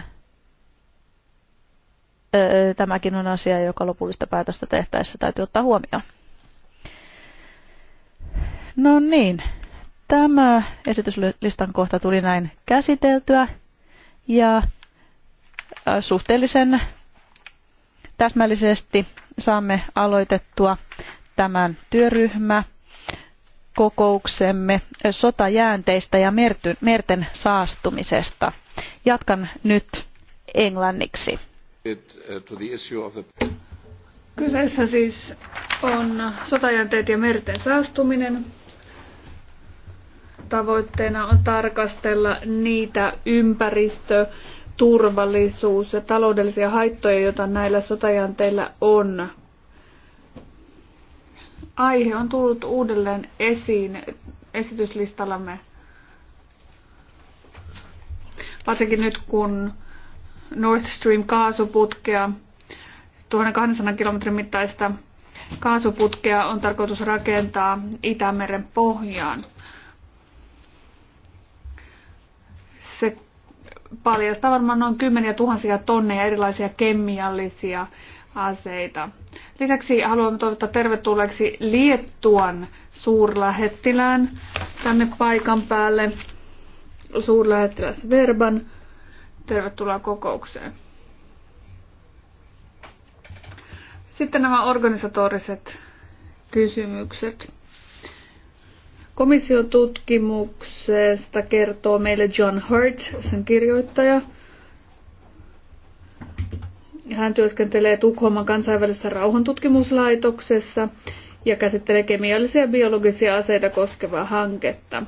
tämäkin on asia, joka lopullista päätöstä tehtäessä täytyy ottaa huomioon. No niin, tämä esityslistan kohta tuli näin käsiteltyä ja suhteellisen täsmällisesti saamme aloitettua tämän työryhmä kokouksemme sotajäänteistä ja merten saastumisesta. Jatkan nyt englanniksi. Uh, Kyseessä siis on sotajänteet ja merten saastuminen. Tavoitteena on tarkastella niitä ympäristö-, turvallisuus- ja taloudellisia haittoja, joita näillä sotajänteillä on. Aihe on tullut uudelleen esiin esityslistallamme varsinkin nyt kun Nord Stream kaasuputkea, 1200 kilometrin mittaista kaasuputkea on tarkoitus rakentaa Itämeren pohjaan. Se paljastaa varmaan noin kymmeniä tuhansia tonneja erilaisia kemiallisia aseita. Lisäksi haluamme toivottaa tervetulleeksi Liettuan suurlähettilään tänne paikan päälle, suurlähettiläs Verban. Tervetuloa kokoukseen. Sitten nämä organisatoriset kysymykset. Komission tutkimuksesta kertoo meille John Hurt, sen kirjoittaja. Hän työskentelee Tukholman kansainvälisessä rauhantutkimuslaitoksessa ja käsittelee kemiallisia ja biologisia aseita koskevaa hanketta.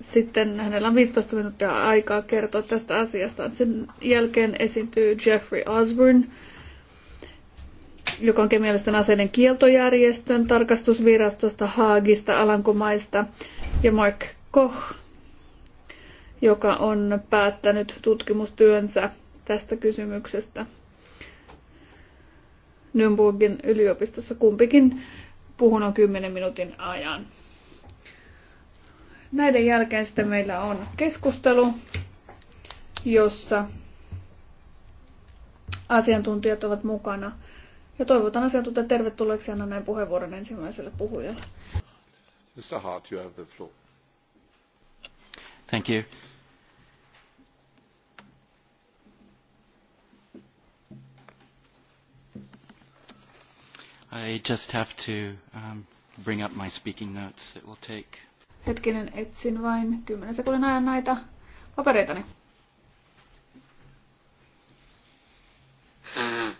Sitten hänellä on 15 minuuttia aikaa kertoa tästä asiasta. Sen jälkeen esiintyy Jeffrey Osborne, joka on kemiallisten aseiden kieltojärjestön tarkastusvirastosta Haagista, Alankomaista, ja Mark Koch, joka on päättänyt tutkimustyönsä tästä kysymyksestä Nürnbergin yliopistossa. Kumpikin puhun on 10 minuutin ajan. Näiden jälkeen sitten meillä on keskustelu, jossa asiantuntijat ovat mukana. Ja toivotan asiantuntijat tervetulleeksi aina näin puheenvuoron ensimmäiselle puhujalle. Mr. Hart, you have the floor. Thank you. I just have to um, bring up my speaking notes. It will take Hetkinen, etsin vain 10 sekunnin ajan näitä papereitani. Mm.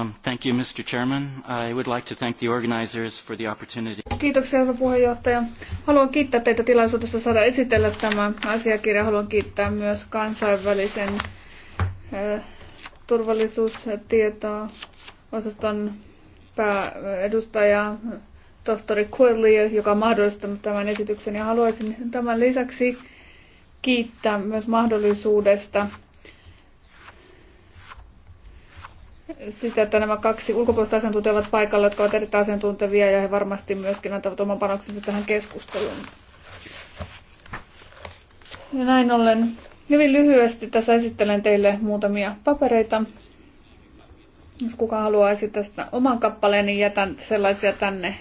Um, thank you, Mr. Chairman. I would like to thank the organizers for the opportunity. Kiitoksia, hyvä puheenjohtaja. Haluan kiittää teitä tilaisuudesta saada esitellä tämä asiakirja. Haluan kiittää myös kansainvälisen eh, turvallisuustietoa osaston pääedustajaa tohtori Quilly, joka on mahdollistanut tämän esityksen. Ja haluaisin tämän lisäksi kiittää myös mahdollisuudesta sitä, että nämä kaksi ulkopuolista asiantuntijaa ovat paikalla, jotka ovat erittäin asiantuntevia ja he varmasti myöskin antavat oman panoksensa tähän keskusteluun. Ja näin ollen hyvin lyhyesti tässä esittelen teille muutamia papereita. Jos kuka haluaa esittää sitä oman kappaleen, niin jätän sellaisia tänne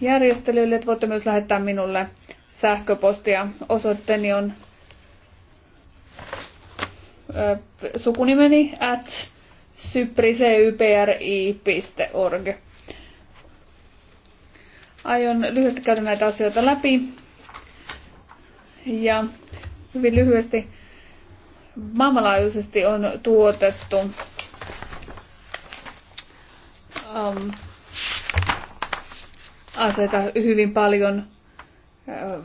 järjestelyille, että voitte myös lähettää minulle sähköpostia. Osoitteeni on sukunimeni at sypri.cypri.org. Aion lyhyesti käydä näitä asioita läpi. Ja hyvin lyhyesti maailmanlaajuisesti on tuotettu um, aseita hyvin paljon. Um,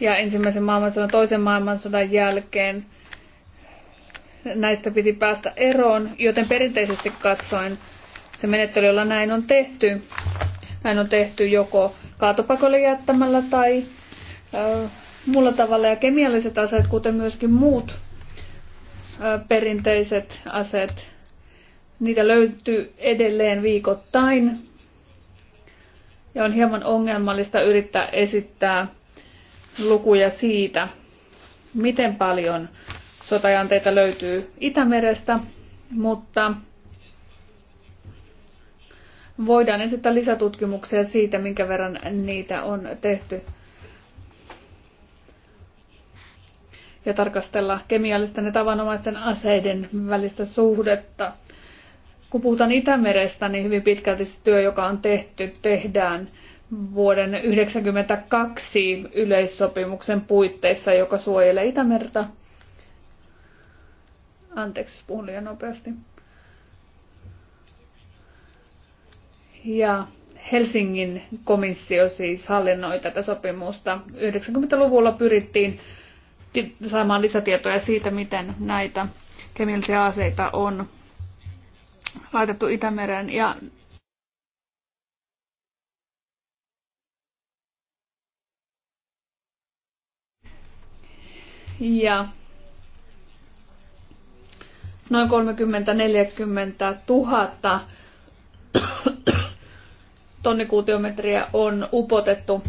ja ensimmäisen maailmansodan, toisen maailmansodan jälkeen näistä piti päästä eroon, joten perinteisesti katsoen se menettely, jolla näin on tehty, näin on tehty joko kaatopakolle jättämällä tai ö, muulla tavalla. Ja kemialliset aseet, kuten myöskin muut ö, perinteiset aseet, niitä löytyy edelleen viikoittain. Ja on hieman ongelmallista yrittää esittää lukuja siitä, miten paljon sotajanteita löytyy Itämerestä, mutta voidaan esittää lisätutkimuksia siitä, minkä verran niitä on tehty. Ja tarkastella kemiallisten ja tavanomaisten aseiden välistä suhdetta. Kun puhutaan Itämerestä, niin hyvin pitkälti se työ, joka on tehty, tehdään vuoden 1992 yleissopimuksen puitteissa, joka suojelee Itämerta – Anteeksi, jos puhun liian nopeasti. Ja Helsingin komissio siis hallinnoi tätä sopimusta. 90-luvulla pyrittiin saamaan lisätietoja siitä, miten näitä kemiallisia aseita on laitettu Itämeren. Ja ja noin 30-40 000 tonnikuutiometriä on upotettu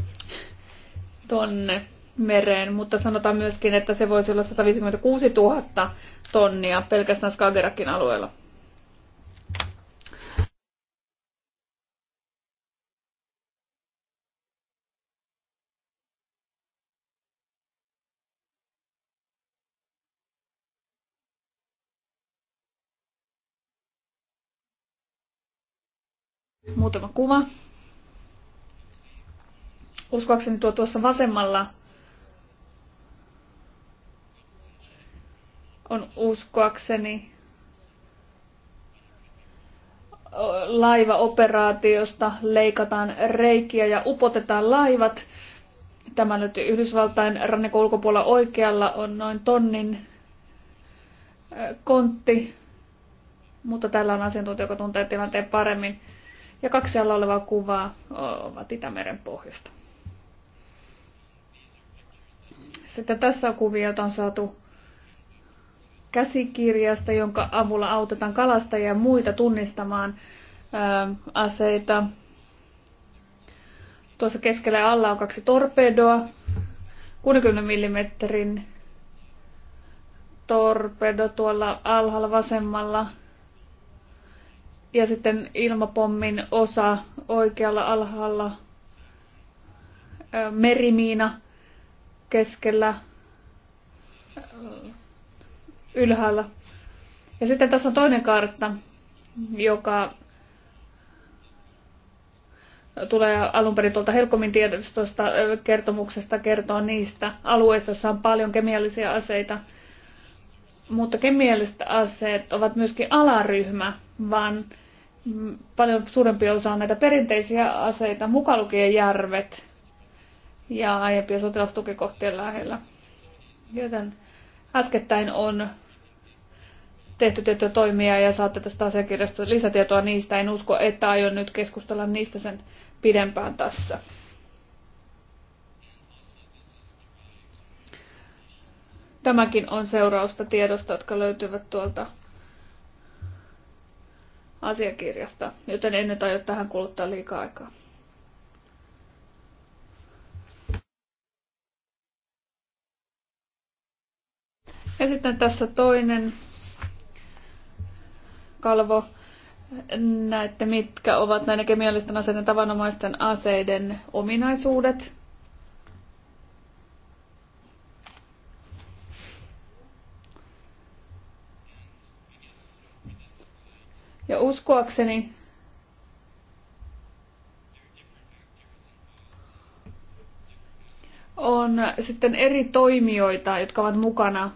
tonne mereen, mutta sanotaan myöskin, että se voisi olla 156 000 tonnia pelkästään Skagerakin alueella. Muutama kuva. Uskoakseni tuo tuossa vasemmalla on uskoakseni laivaoperaatiosta leikataan reikiä ja upotetaan laivat. Tämä nyt Yhdysvaltain rannikon ulkopuolella oikealla on noin tonnin kontti, mutta tällä on asiantuntija, joka tuntee tilanteen paremmin ja kaksi alla olevaa kuvaa ovat Itämeren pohjasta. Sitten tässä on kuvia, joita on saatu käsikirjasta, jonka avulla autetaan kalastajia ja muita tunnistamaan aseita. Tuossa keskellä ja alla on kaksi torpedoa, 60 mm torpedo tuolla alhaalla vasemmalla – ja sitten ilmapommin osa oikealla alhaalla, merimiina keskellä, ylhäällä. Ja sitten tässä on toinen kartta, joka tulee alun perin tuolta Helkomin tiedostosta kertomuksesta kertoo niistä alueista, joissa on paljon kemiallisia aseita. Mutta kemialliset aseet ovat myöskin alaryhmä, vaan paljon suurempi osa on näitä perinteisiä aseita, mukaan lukien järvet ja aiempia sotilastukikohtien lähellä. Joten äskettäin on tehty tiettyjä toimia ja saatte tästä asiakirjasta lisätietoa niistä. En usko, että aion nyt keskustella niistä sen pidempään tässä. Tämäkin on seurausta tiedosta, jotka löytyvät tuolta asiakirjasta, joten en nyt aio tähän kuluttaa liikaa aikaa. Ja sitten tässä toinen kalvo. Näette, mitkä ovat näiden kemiallisten aseiden tavanomaisten aseiden ominaisuudet. Ja uskoakseni on sitten eri toimijoita, jotka ovat mukana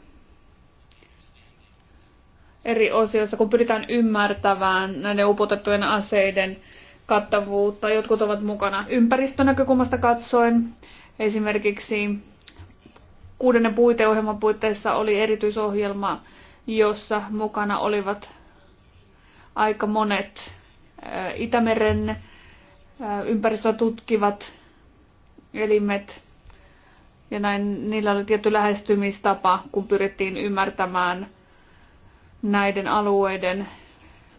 eri osioissa, kun pyritään ymmärtämään näiden upotettujen aseiden kattavuutta. Jotkut ovat mukana ympäristönäkökulmasta katsoen. Esimerkiksi kuudennen puiteohjelman puitteissa oli erityisohjelma, jossa mukana olivat aika monet Itämeren ympäristöä tutkivat elimet ja näin niillä oli tietty lähestymistapa, kun pyrittiin ymmärtämään näiden alueiden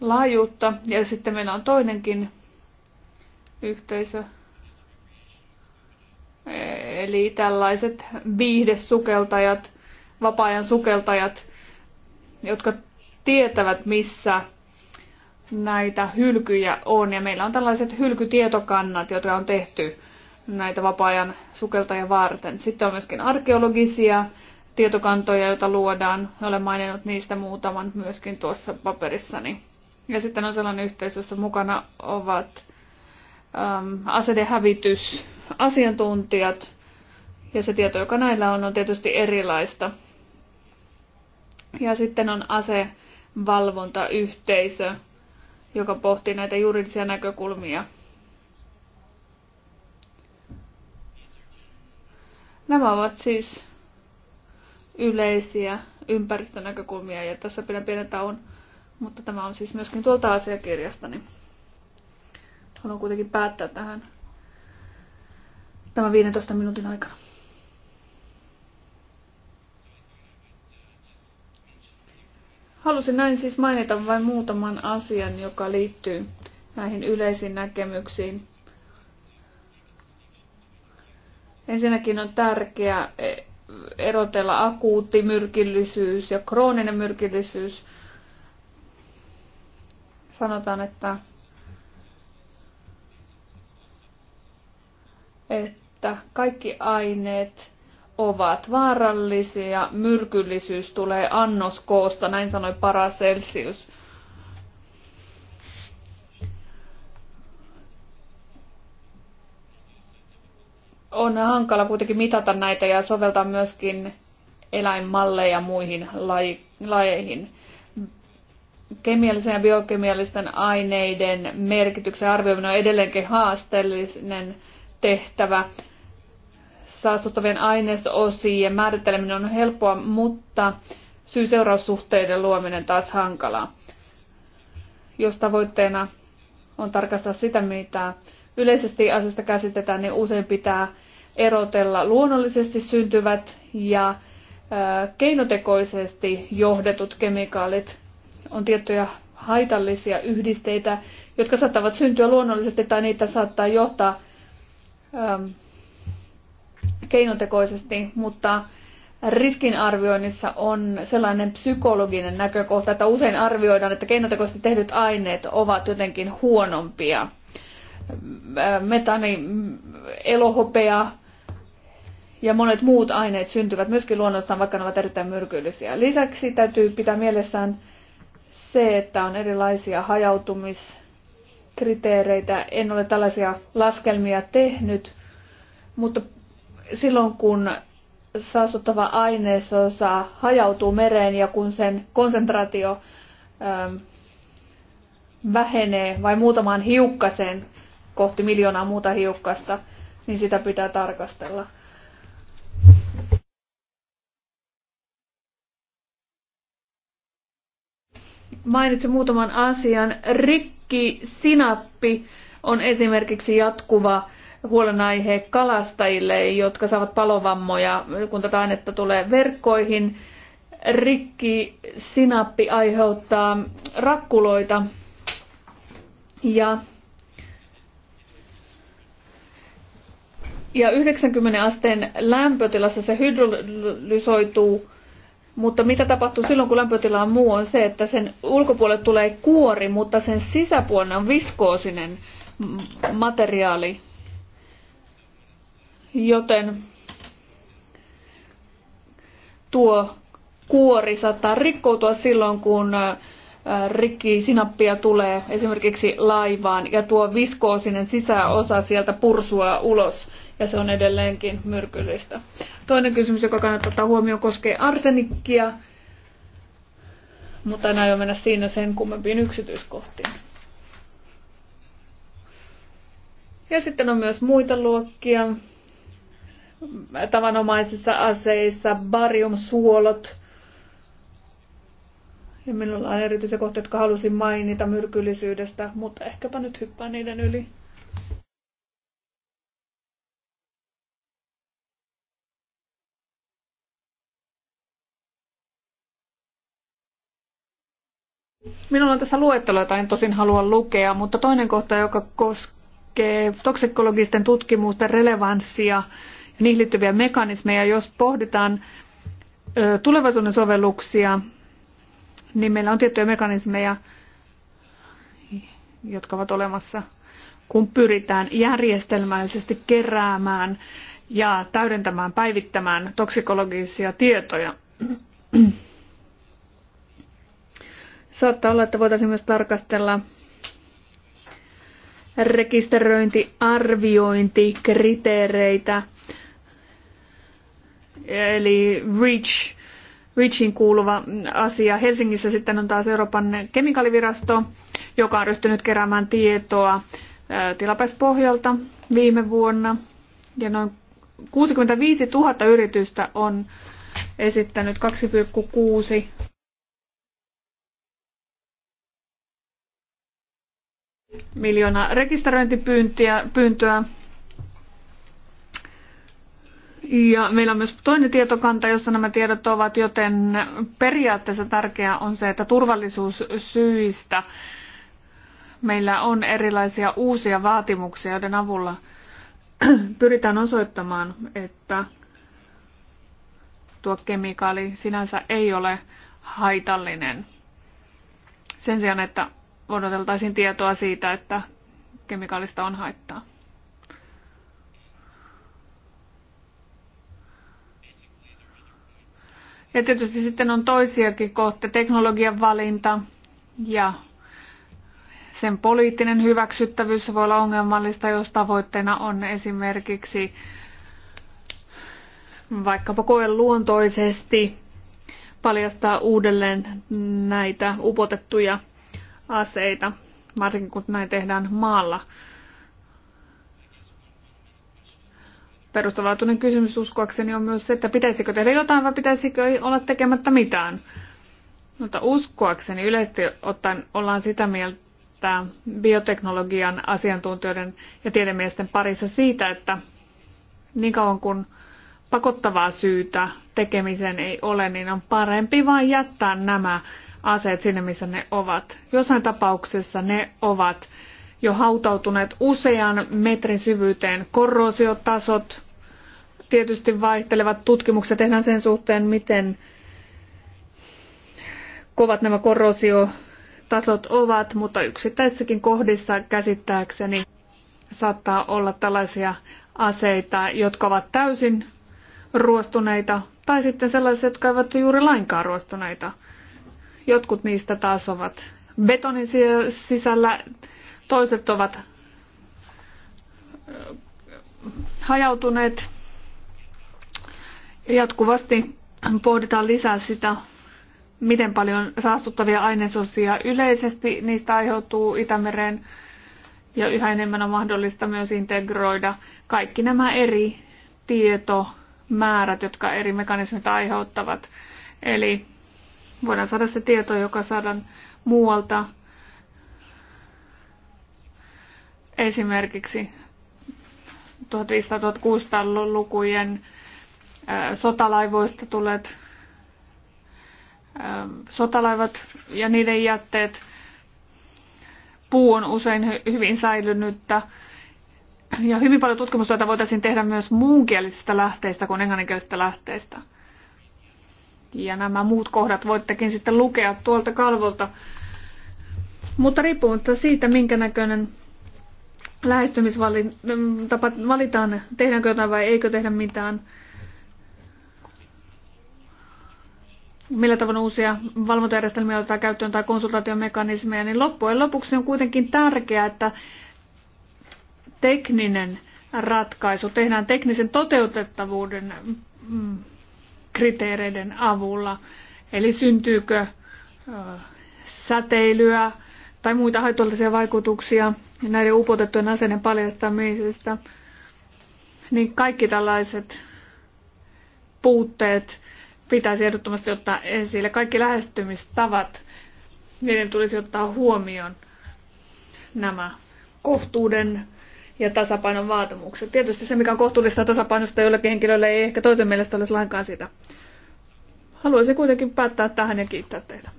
laajuutta. Ja sitten meillä on toinenkin yhteisö, eli tällaiset viihdesukeltajat, vapaa-ajan sukeltajat, jotka tietävät, missä näitä hylkyjä on ja meillä on tällaiset hylkytietokannat, joita on tehty näitä vapaa-ajan sukeltajia varten. Sitten on myöskin arkeologisia tietokantoja, joita luodaan. Olen maininnut niistä muutaman myöskin tuossa paperissani. Ja sitten on sellainen yhteys, jossa mukana ovat äm, asedehävitysasiantuntijat. ja se tieto, joka näillä on, on tietysti erilaista. Ja sitten on asevalvontayhteisö, joka pohti näitä juridisia näkökulmia. Nämä ovat siis yleisiä ympäristönäkökulmia ja tässä pidän pienen tauon, mutta tämä on siis myöskin tuolta niin Haluan kuitenkin päättää tähän tämän 15 minuutin aikana. Halusin näin siis mainita vain muutaman asian, joka liittyy näihin yleisiin näkemyksiin. Ensinnäkin on tärkeää e, erotella akuutti myrkillisyys ja krooninen myrkillisyys. Sanotaan, että, että kaikki aineet ovat vaarallisia. Myrkyllisyys tulee annoskoosta, näin sanoi Paracelsius. On hankala kuitenkin mitata näitä ja soveltaa myöskin eläinmalleja muihin lajeihin. Kemiallisen ja biokemiallisten aineiden merkityksen arvioiminen on edelleenkin haasteellinen tehtävä saastuttavien ainesosien määritteleminen on helppoa, mutta syy-seuraussuhteiden luominen taas hankalaa. Jos tavoitteena on tarkastaa sitä, mitä yleisesti asiasta käsitetään, niin usein pitää erotella luonnollisesti syntyvät ja keinotekoisesti johdetut kemikaalit. On tiettyjä haitallisia yhdisteitä, jotka saattavat syntyä luonnollisesti tai niitä saattaa johtaa keinotekoisesti, mutta riskinarvioinnissa on sellainen psykologinen näkökohta, että usein arvioidaan, että keinotekoisesti tehdyt aineet ovat jotenkin huonompia. Metani, elohopea ja monet muut aineet syntyvät myöskin luonnostaan, vaikka ne ovat erittäin myrkyllisiä. Lisäksi täytyy pitää mielessään se, että on erilaisia hajautumiskriteereitä. En ole tällaisia laskelmia tehnyt, mutta silloin kun saastuttava ainesosa hajautuu mereen ja kun sen konsentraatio ö, ähm, vähenee vain muutamaan hiukkaseen kohti miljoonaa muuta hiukkasta, niin sitä pitää tarkastella. Mainitsin muutaman asian. Rikki sinappi on esimerkiksi jatkuva huolenaihe kalastajille, jotka saavat palovammoja, kun tätä ainetta tulee verkkoihin. Rikki sinappi aiheuttaa rakkuloita ja ja 90 asteen lämpötilassa se hydrolysoituu, mutta mitä tapahtuu silloin, kun lämpötila on muu, on se, että sen ulkopuolelle tulee kuori, mutta sen sisäpuolella on viskoosinen materiaali joten tuo kuori saattaa rikkoutua silloin, kun äh, rikki sinappia tulee esimerkiksi laivaan ja tuo viskoosinen sisäosa sieltä pursua ulos ja se on edelleenkin myrkyllistä. Toinen kysymys, joka kannattaa ottaa huomioon, koskee arsenikkia, mutta en aio mennä siinä sen kummempiin yksityiskohtiin. Ja sitten on myös muita luokkia, tavanomaisissa aseissa, bariumsuolot. Ja minulla on erityisiä kohteita, jotka halusin mainita myrkyllisyydestä, mutta ehkäpä nyt hyppään niiden yli. Minulla on tässä luettelo, jota en tosin halua lukea, mutta toinen kohta, joka koskee toksikologisten tutkimusten relevanssia niihin liittyviä mekanismeja. Jos pohditaan tulevaisuuden sovelluksia, niin meillä on tiettyjä mekanismeja, jotka ovat olemassa, kun pyritään järjestelmällisesti keräämään ja täydentämään, päivittämään toksikologisia tietoja. (clears throat) Saattaa olla, että voitaisiin myös tarkastella rekisteröinti, arviointi, kriteereitä eli REACH, REACHin kuuluva asia. Helsingissä sitten on taas Euroopan kemikaalivirasto, joka on ryhtynyt keräämään tietoa tilapäispohjalta viime vuonna. Ja noin 65 000 yritystä on esittänyt 2,6 miljoonaa rekisteröintipyyntöä ja meillä on myös toinen tietokanta, jossa nämä tiedot ovat, joten periaatteessa tärkeää on se, että turvallisuussyistä meillä on erilaisia uusia vaatimuksia, joiden avulla (clears throat) pyritään osoittamaan, että tuo kemikaali sinänsä ei ole haitallinen. Sen sijaan, että odoteltaisiin tietoa siitä, että kemikaalista on haittaa. Ja tietysti sitten on toisiakin kohta teknologian valinta ja sen poliittinen hyväksyttävyys voi olla ongelmallista, jos tavoitteena on esimerkiksi vaikkapa koen luontoisesti paljastaa uudelleen näitä upotettuja aseita, varsinkin kun näin tehdään maalla. perustavanlaatuinen kysymys uskoakseni on myös se, että pitäisikö tehdä jotain vai pitäisikö olla tekemättä mitään. Mutta uskoakseni yleisesti ottaen ollaan sitä mieltä bioteknologian asiantuntijoiden ja tiedemiesten parissa siitä, että niin kauan kuin pakottavaa syytä tekemiseen ei ole, niin on parempi vain jättää nämä aseet sinne, missä ne ovat. Jossain tapauksessa ne ovat jo hautautuneet usean metrin syvyyteen korrosiotasot, tietysti vaihtelevat tutkimukset tehdään sen suhteen, miten kovat nämä korrosiotasot ovat, mutta yksittäisissäkin kohdissa käsittääkseni saattaa olla tällaisia aseita, jotka ovat täysin ruostuneita, tai sitten sellaisia, jotka eivät ole juuri lainkaan ruostuneita. Jotkut niistä taas ovat betonin sisällä, toiset ovat hajautuneet Jatkuvasti pohditaan lisää sitä, miten paljon saastuttavia ainesosia yleisesti niistä aiheutuu Itämereen ja yhä enemmän on mahdollista myös integroida kaikki nämä eri tietomäärät, jotka eri mekanismit aiheuttavat. Eli voidaan saada se tieto, joka saadaan muualta esimerkiksi 1500-1600-lukujen Äh, sotalaivoista tulleet ähm, sotalaivat ja niiden jätteet. Puu on usein hyvin säilynyttä. Ja hyvin paljon tutkimustyötä voitaisiin tehdä myös muunkielisistä lähteistä kuin englanninkielisistä lähteistä. Ja nämä muut kohdat voittekin sitten lukea tuolta kalvolta. Mutta riippumatta siitä, minkä näköinen lähestymistapa mm, valitaan, tehdäänkö jotain vai eikö tehdä mitään, millä tavoin uusia valvontajärjestelmiä otetaan käyttöön tai konsultaatiomekanismeja, niin loppujen lopuksi on kuitenkin tärkeää, että tekninen ratkaisu tehdään teknisen toteutettavuuden mm, kriteereiden avulla. Eli syntyykö säteilyä tai muita haitallisia vaikutuksia näiden upotettujen aseiden paljastamisesta, niin kaikki tällaiset puutteet – pitäisi ehdottomasti ottaa esille. Kaikki lähestymistavat, niiden tulisi ottaa huomioon nämä kohtuuden ja tasapainon vaatimukset. Tietysti se, mikä on kohtuullista tasapainosta jollekin henkilölle, ei ehkä toisen mielestä olisi lainkaan sitä. Haluaisin kuitenkin päättää tähän ja kiittää teitä.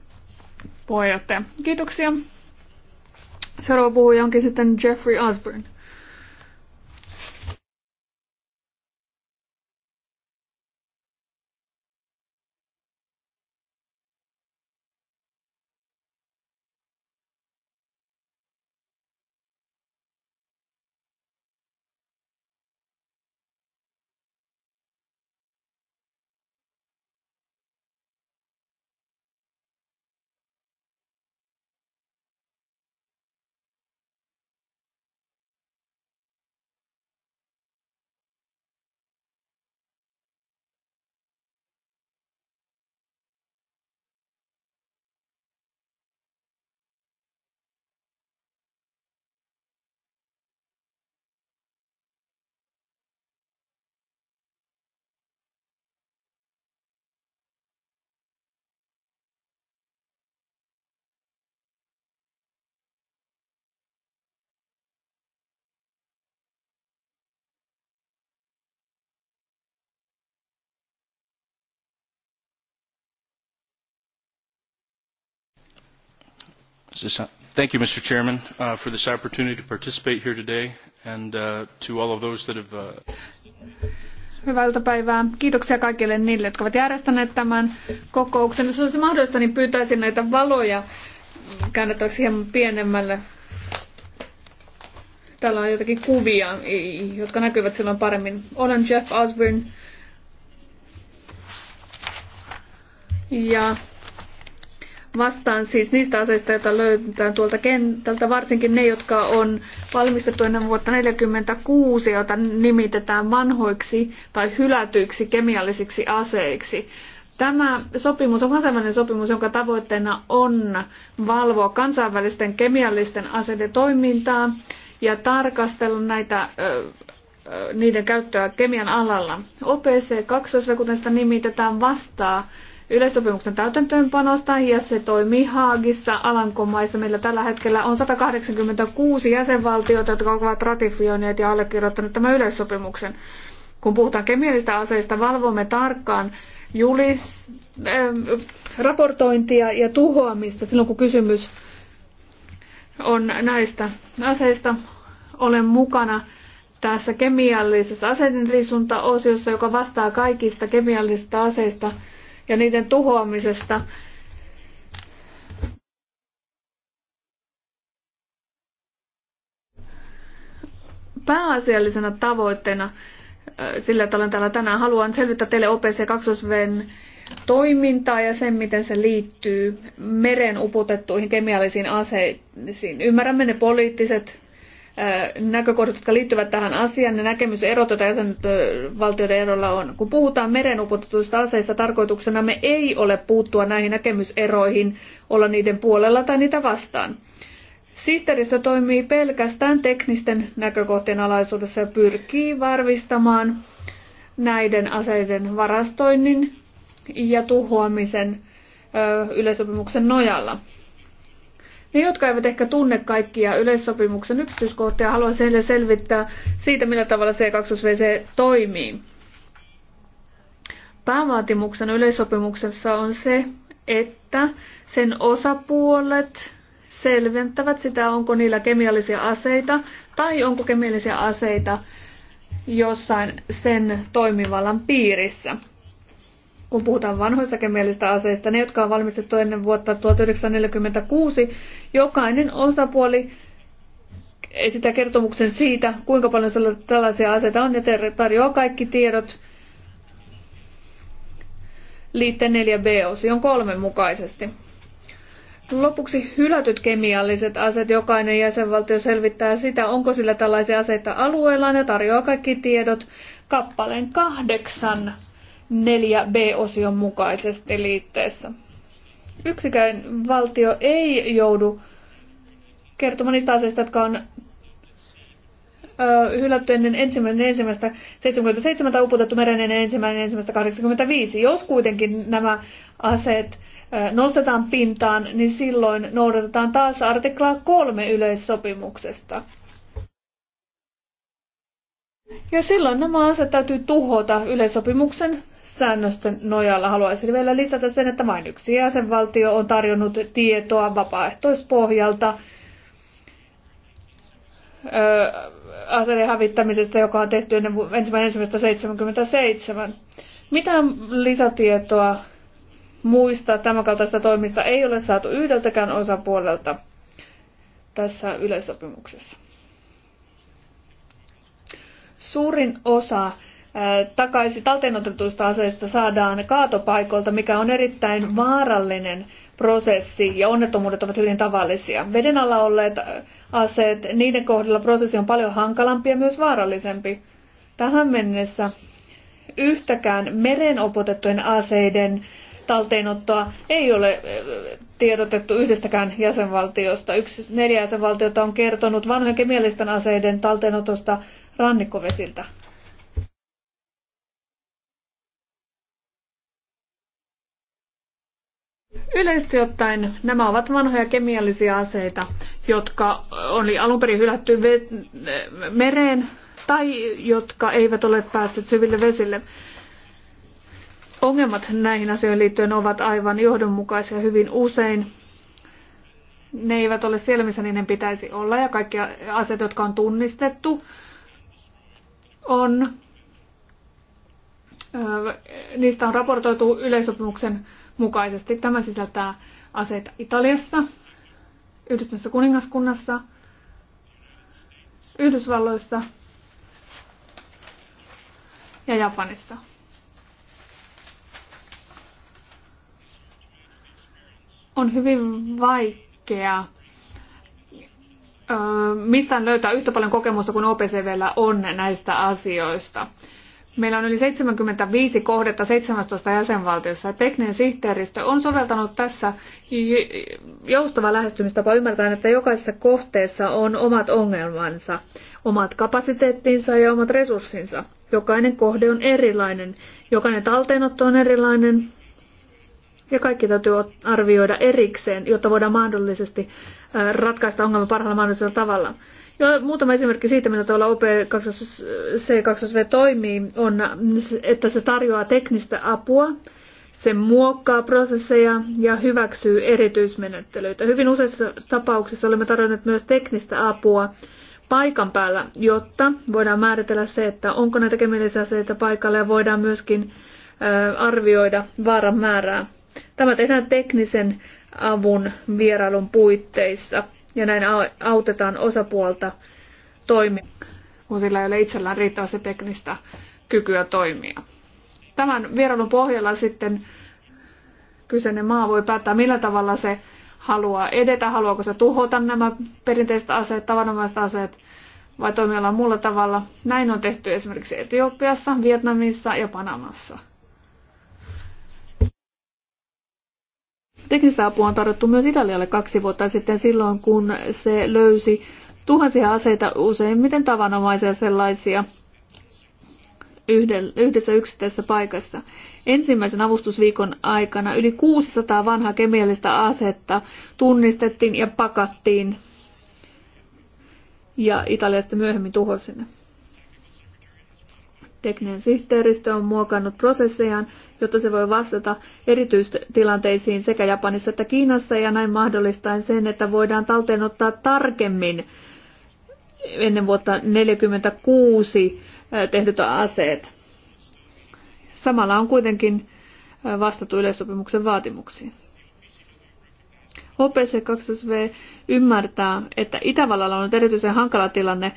Puheenjohtaja, kiitoksia. Seuraava puhuja onkin sitten Jeffrey Osborne. Thank you, Mr. Chairman, uh, for this opportunity to participate here today and uh, to all of those that have... Uh... Hyvää iltapäivää. Kiitoksia kaikille niille, jotka ovat järjestäneet tämän kokouksen. Jos olisi mahdollista, niin pyytäisin näitä valoja käännettäväksi hieman pienemmälle. Täällä on jotakin kuvia, jotka näkyvät silloin paremmin. Olen Jeff Osborne. Ja vastaan siis niistä aseista, joita löytetään tuolta kentältä, varsinkin ne, jotka on valmistettu ennen vuotta 1946, joita nimitetään vanhoiksi tai hylätyiksi kemiallisiksi aseiksi. Tämä sopimus on kansainvälinen sopimus, jonka tavoitteena on valvoa kansainvälisten kemiallisten aseiden toimintaa ja tarkastella näitä niiden käyttöä kemian alalla. OPC 2, kuten sitä nimitetään, vastaa yleissopimuksen täytäntöönpanosta ja se toimii Haagissa Alankomaissa. Meillä tällä hetkellä on 186 jäsenvaltiota, jotka ovat ratifioineet ja allekirjoittaneet tämän yleissopimuksen. Kun puhutaan kemiallisista aseista, valvomme tarkkaan julis, äh, raportointia ja tuhoamista silloin, kun kysymys on näistä aseista. Olen mukana tässä kemiallisessa aseiden risunta-osiossa, joka vastaa kaikista kemiallisista aseista – ja niiden tuhoamisesta. Pääasiallisena tavoitteena äh, sillä, että olen täällä tänään, haluan selvittää teille OPC 2 toimintaa ja sen, miten se liittyy meren uputettuihin kemiallisiin aseisiin. Ymmärrämme ne poliittiset näkökohdat, jotka liittyvät tähän asiaan ja näkemyserot, joita jäsenvaltioiden erolla on. Kun puhutaan upotetuista aseista, tarkoituksena me ei ole puuttua näihin näkemyseroihin, olla niiden puolella tai niitä vastaan. Sihteeristö toimii pelkästään teknisten näkökohtien alaisuudessa ja pyrkii varmistamaan näiden aseiden varastoinnin ja tuhoamisen yleisopimuksen nojalla. Ne, jotka eivät ehkä tunne kaikkia yleissopimuksen yksityiskohtia, haluan heille selvittää siitä, millä tavalla C2VC toimii. Päävaatimuksen yleissopimuksessa on se, että sen osapuolet selventävät sitä, onko niillä kemiallisia aseita tai onko kemiallisia aseita jossain sen toimivallan piirissä kun puhutaan vanhoista kemiallisista aseista, ne, jotka on valmistettu ennen vuotta 1946, jokainen osapuoli esittää kertomuksen siitä, kuinka paljon tällaisia aseita on ja tarjoaa kaikki tiedot liitteen 4b-osion kolme mukaisesti. Lopuksi hylätyt kemialliset aseet. Jokainen jäsenvaltio selvittää sitä, onko sillä tällaisia aseita alueellaan ja tarjoaa kaikki tiedot kappaleen kahdeksan 4b-osion mukaisesti liitteessä. Yksikään valtio ei joudu kertomaan niistä asioista, jotka on ö, hylätty ennen ensimmäinen ensimmäistä 77 tai uputettu meren ennen ensimmäinen ensimmäistä 85. Jos kuitenkin nämä aseet ö, nostetaan pintaan, niin silloin noudatetaan taas artiklaa kolme yleissopimuksesta. Ja silloin nämä aseet täytyy tuhota yleissopimuksen säännösten nojalla haluaisin vielä lisätä sen, että vain yksi jäsenvaltio on tarjonnut tietoa vapaaehtoispohjalta aseiden hävittämisestä, joka on tehty ennen ensimmäistä 77. Mitään lisätietoa muista tämänkaltaista toimista ei ole saatu yhdeltäkään osapuolelta tässä yleisopimuksessa. Suurin osa takaisin talteenotetuista aseista saadaan kaatopaikoilta, mikä on erittäin vaarallinen prosessi ja onnettomuudet ovat hyvin tavallisia. Veden alla olleet aseet, niiden kohdalla prosessi on paljon hankalampi ja myös vaarallisempi. Tähän mennessä yhtäkään meren opotettujen aseiden talteenottoa ei ole tiedotettu yhdestäkään jäsenvaltiosta. Yksi neljä jäsenvaltiota on kertonut vanhojen kemiallisten aseiden talteenotosta rannikkovesiltä. Yleisesti ottaen nämä ovat vanhoja kemiallisia aseita, jotka oli alun perin hylätty mereen tai jotka eivät ole päässeet syville vesille. Ongelmat näihin asioihin liittyen ovat aivan johdonmukaisia hyvin usein. Ne eivät ole siellä, missä niiden pitäisi olla, ja kaikki aseet, jotka on tunnistettu, on, niistä on raportoitu yleisopimuksen mukaisesti. Tämä sisältää aseita Italiassa, Yhdistyneessä kuningaskunnassa, Yhdysvalloissa ja Japanissa. On hyvin vaikea mistään löytää yhtä paljon kokemusta kuin OPCVllä on näistä asioista. Meillä on yli 75 kohdetta 17 jäsenvaltiossa. Tekninen sihteeristö on soveltanut tässä joustava lähestymistapa ymmärtäen, että jokaisessa kohteessa on omat ongelmansa, omat kapasiteettinsa ja omat resurssinsa. Jokainen kohde on erilainen, jokainen talteenotto on erilainen ja kaikki täytyy arvioida erikseen, jotta voidaan mahdollisesti äh, ratkaista ongelma parhaalla mahdollisella tavalla. Jo no, muutama esimerkki siitä, millä tavalla OPC2V toimii, on, että se tarjoaa teknistä apua, se muokkaa prosesseja ja hyväksyy erityismenettelyitä. Hyvin useissa tapauksissa olemme tarjonneet myös teknistä apua paikan päällä, jotta voidaan määritellä se, että onko näitä kemiallisia aseita paikalla ja voidaan myöskin arvioida vaaran määrää. Tämä tehdään teknisen avun vierailun puitteissa – ja näin autetaan osapuolta toimia, kun sillä ei ole itsellään riittävästi teknistä kykyä toimia. Tämän vierailun pohjalla sitten kyseinen maa voi päättää, millä tavalla se haluaa edetä, haluaako se tuhota nämä perinteiset aseet, tavanomaiset aseet vai toimia muulla tavalla. Näin on tehty esimerkiksi Etiopiassa, Vietnamissa ja Panamassa. Teknistä apua on tarjottu myös Italialle kaksi vuotta sitten silloin, kun se löysi tuhansia aseita, useimmiten tavanomaisia sellaisia, yhdessä yksittäisessä paikassa. Ensimmäisen avustusviikon aikana yli 600 vanhaa kemiallista asetta tunnistettiin ja pakattiin ja Italiasta myöhemmin sinne. Tekninen sihteeristö on muokannut prosessejaan, jotta se voi vastata erityistilanteisiin sekä Japanissa että Kiinassa ja näin mahdollistaen sen, että voidaan talteen ottaa tarkemmin ennen vuotta 1946 tehdyt aseet. Samalla on kuitenkin vastattu yleissopimuksen vaatimuksiin. OPC 2V ymmärtää, että Itävallalla on erityisen hankala tilanne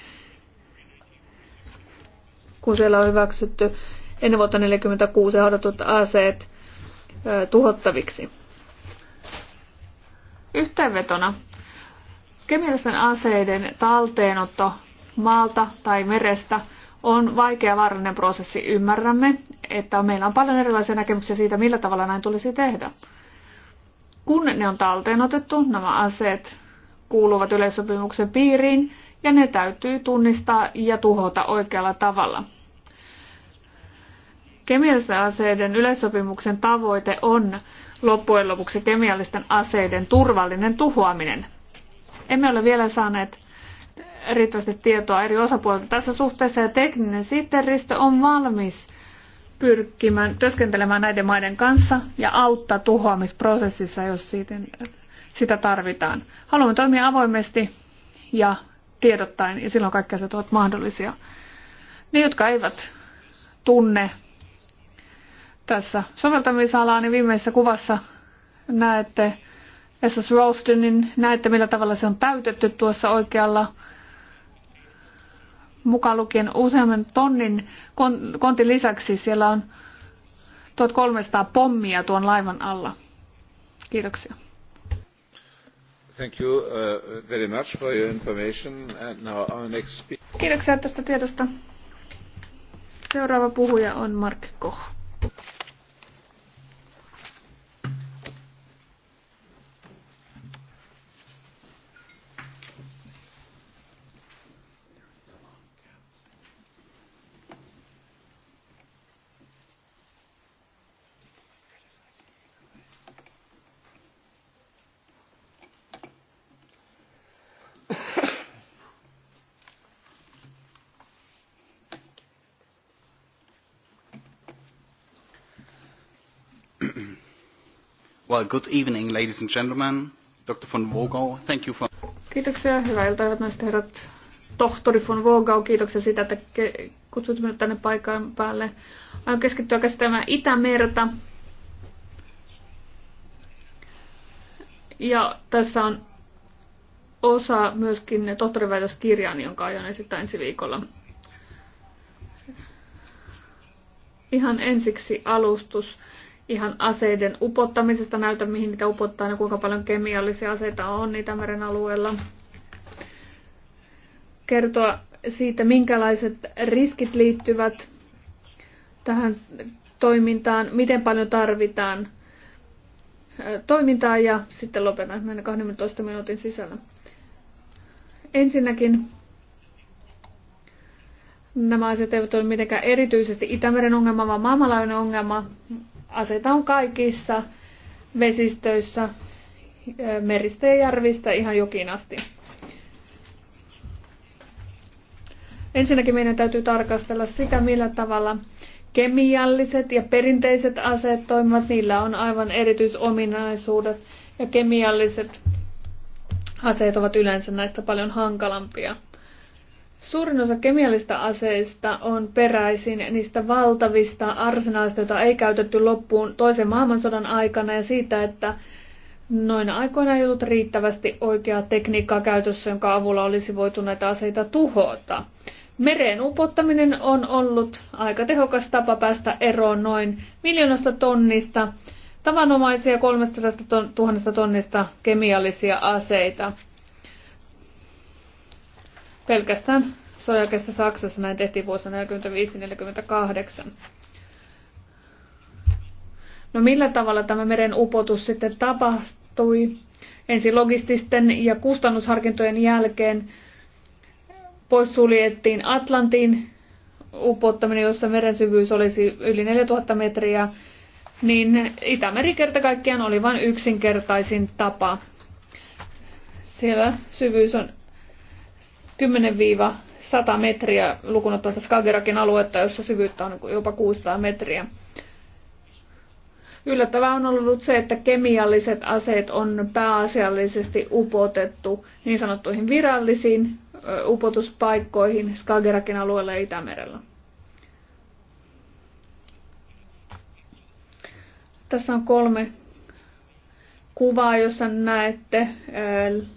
kun siellä on hyväksytty ennen vuotta 1946 haudatut aseet tuhottaviksi. Yhteenvetona. Kemiallisten aseiden talteenotto maalta tai merestä on vaikea vaarallinen prosessi. Ymmärrämme, että meillä on paljon erilaisia näkemyksiä siitä, millä tavalla näin tulisi tehdä. Kun ne on talteenotettu, nämä aseet kuuluvat yleissopimuksen piiriin ja ne täytyy tunnistaa ja tuhota oikealla tavalla. Kemiallisten aseiden yleissopimuksen tavoite on loppujen lopuksi kemiallisten aseiden turvallinen tuhoaminen. Emme ole vielä saaneet riittävästi tietoa eri osapuolilta tässä suhteessa ja tekninen sitteristö on valmis pyrkimään työskentelemään näiden maiden kanssa ja auttaa tuhoamisprosessissa, jos siitä, sitä tarvitaan. Haluamme toimia avoimesti ja tiedottaen ja silloin kaikki asiat ovat mahdollisia. Ne, jotka eivät tunne tässä soveltamisalaa, niin viimeisessä kuvassa näette SS Ralstonin, näette millä tavalla se on täytetty tuossa oikealla mukaan lukien useamman tonnin kontin lisäksi siellä on 1300 pommia tuon laivan alla. Kiitoksia. Kiitoksia tästä tiedosta. Seuraava puhuja on Mark Koch. good evening, ladies and gentlemen. Dr. von Vogel, thank you for... Kiitoksia, hyvää iltaa, hyvät naiset herrat. Tohtori von Vogel, kiitoksia siitä, että kutsut minut tänne paikan päälle. Aion keskittyä käsittämään Itämerta. Ja tässä on osa myöskin tohtoriväitöskirjaa, jonka aion esittää ensi viikolla. Ihan ensiksi alustus ihan aseiden upottamisesta näytä, mihin niitä upottaa ja kuinka paljon kemiallisia aseita on Itämeren alueella. Kertoa siitä, minkälaiset riskit liittyvät tähän toimintaan, miten paljon tarvitaan toimintaa ja sitten lopetan näin 12 minuutin sisällä. Ensinnäkin nämä asiat eivät ole mitenkään erityisesti Itämeren ongelma, vaan maailmanlaajuinen ongelma. Aseita on kaikissa vesistöissä, meristä ja järvistä ihan jokin asti. Ensinnäkin meidän täytyy tarkastella sitä, millä tavalla kemialliset ja perinteiset aseet toimivat. Niillä on aivan erityisominaisuudet ja kemialliset aseet ovat yleensä näistä paljon hankalampia. Suurin osa kemiallista aseista on peräisin niistä valtavista arsenaalista, joita ei käytetty loppuun toisen maailmansodan aikana ja siitä, että noina aikoina ei ollut riittävästi oikeaa tekniikkaa käytössä, jonka avulla olisi voitu näitä aseita tuhota. Mereen upottaminen on ollut aika tehokas tapa päästä eroon noin miljoonasta tonnista tavanomaisia 300 000 tonnista kemiallisia aseita. Pelkästään sojakessa Saksassa näin tehtiin vuosina 1945-1948. No millä tavalla tämä meren upotus sitten tapahtui? Ensin logististen ja kustannusharkintojen jälkeen poissuljettiin Atlantin upottaminen, jossa meren syvyys olisi yli 4000 metriä, niin Itämeri kerta kaikkiaan oli vain yksinkertaisin tapa. Siellä syvyys on 10-100 metriä lukunottamatta Skagerakin aluetta, jossa syvyyttä on jopa 600 metriä. Yllättävää on ollut se, että kemialliset aseet on pääasiallisesti upotettu niin sanottuihin virallisiin upotuspaikkoihin Skagerakin alueella ja Itämerellä. Tässä on kolme kuvaa, jossa näette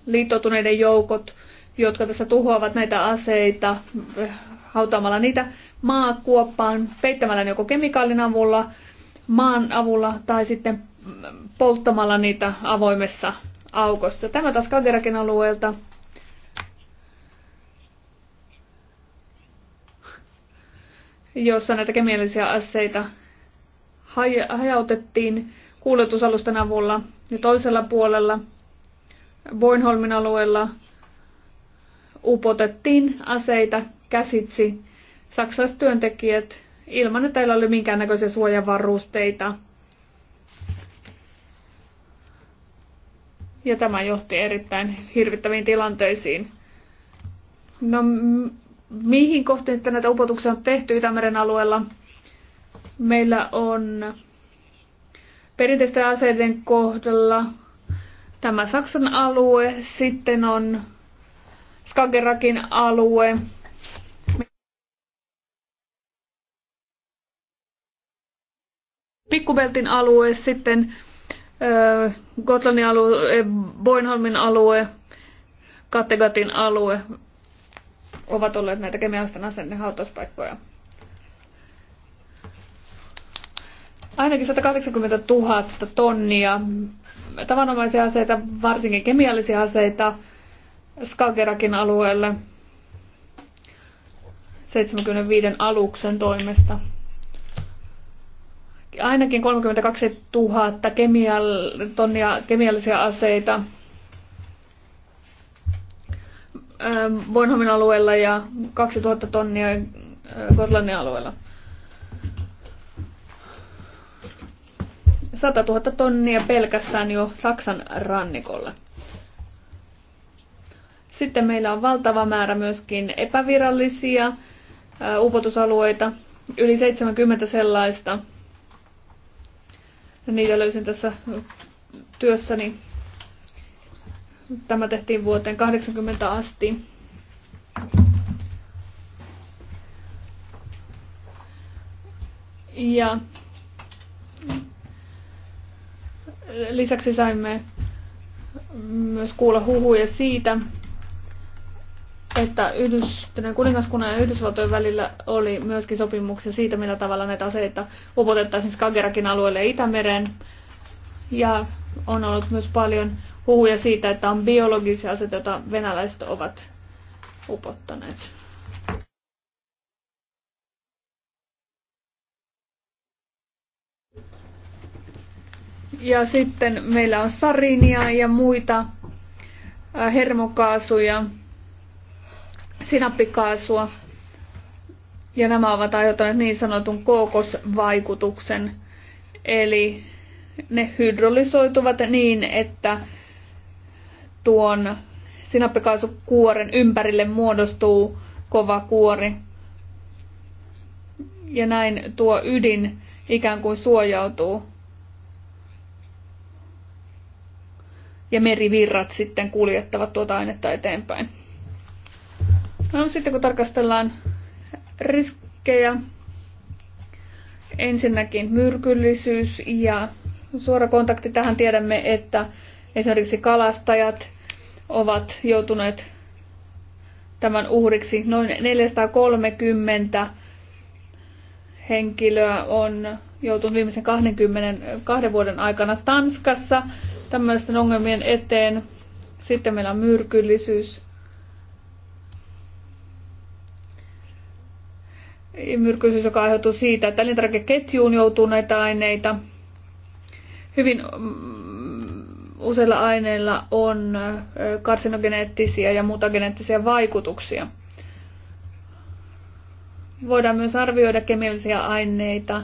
liittoutuneiden joukot jotka tässä tuhoavat näitä aseita eh, hautaamalla niitä maakuoppaan, peittämällä ne joko kemikaalin avulla, maan avulla tai sitten mm, polttamalla niitä avoimessa aukossa. Tämä taas Kagerakin alueelta. jossa näitä kemiallisia aseita hajautettiin kuljetusalusten avulla ja toisella puolella Bornholmin alueella upotettiin aseita käsitsi saksalaiset työntekijät ilman, että heillä oli minkäännäköisiä suojavarusteita. Ja tämä johti erittäin hirvittäviin tilanteisiin. No, mihin kohtiin sitten näitä upotuksia on tehty Itämeren alueella? Meillä on perinteisten aseiden kohdalla tämä Saksan alue, sitten on Skagerakin alue. Pikkubeltin alue, sitten Gotlannin alue, Bornholmin alue, Kattegatin alue ovat olleet näitä kemiallisten asenne hautauspaikkoja. Ainakin 180 000 tonnia tavanomaisia aseita, varsinkin kemiallisia aseita, Skagerakin alueelle 75 aluksen toimesta. Ainakin 32 000 kemial- tonnia kemiallisia aseita ähm, Bornholmin alueella ja 2000 tonnia äh, Gotlannin alueella. 100 000 tonnia pelkästään jo Saksan rannikolla. Sitten meillä on valtava määrä myöskin epävirallisia upotusalueita, yli 70 sellaista. Niitä löysin tässä työssäni. Tämä tehtiin vuoteen 80 asti. Ja lisäksi saimme myös kuulla huhuja siitä, että Yhdistyneen kuningaskunnan ja Yhdysvaltojen välillä oli myöskin sopimuksia siitä, millä tavalla näitä aseita upotettaisiin Skagerakin alueelle ja Ja on ollut myös paljon huhuja siitä, että on biologisia aseita, joita venäläiset ovat upottaneet. Ja sitten meillä on sarinia ja muita äh, hermokaasuja, sinappikaasua. Ja nämä ovat aiheuttaneet niin sanotun kookosvaikutuksen. Eli ne hydrolysoituvat niin, että tuon sinappikaasukuoren ympärille muodostuu kova kuori. Ja näin tuo ydin ikään kuin suojautuu. Ja merivirrat sitten kuljettavat tuota ainetta eteenpäin. No sitten kun tarkastellaan riskejä, ensinnäkin myrkyllisyys ja suora kontakti. Tähän tiedämme, että esimerkiksi kalastajat ovat joutuneet tämän uhriksi. Noin 430 henkilöä on joutunut viimeisen 22 vuoden aikana Tanskassa tämmöisten ongelmien eteen. Sitten meillä on myrkyllisyys myrkyisyys, joka aiheutuu siitä, että elintarvikeketjuun joutuu näitä aineita. Hyvin mm, useilla aineilla on karsinogeneettisia ja mutageneettisia vaikutuksia. Voidaan myös arvioida kemiallisia aineita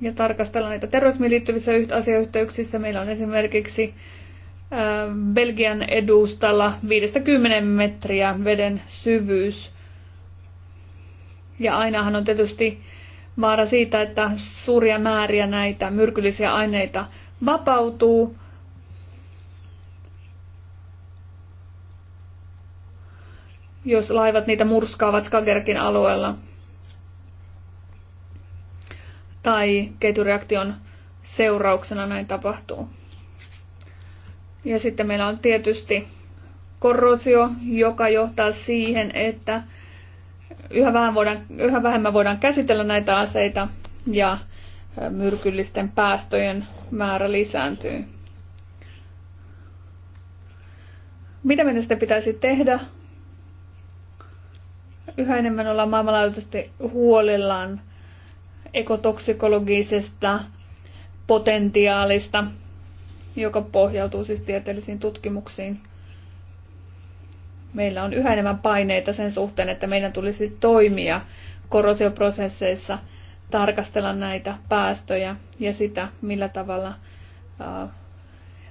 ja tarkastella niitä terrorismiin liittyvissä asiayhteyksissä. Meillä on esimerkiksi Belgian edustalla 50 metriä veden syvyys ja ainahan on tietysti vaara siitä, että suuria määriä näitä myrkyllisiä aineita vapautuu. jos laivat niitä murskaavat Skagerkin alueella. Tai ketjureaktion seurauksena näin tapahtuu. Ja sitten meillä on tietysti korrosio, joka johtaa siihen, että yhä, vähän voidaan, yhä vähemmän voidaan käsitellä näitä aseita ja myrkyllisten päästöjen määrä lisääntyy. Mitä meidän sitten pitäisi tehdä? Yhä enemmän ollaan maailmanlaajuisesti huolillaan ekotoksikologisesta potentiaalista, joka pohjautuu siis tieteellisiin tutkimuksiin – meillä on yhä enemmän paineita sen suhteen, että meidän tulisi toimia korrosioprosesseissa, tarkastella näitä päästöjä ja sitä, millä tavalla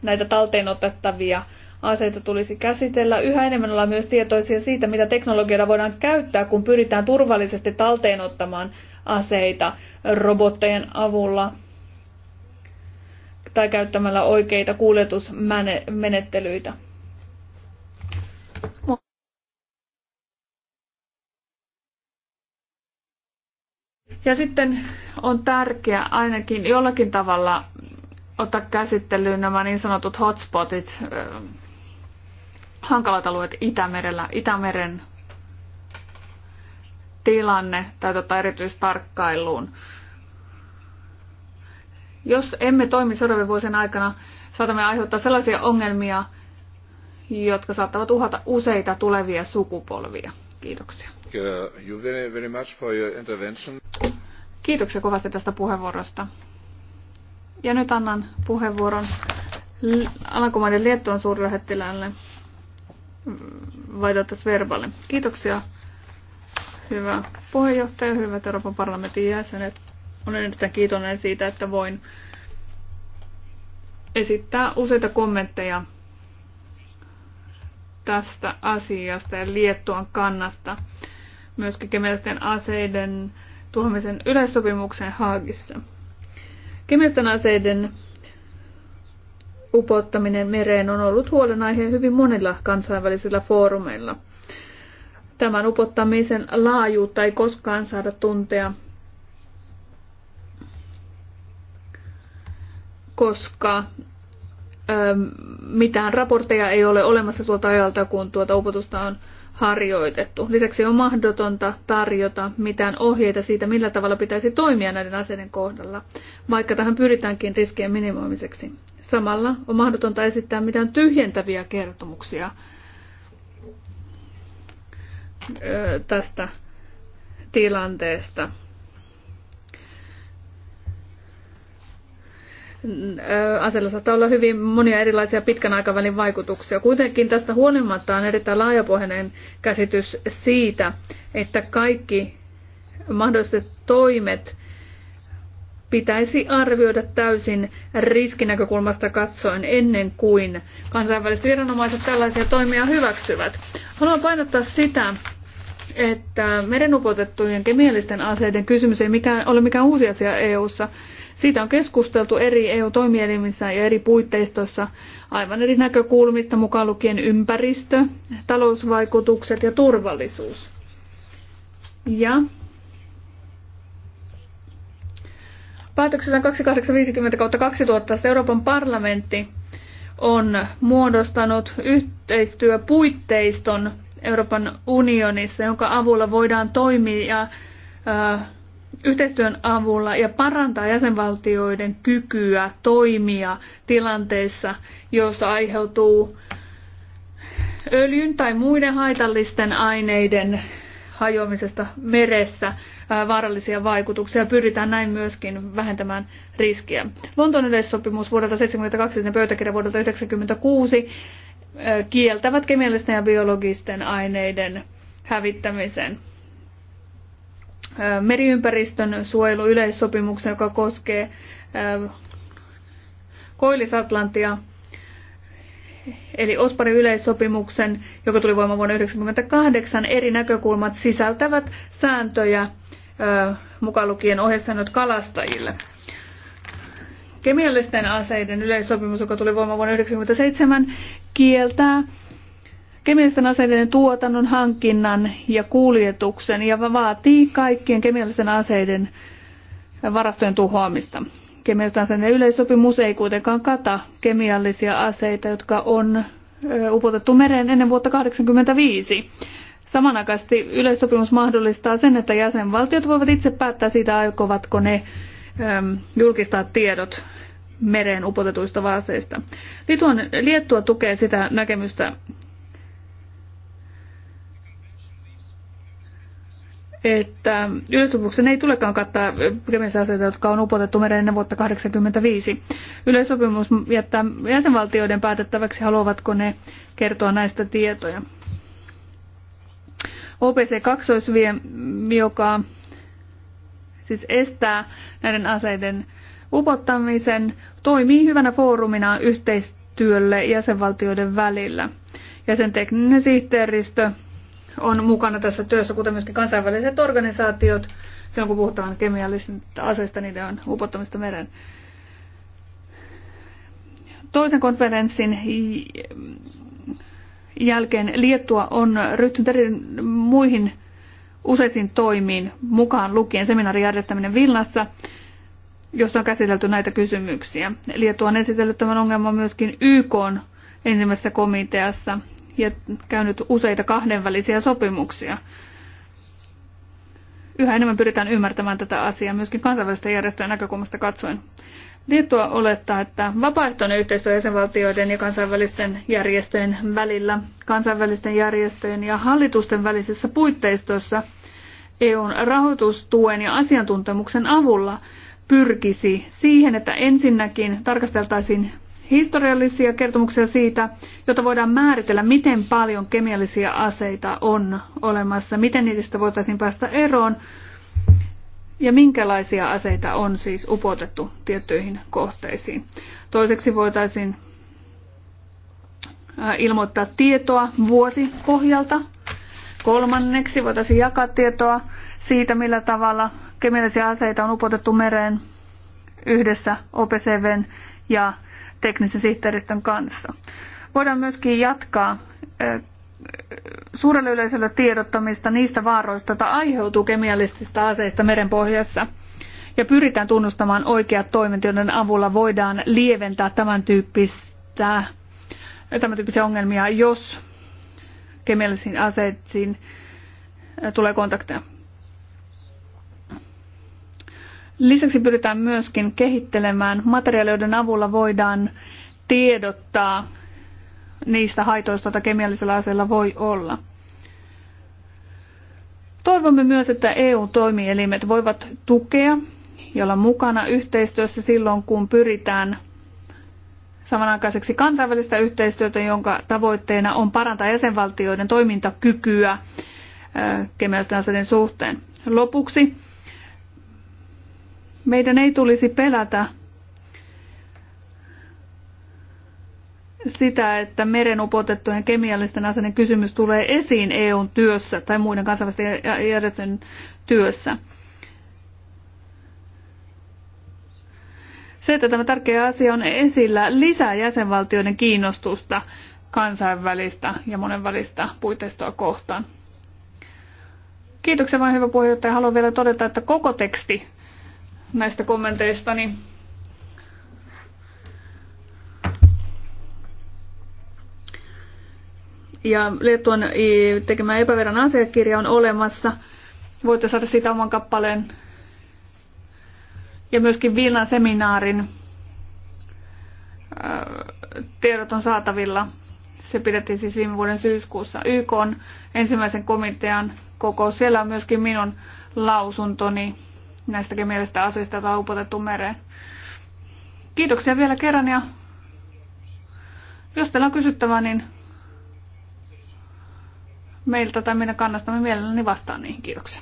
näitä talteen otettavia aseita tulisi käsitellä. Yhä enemmän ollaan myös tietoisia siitä, mitä teknologioita voidaan käyttää, kun pyritään turvallisesti talteen ottamaan aseita robottejen avulla tai käyttämällä oikeita kuljetusmenettelyitä. Ja sitten on tärkeää ainakin jollakin tavalla ottaa käsittelyyn nämä niin sanotut hotspotit, hankalat alueet Itämerellä, Itämeren tilanne tai tota erityistarkkailuun. Jos emme toimi seuraavien vuosien aikana, saatamme aiheuttaa sellaisia ongelmia, jotka saattavat uhata useita tulevia sukupolvia. Kiitoksia. Uh, Kiitoksia kovasti tästä puheenvuorosta. Ja nyt annan puheenvuoron Alankomaiden Liettuan suurlähettiläälle mm, Vaidotas Verballe. Kiitoksia, hyvä puheenjohtaja, hyvät Euroopan parlamentin jäsenet. Olen erittäin kiitollinen siitä, että voin esittää useita kommentteja tästä asiasta ja Liettuan kannasta myöskin kemiallisten aseiden tuomisen yleissopimuksen Haagissa. Kemiallisten aseiden upottaminen mereen on ollut huolenaihe hyvin monilla kansainvälisillä foorumeilla. Tämän upottamisen laajuutta ei koskaan saada tuntea, koska Ähm, mitään raportteja ei ole olemassa tuolta ajalta, kun tuota opetusta on harjoitettu. Lisäksi on mahdotonta tarjota mitään ohjeita siitä, millä tavalla pitäisi toimia näiden aseiden kohdalla, vaikka tähän pyritäänkin riskien minimoimiseksi. Samalla on mahdotonta esittää mitään tyhjentäviä kertomuksia tästä tilanteesta. asialla saattaa olla hyvin monia erilaisia pitkän aikavälin vaikutuksia. Kuitenkin tästä huolimatta on erittäin laajapohjainen käsitys siitä, että kaikki mahdolliset toimet pitäisi arvioida täysin riskinäkökulmasta katsoen ennen kuin kansainväliset viranomaiset tällaisia toimia hyväksyvät. Haluan painottaa sitä, että merenupotettujen kemiallisten aseiden kysymys ei mikään, ole mikään uusi asia EU:ssa. Siitä on keskusteltu eri EU-toimielimissä ja eri puitteistossa aivan eri näkökulmista mukaan lukien ympäristö, talousvaikutukset ja turvallisuus. Ja päätöksessä 2850 2000 Euroopan parlamentti on muodostanut yhteistyöpuitteiston Euroopan unionissa, jonka avulla voidaan toimia yhteistyön avulla ja parantaa jäsenvaltioiden kykyä toimia tilanteissa, joissa aiheutuu öljyn tai muiden haitallisten aineiden hajoamisesta meressä vaarallisia vaikutuksia. Pyritään näin myöskin vähentämään riskiä. Lontoon yleissopimus vuodelta 1972 ja pöytäkirja vuodelta 1996 kieltävät kemiallisten ja biologisten aineiden hävittämisen meriympäristön yleissopimuksen joka koskee Koillis-Atlantia, eli Osparin yleissopimuksen, joka tuli voimaan vuonna 1998, eri näkökulmat sisältävät sääntöjä mukaan lukien ohjesäännöt kalastajille. Kemiallisten aseiden yleissopimus, joka tuli voimaan vuonna 1997, kieltää kemiallisten aseiden tuotannon, hankinnan ja kuljetuksen ja vaatii kaikkien kemiallisten aseiden varastojen tuhoamista. Kemiallisten aseiden yleissopimus ei kuitenkaan kata kemiallisia aseita, jotka on upotettu mereen ennen vuotta 1985. Samanaikaisesti yleissopimus mahdollistaa sen, että jäsenvaltiot voivat itse päättää siitä, aikovatko ne julkistaa tiedot mereen upotetuista vaaseista. Liettua tukee sitä näkemystä, että yleisopimuksen ei tulekaan kattaa kemiallisia aseita, jotka on upotettu mereen ennen vuotta 1985. Yleisopimus jättää jäsenvaltioiden päätettäväksi, haluavatko ne kertoa näistä tietoja. OPC 2, joka siis estää näiden aseiden upottamisen, toimii hyvänä foorumina yhteistyölle jäsenvaltioiden välillä. Ja sen sihteeristö on mukana tässä työssä, kuten myöskin kansainväliset organisaatiot. Silloin kun puhutaan kemiallisista aseista, niiden on upottamista meren. Toisen konferenssin jälkeen Liettua on ryhtynyt eri muihin useisiin toimiin, mukaan lukien seminaarin järjestäminen Vilnassa, jossa on käsitelty näitä kysymyksiä. Liettua on esitellyt tämän ongelman myöskin YK ensimmäisessä komiteassa ja käynyt useita kahdenvälisiä sopimuksia. Yhä enemmän pyritään ymmärtämään tätä asiaa myöskin kansainvälisten järjestöjen näkökulmasta katsoen. Liittoa olettaa, että vapaaehtoinen yhteistyö jäsenvaltioiden ja kansainvälisten järjestöjen välillä, kansainvälisten järjestöjen ja hallitusten välisessä puitteistossa EUn rahoitustuen ja asiantuntemuksen avulla pyrkisi siihen, että ensinnäkin tarkasteltaisiin historiallisia kertomuksia siitä, jota voidaan määritellä, miten paljon kemiallisia aseita on olemassa, miten niistä voitaisiin päästä eroon ja minkälaisia aseita on siis upotettu tiettyihin kohteisiin. Toiseksi voitaisiin ilmoittaa tietoa vuosipohjalta. Kolmanneksi voitaisiin jakaa tietoa siitä, millä tavalla kemiallisia aseita on upotettu mereen yhdessä OPCVn ja teknisen sihteeristön kanssa. Voidaan myöskin jatkaa suurelle yleisölle tiedottamista niistä vaaroista, joita aiheutuu kemiallisista aseista merenpohjassa. Ja pyritään tunnustamaan oikeat toimet, joiden avulla voidaan lieventää tämän, tyyppistä, tämän tyyppisiä ongelmia, jos kemiallisiin aseisiin tulee kontakteja. Lisäksi pyritään myöskin kehittelemään materiaalioiden avulla voidaan tiedottaa niistä haitoista, joita kemiallisella aseella voi olla. Toivomme myös, että EU-toimielimet voivat tukea ja olla mukana yhteistyössä silloin, kun pyritään samanaikaiseksi kansainvälistä yhteistyötä, jonka tavoitteena on parantaa jäsenvaltioiden toimintakykyä kemiallisten aseiden suhteen. Lopuksi meidän ei tulisi pelätä sitä, että meren upotettujen kemiallisten aseiden kysymys tulee esiin EUn työssä tai muiden kansainvälisten järjestöjen työssä. Se, että tämä tärkeä asia on esillä, lisää jäsenvaltioiden kiinnostusta kansainvälistä ja monenvälistä puitteistoa kohtaan. Kiitoksia vain hyvä puheenjohtaja. Haluan vielä todeta, että koko teksti näistä niin Ja Liettuan tekemä epäverran asiakirja on olemassa. Voitte saada siitä oman kappaleen. Ja myöskin Vilnan seminaarin äh, tiedot on saatavilla. Se pidettiin siis viime vuoden syyskuussa YK on ensimmäisen komitean kokous. Siellä on myöskin minun lausuntoni näistäkin mielestä aseista, joita on upotettu mereen. Kiitoksia vielä kerran ja jos teillä on kysyttävää, niin meiltä tai meidän kannastamme mielelläni vastaan niihin. Kiitoksia.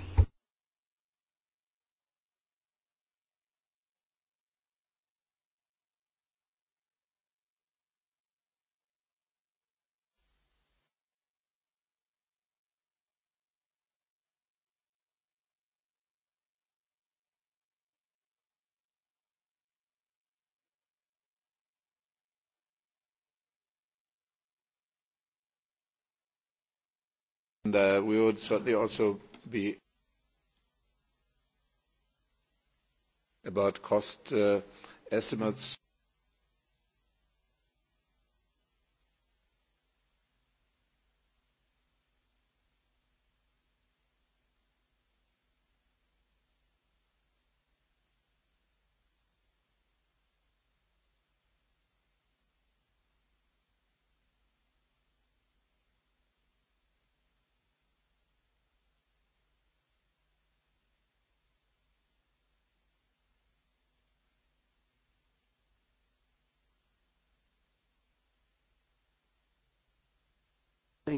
And uh, we would certainly also be about cost uh, estimates.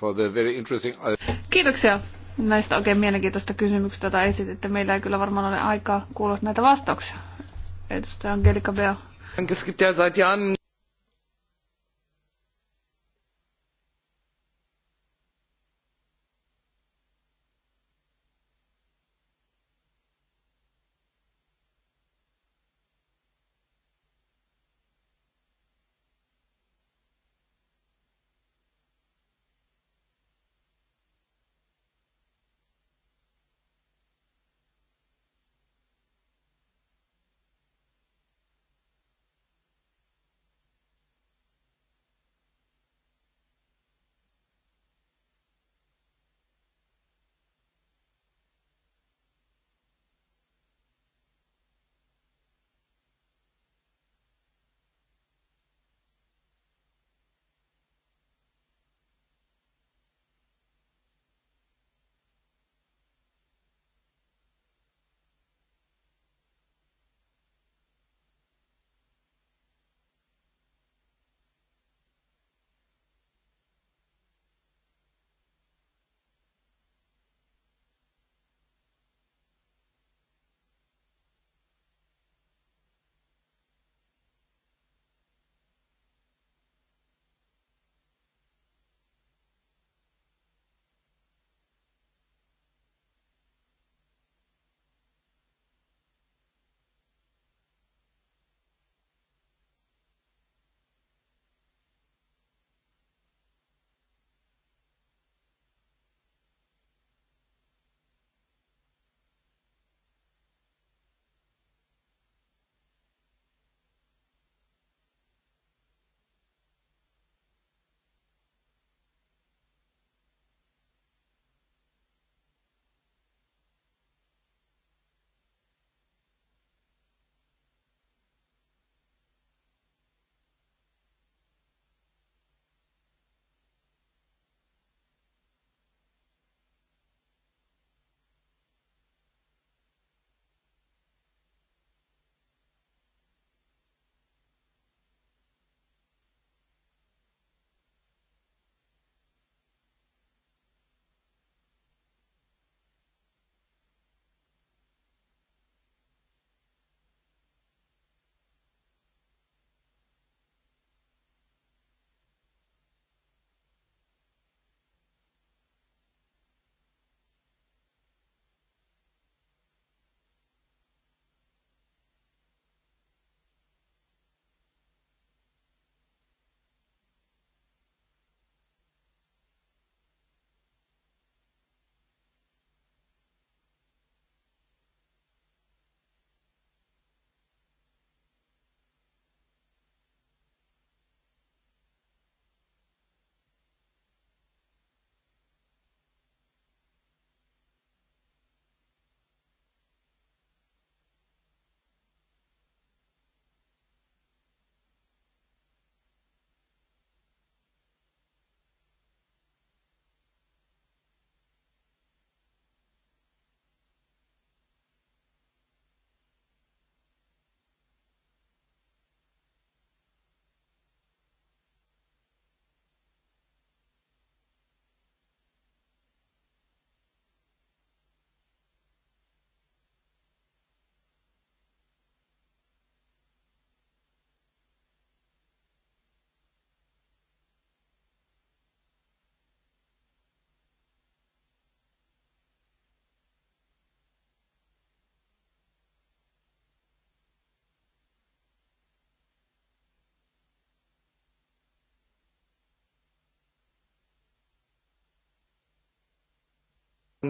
Uh, Kiitoksia näistä oikein mielenkiintoista kysymyksistä, joita esititte. Meillä ei kyllä varmaan ole aikaa kuulla näitä vastauksia. Edustaja Angelika Bea.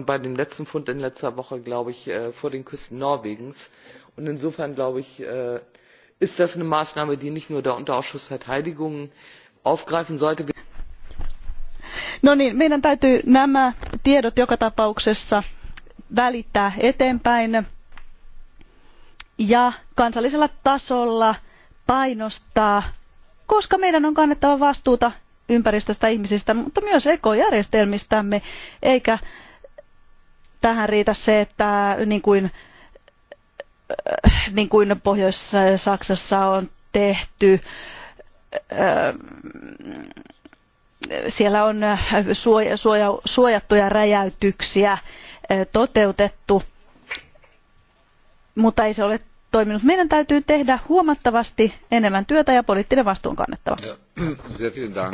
bei dem letzten fund in letzter woche glaube ich äh, vor den küsten norwegens und insofern glaube ich äh, ist das eine maßnahme die nicht nur der unterausschuss verteidigung aufgreifen sollte. No niin, meidän täytyy nämä tiedot joka tapauksessa välittää eteenpäin ja kansallisella tasolla painostaa, koska meidän on kannettava vastuuta ympäristöstä, ihmisistä, mutta myös ekojärjestelmistämme, eikä tähän riitä se, että niin kuin, niin kuin Pohjois-Saksassa on tehty, äh, siellä on suoja, suoja, suojattuja räjäytyksiä äh, toteutettu, mutta ei se ole toiminut. Meidän täytyy tehdä huomattavasti enemmän työtä ja poliittinen vastuun kannettava.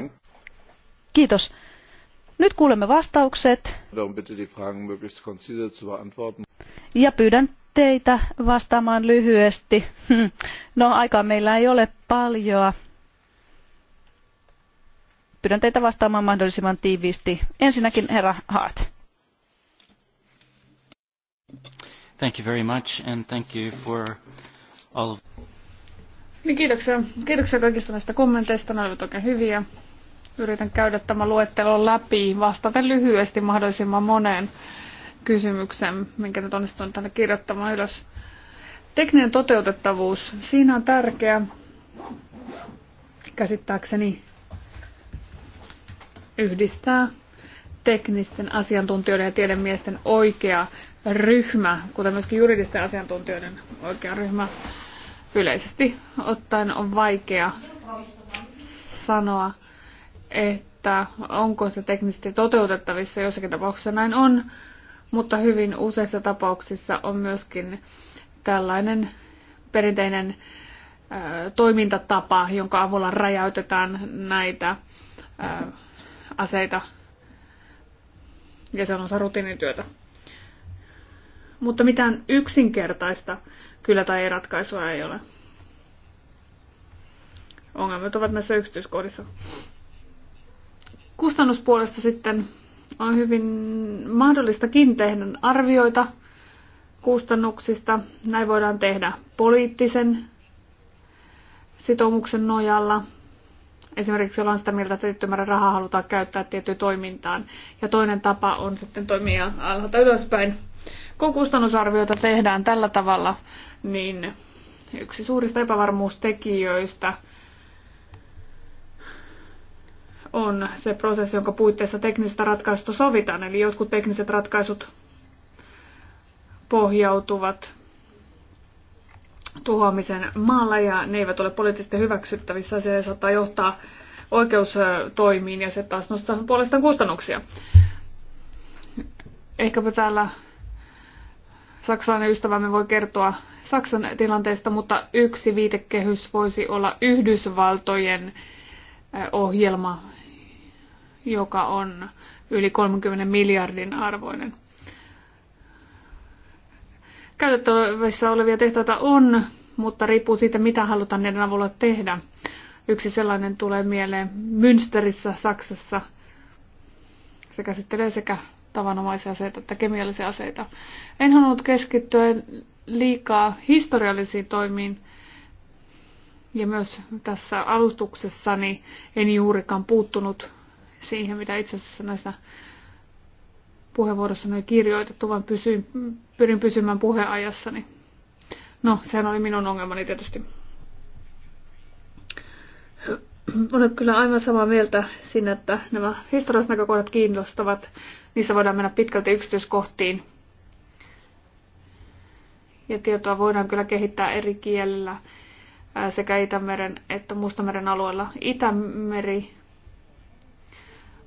(clears throat) Kiitos. Nyt kuulemme vastaukset. Ja pyydän teitä vastaamaan lyhyesti. Hmm. No, aikaa meillä ei ole paljoa. Pyydän teitä vastaamaan mahdollisimman tiiviisti. Ensinnäkin herra Hart. Thank you very much and thank you for all Niin, kiitoksia. Kiitoksia kaikista näistä kommenteista. Ne olivat oikein hyviä. Yritän käydä tämän luettelon läpi, vastaten lyhyesti mahdollisimman moneen kysymykseen, minkä nyt onnistuin tänne kirjoittamaan ylös. Tekninen toteutettavuus, siinä on tärkeä käsittääkseni yhdistää teknisten asiantuntijoiden ja tiedemiesten oikea ryhmä, kuten myöskin juridisten asiantuntijoiden oikea ryhmä. Yleisesti ottaen on vaikea sanoa, että onko se teknisesti toteutettavissa, jossakin tapauksessa näin on, mutta hyvin useissa tapauksissa on myöskin tällainen perinteinen toimintatapa, jonka avulla räjäytetään näitä aseita ja se on osa rutiinityötä. Mutta mitään yksinkertaista kyllä tai ei ratkaisua ei ole. Ongelmat ovat näissä yksityiskohdissa. Kustannuspuolesta sitten on hyvin mahdollistakin tehdä arvioita kustannuksista. Näin voidaan tehdä poliittisen sitoumuksen nojalla. Esimerkiksi ollaan sitä mieltä, että tietty määrä rahaa halutaan käyttää tiettyyn toimintaan. Ja toinen tapa on sitten toimia alhaalta ylöspäin. Kun kustannusarvioita tehdään tällä tavalla, niin yksi suurista epävarmuustekijöistä – on se prosessi, jonka puitteissa teknisistä ratkaisuista sovitaan. Eli jotkut tekniset ratkaisut pohjautuvat tuhoamisen maalla ja ne eivät ole poliittisesti hyväksyttävissä. Se saattaa johtaa oikeustoimiin ja se taas nostaa puolestaan kustannuksia. Ehkäpä täällä saksalainen ystävämme voi kertoa Saksan tilanteesta, mutta yksi viitekehys voisi olla Yhdysvaltojen eh, ohjelma, joka on yli 30 miljardin arvoinen. Käytettävissä olevia tehtaita on, mutta riippuu siitä, mitä halutaan niiden avulla tehdä. Yksi sellainen tulee mieleen Münsterissä, Saksassa. Se käsittelee sekä tavanomaisia aseita että kemiallisia aseita. En halunnut keskittyä liikaa historiallisiin toimiin, ja myös tässä alustuksessani en juurikaan puuttunut siihen, mitä itse asiassa näissä puheenvuorossa on kirjoitettu, vaan pysyin, pyrin pysymään puheajassani. Niin- no, sehän oli minun ongelmani tietysti. Olen kyllä aivan samaa mieltä siinä, että nämä historialliset näkökohdat kiinnostavat. Niissä voidaan mennä pitkälti yksityiskohtiin. Ja tietoa voidaan kyllä kehittää eri kielillä sekä Itämeren että Mustameren alueella. Itämeri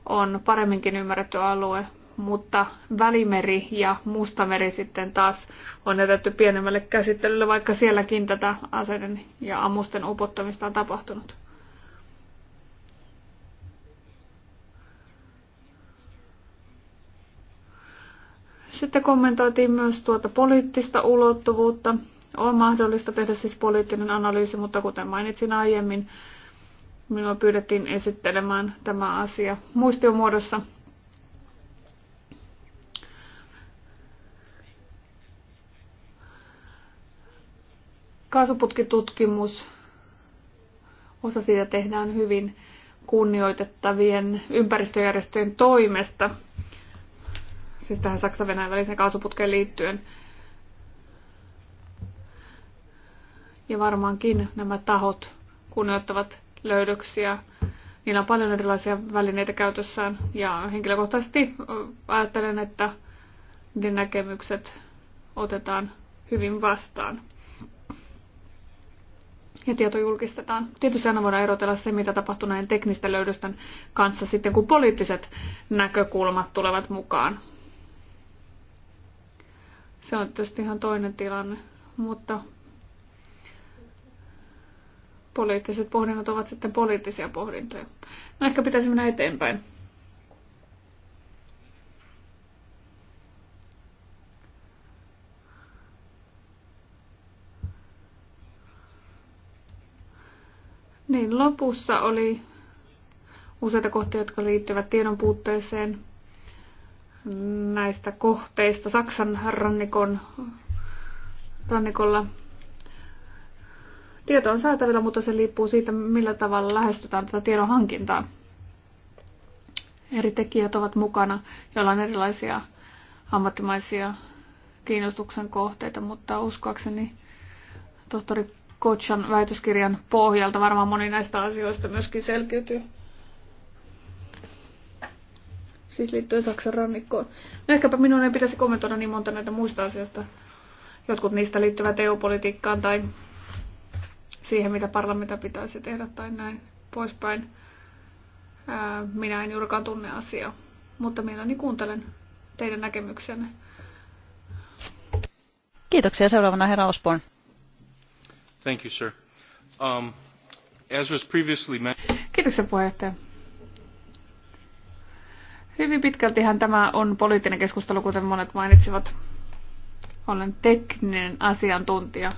on paremminkin ymmärretty alue, mutta Välimeri ja Mustameri sitten taas on jätetty pienemmälle käsittelylle, vaikka sielläkin tätä aseiden ja ammusten upottamista on tapahtunut. Sitten kommentoitiin myös tuota poliittista ulottuvuutta. On mahdollista tehdä siis poliittinen analyysi, mutta kuten mainitsin aiemmin, Minua pyydettiin esittelemään tämä asia muistiomuodossa. Kaasuputkitutkimus, osa siitä tehdään hyvin kunnioitettavien ympäristöjärjestöjen toimesta, siis tähän Saksa-Venäjän väliseen kaasuputkeen liittyen. Ja varmaankin nämä tahot kunnioittavat löydöksiä. Niillä on paljon erilaisia välineitä käytössään ja henkilökohtaisesti ajattelen, että ne näkemykset otetaan hyvin vastaan. Ja tieto julkistetaan. Tietysti aina voidaan erotella se, mitä tapahtuu näiden teknisten löydösten kanssa sitten, kun poliittiset näkökulmat tulevat mukaan. Se on tietysti ihan toinen tilanne, mutta poliittiset pohdinnat ovat sitten poliittisia pohdintoja. No ehkä pitäisi mennä eteenpäin. Niin, lopussa oli useita kohtia, jotka liittyvät tiedon puutteeseen näistä kohteista Saksan rannikon, rannikolla Tieto on saatavilla, mutta se liippuu siitä, millä tavalla lähestytään tätä tiedon hankintaa. Eri tekijät ovat mukana, joilla on erilaisia ammattimaisia kiinnostuksen kohteita, mutta uskoakseni tohtori Kotsan väitöskirjan pohjalta varmaan moni näistä asioista myöskin selkiytyy. Siis liittyen Saksan rannikkoon. No ehkäpä minun ei pitäisi kommentoida niin monta näitä muista asioista. Jotkut niistä liittyvät EU-politiikkaan tai siihen, mitä parlamenta pitäisi tehdä tai näin poispäin. Minä en juurikaan tunne asiaa, mutta mielelläni kuuntelen teidän näkemyksenne. Kiitoksia. Seuraavana herra Osborne. Thank you, sir. Um, as was previously mentioned... Kiitoksia puheenjohtaja. Hyvin pitkältihän tämä on poliittinen keskustelu, kuten monet mainitsivat. Olen tekninen asiantuntija.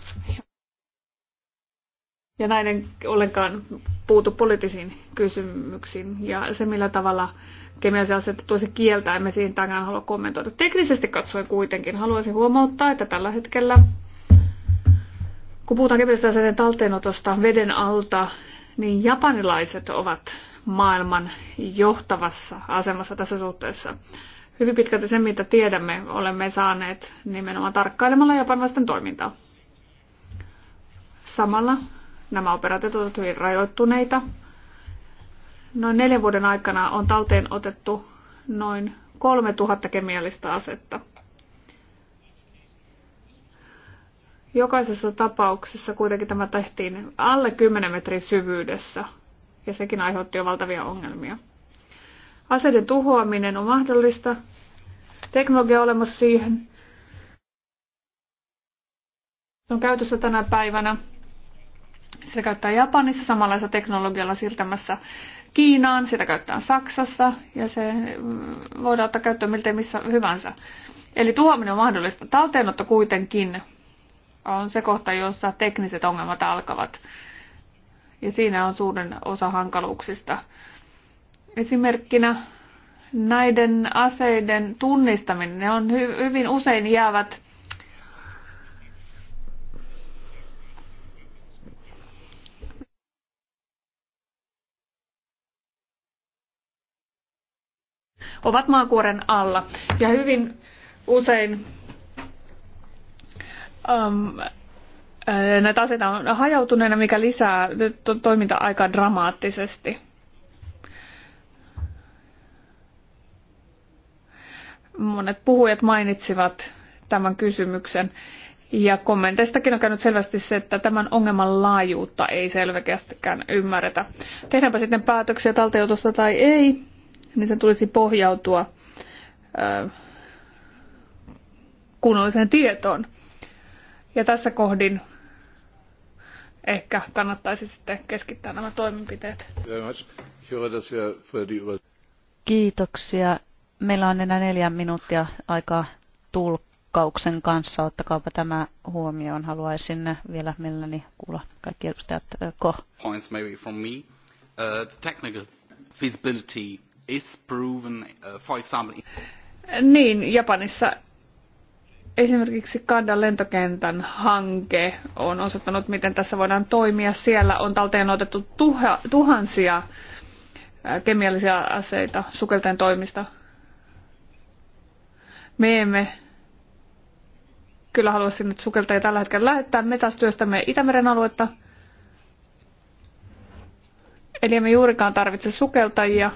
Ja nainen ollenkaan puutu poliittisiin kysymyksiin ja se, millä tavalla kemiallisen aseita tulisi kieltä, emme siihen tänään halua kommentoida. Teknisesti katsoen kuitenkin haluaisin huomauttaa, että tällä hetkellä, kun puhutaan kemiallisen aseiden talteenotosta veden alta, niin japanilaiset ovat maailman johtavassa asemassa tässä suhteessa. Hyvin pitkälti sen, mitä tiedämme, olemme saaneet nimenomaan tarkkailemalla japanilaisten toimintaa. Samalla Nämä operaatiot ovat hyvin rajoittuneita. Noin neljän vuoden aikana on talteen otettu noin 3000 kemiallista asetta. Jokaisessa tapauksessa kuitenkin tämä tehtiin alle 10 metrin syvyydessä, ja sekin aiheutti jo valtavia ongelmia. Aseiden tuhoaminen on mahdollista, teknologia on olemassa siihen. Se on käytössä tänä päivänä sitä käyttää Japanissa samanlaista teknologialla siirtämässä Kiinaan, sitä käyttää Saksassa ja se mm, voidaan ottaa käyttöön miltei missä hyvänsä. Eli tuhoaminen on mahdollista. Talteenotto kuitenkin on se kohta, jossa tekniset ongelmat alkavat. Ja siinä on suurin osa hankaluuksista. Esimerkkinä näiden aseiden tunnistaminen, ne on hy- hyvin usein jäävät ovat maakuoren alla. Ja hyvin usein um, näitä aseita on hajautuneena, mikä lisää toimintaa aika dramaattisesti. Monet puhujat mainitsivat tämän kysymyksen. Ja kommenteistakin on käynyt selvästi se, että tämän ongelman laajuutta ei selkeästikään ymmärretä. Tehdäänpä sitten päätöksiä talteutusta tai ei, niin sen tulisi pohjautua kunnolliseen tietoon. Ja tässä kohdin ehkä kannattaisi sitten keskittää nämä toimenpiteet. Kiitoksia. Meillä on enää neljä minuuttia aikaa tulkkauksen kanssa. Ottakaapa tämä huomioon. Haluaisin vielä mielelläni kuulla kaikki edustajat. Ko. Points maybe from me. Uh, the technical feasibility is proven, uh, for example... Niin, Japanissa esimerkiksi Kandan lentokentän hanke on osoittanut, miten tässä voidaan toimia. Siellä on talteen otettu tuha, tuhansia äh, kemiallisia aseita sukeltajan toimista. Me emme kyllä halua sinne sukeltajia tällä hetkellä lähettää. Me taas työstämme Itämeren aluetta. Eli emme juurikaan tarvitse sukeltajia.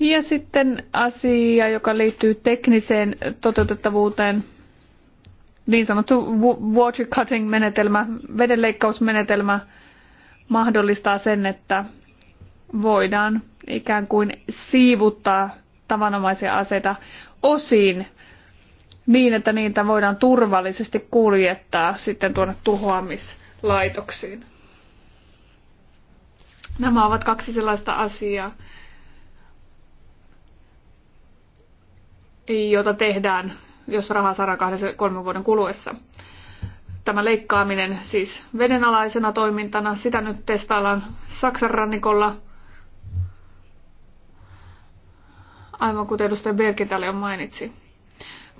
Ja sitten asia, joka liittyy tekniseen toteutettavuuteen, niin sanottu water cutting menetelmä, vedenleikkausmenetelmä mahdollistaa sen, että voidaan ikään kuin siivuttaa tavanomaisia aseita osiin niin, että niitä voidaan turvallisesti kuljettaa sitten tuonne tuhoamislaitoksiin. Nämä ovat kaksi sellaista asiaa, jota tehdään, jos rahaa saadaan kahden kolmen vuoden kuluessa. Tämä leikkaaminen siis vedenalaisena toimintana, sitä nyt testaillaan Saksan rannikolla. Aivan kuten edustaja Berkin jo mainitsi.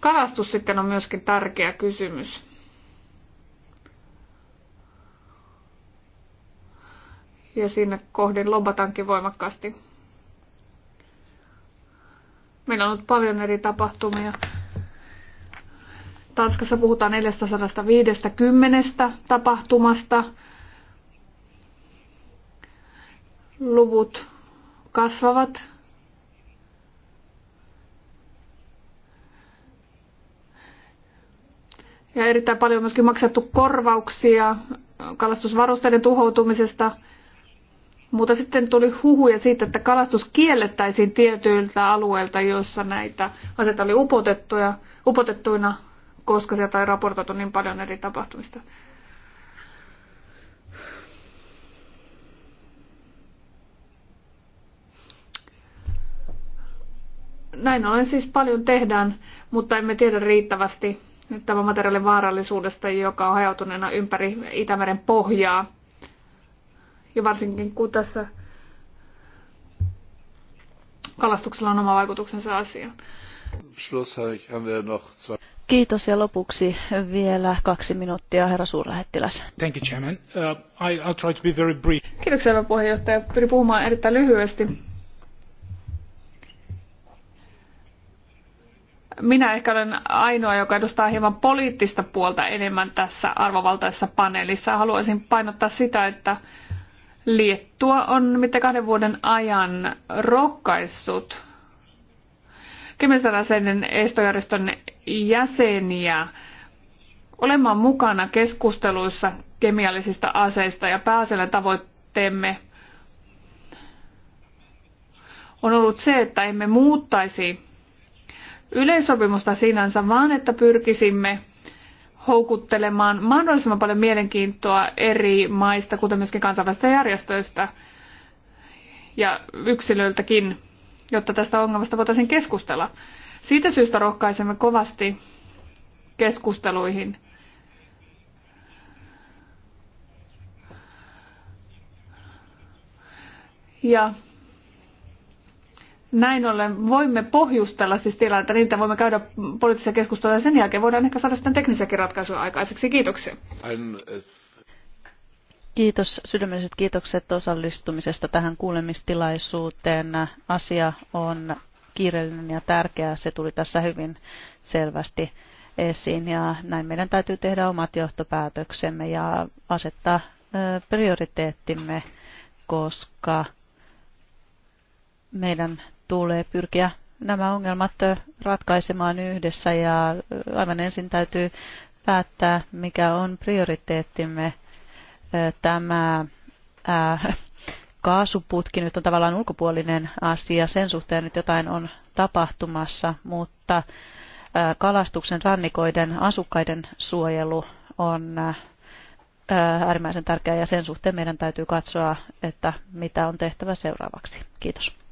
Kalastus sitten on myöskin tärkeä kysymys. Ja sinne kohdin lobatankin voimakkaasti. Meillä on ollut paljon eri tapahtumia. Tanskassa puhutaan 450 tapahtumasta. Luvut kasvavat. Ja erittäin paljon on myöskin maksettu korvauksia kalastusvarusteiden tuhoutumisesta – mutta sitten tuli huhuja siitä, että kalastus kiellettäisiin tietyiltä alueilta, joissa näitä aseita oli upotettuja, upotettuina, koska sieltä ei raportoitu niin paljon eri tapahtumista. Näin ollen siis paljon tehdään, mutta emme tiedä riittävästi tämän materiaalin vaarallisuudesta, joka on hajautuneena ympäri Itämeren pohjaa ja varsinkin kun tässä kalastuksella on oma vaikutuksensa asiaan. Kiitos ja lopuksi vielä kaksi minuuttia, herra suurlähettiläs. Thank you, Chairman. Uh, I, I'll try to be very brief. Kiitoksia, herra puheenjohtaja. Pyrin puhumaan erittäin lyhyesti. Minä ehkä olen ainoa, joka edustaa hieman poliittista puolta enemmän tässä arvovaltaisessa paneelissa. Haluaisin painottaa sitä, että Liettua on mitä kahden vuoden ajan rohkaissut kymmenensadan estojärjestön jäseniä olemaan mukana keskusteluissa kemiallisista aseista ja pääasiallinen tavoitteemme on ollut se, että emme muuttaisi yleissopimusta sinänsä, vaan että pyrkisimme houkuttelemaan mahdollisimman paljon mielenkiintoa eri maista, kuten myöskin kansainvälisistä järjestöistä ja yksilöiltäkin, jotta tästä ongelmasta voitaisiin keskustella. Siitä syystä rohkaisemme kovasti keskusteluihin. Ja näin ollen voimme pohjustella siis tilannetta, niin, että voimme käydä poliittisia keskusteluja ja sen jälkeen voidaan ehkä saada sitten teknisiäkin ratkaisuja aikaiseksi. Kiitoksia. Uh, Kiitos, sydämelliset kiitokset osallistumisesta tähän kuulemistilaisuuteen. Asia on kiireellinen ja tärkeä, se tuli tässä hyvin selvästi esiin ja näin meidän täytyy tehdä omat johtopäätöksemme ja asettaa prioriteettimme, koska meidän tulee pyrkiä nämä ongelmat ratkaisemaan yhdessä ja aivan ensin täytyy päättää, mikä on prioriteettimme tämä ää, kaasuputki nyt on tavallaan ulkopuolinen asia. Sen suhteen nyt jotain on tapahtumassa, mutta ää, kalastuksen rannikoiden asukkaiden suojelu on ää, äärimmäisen tärkeää ja sen suhteen meidän täytyy katsoa, että mitä on tehtävä seuraavaksi. Kiitos.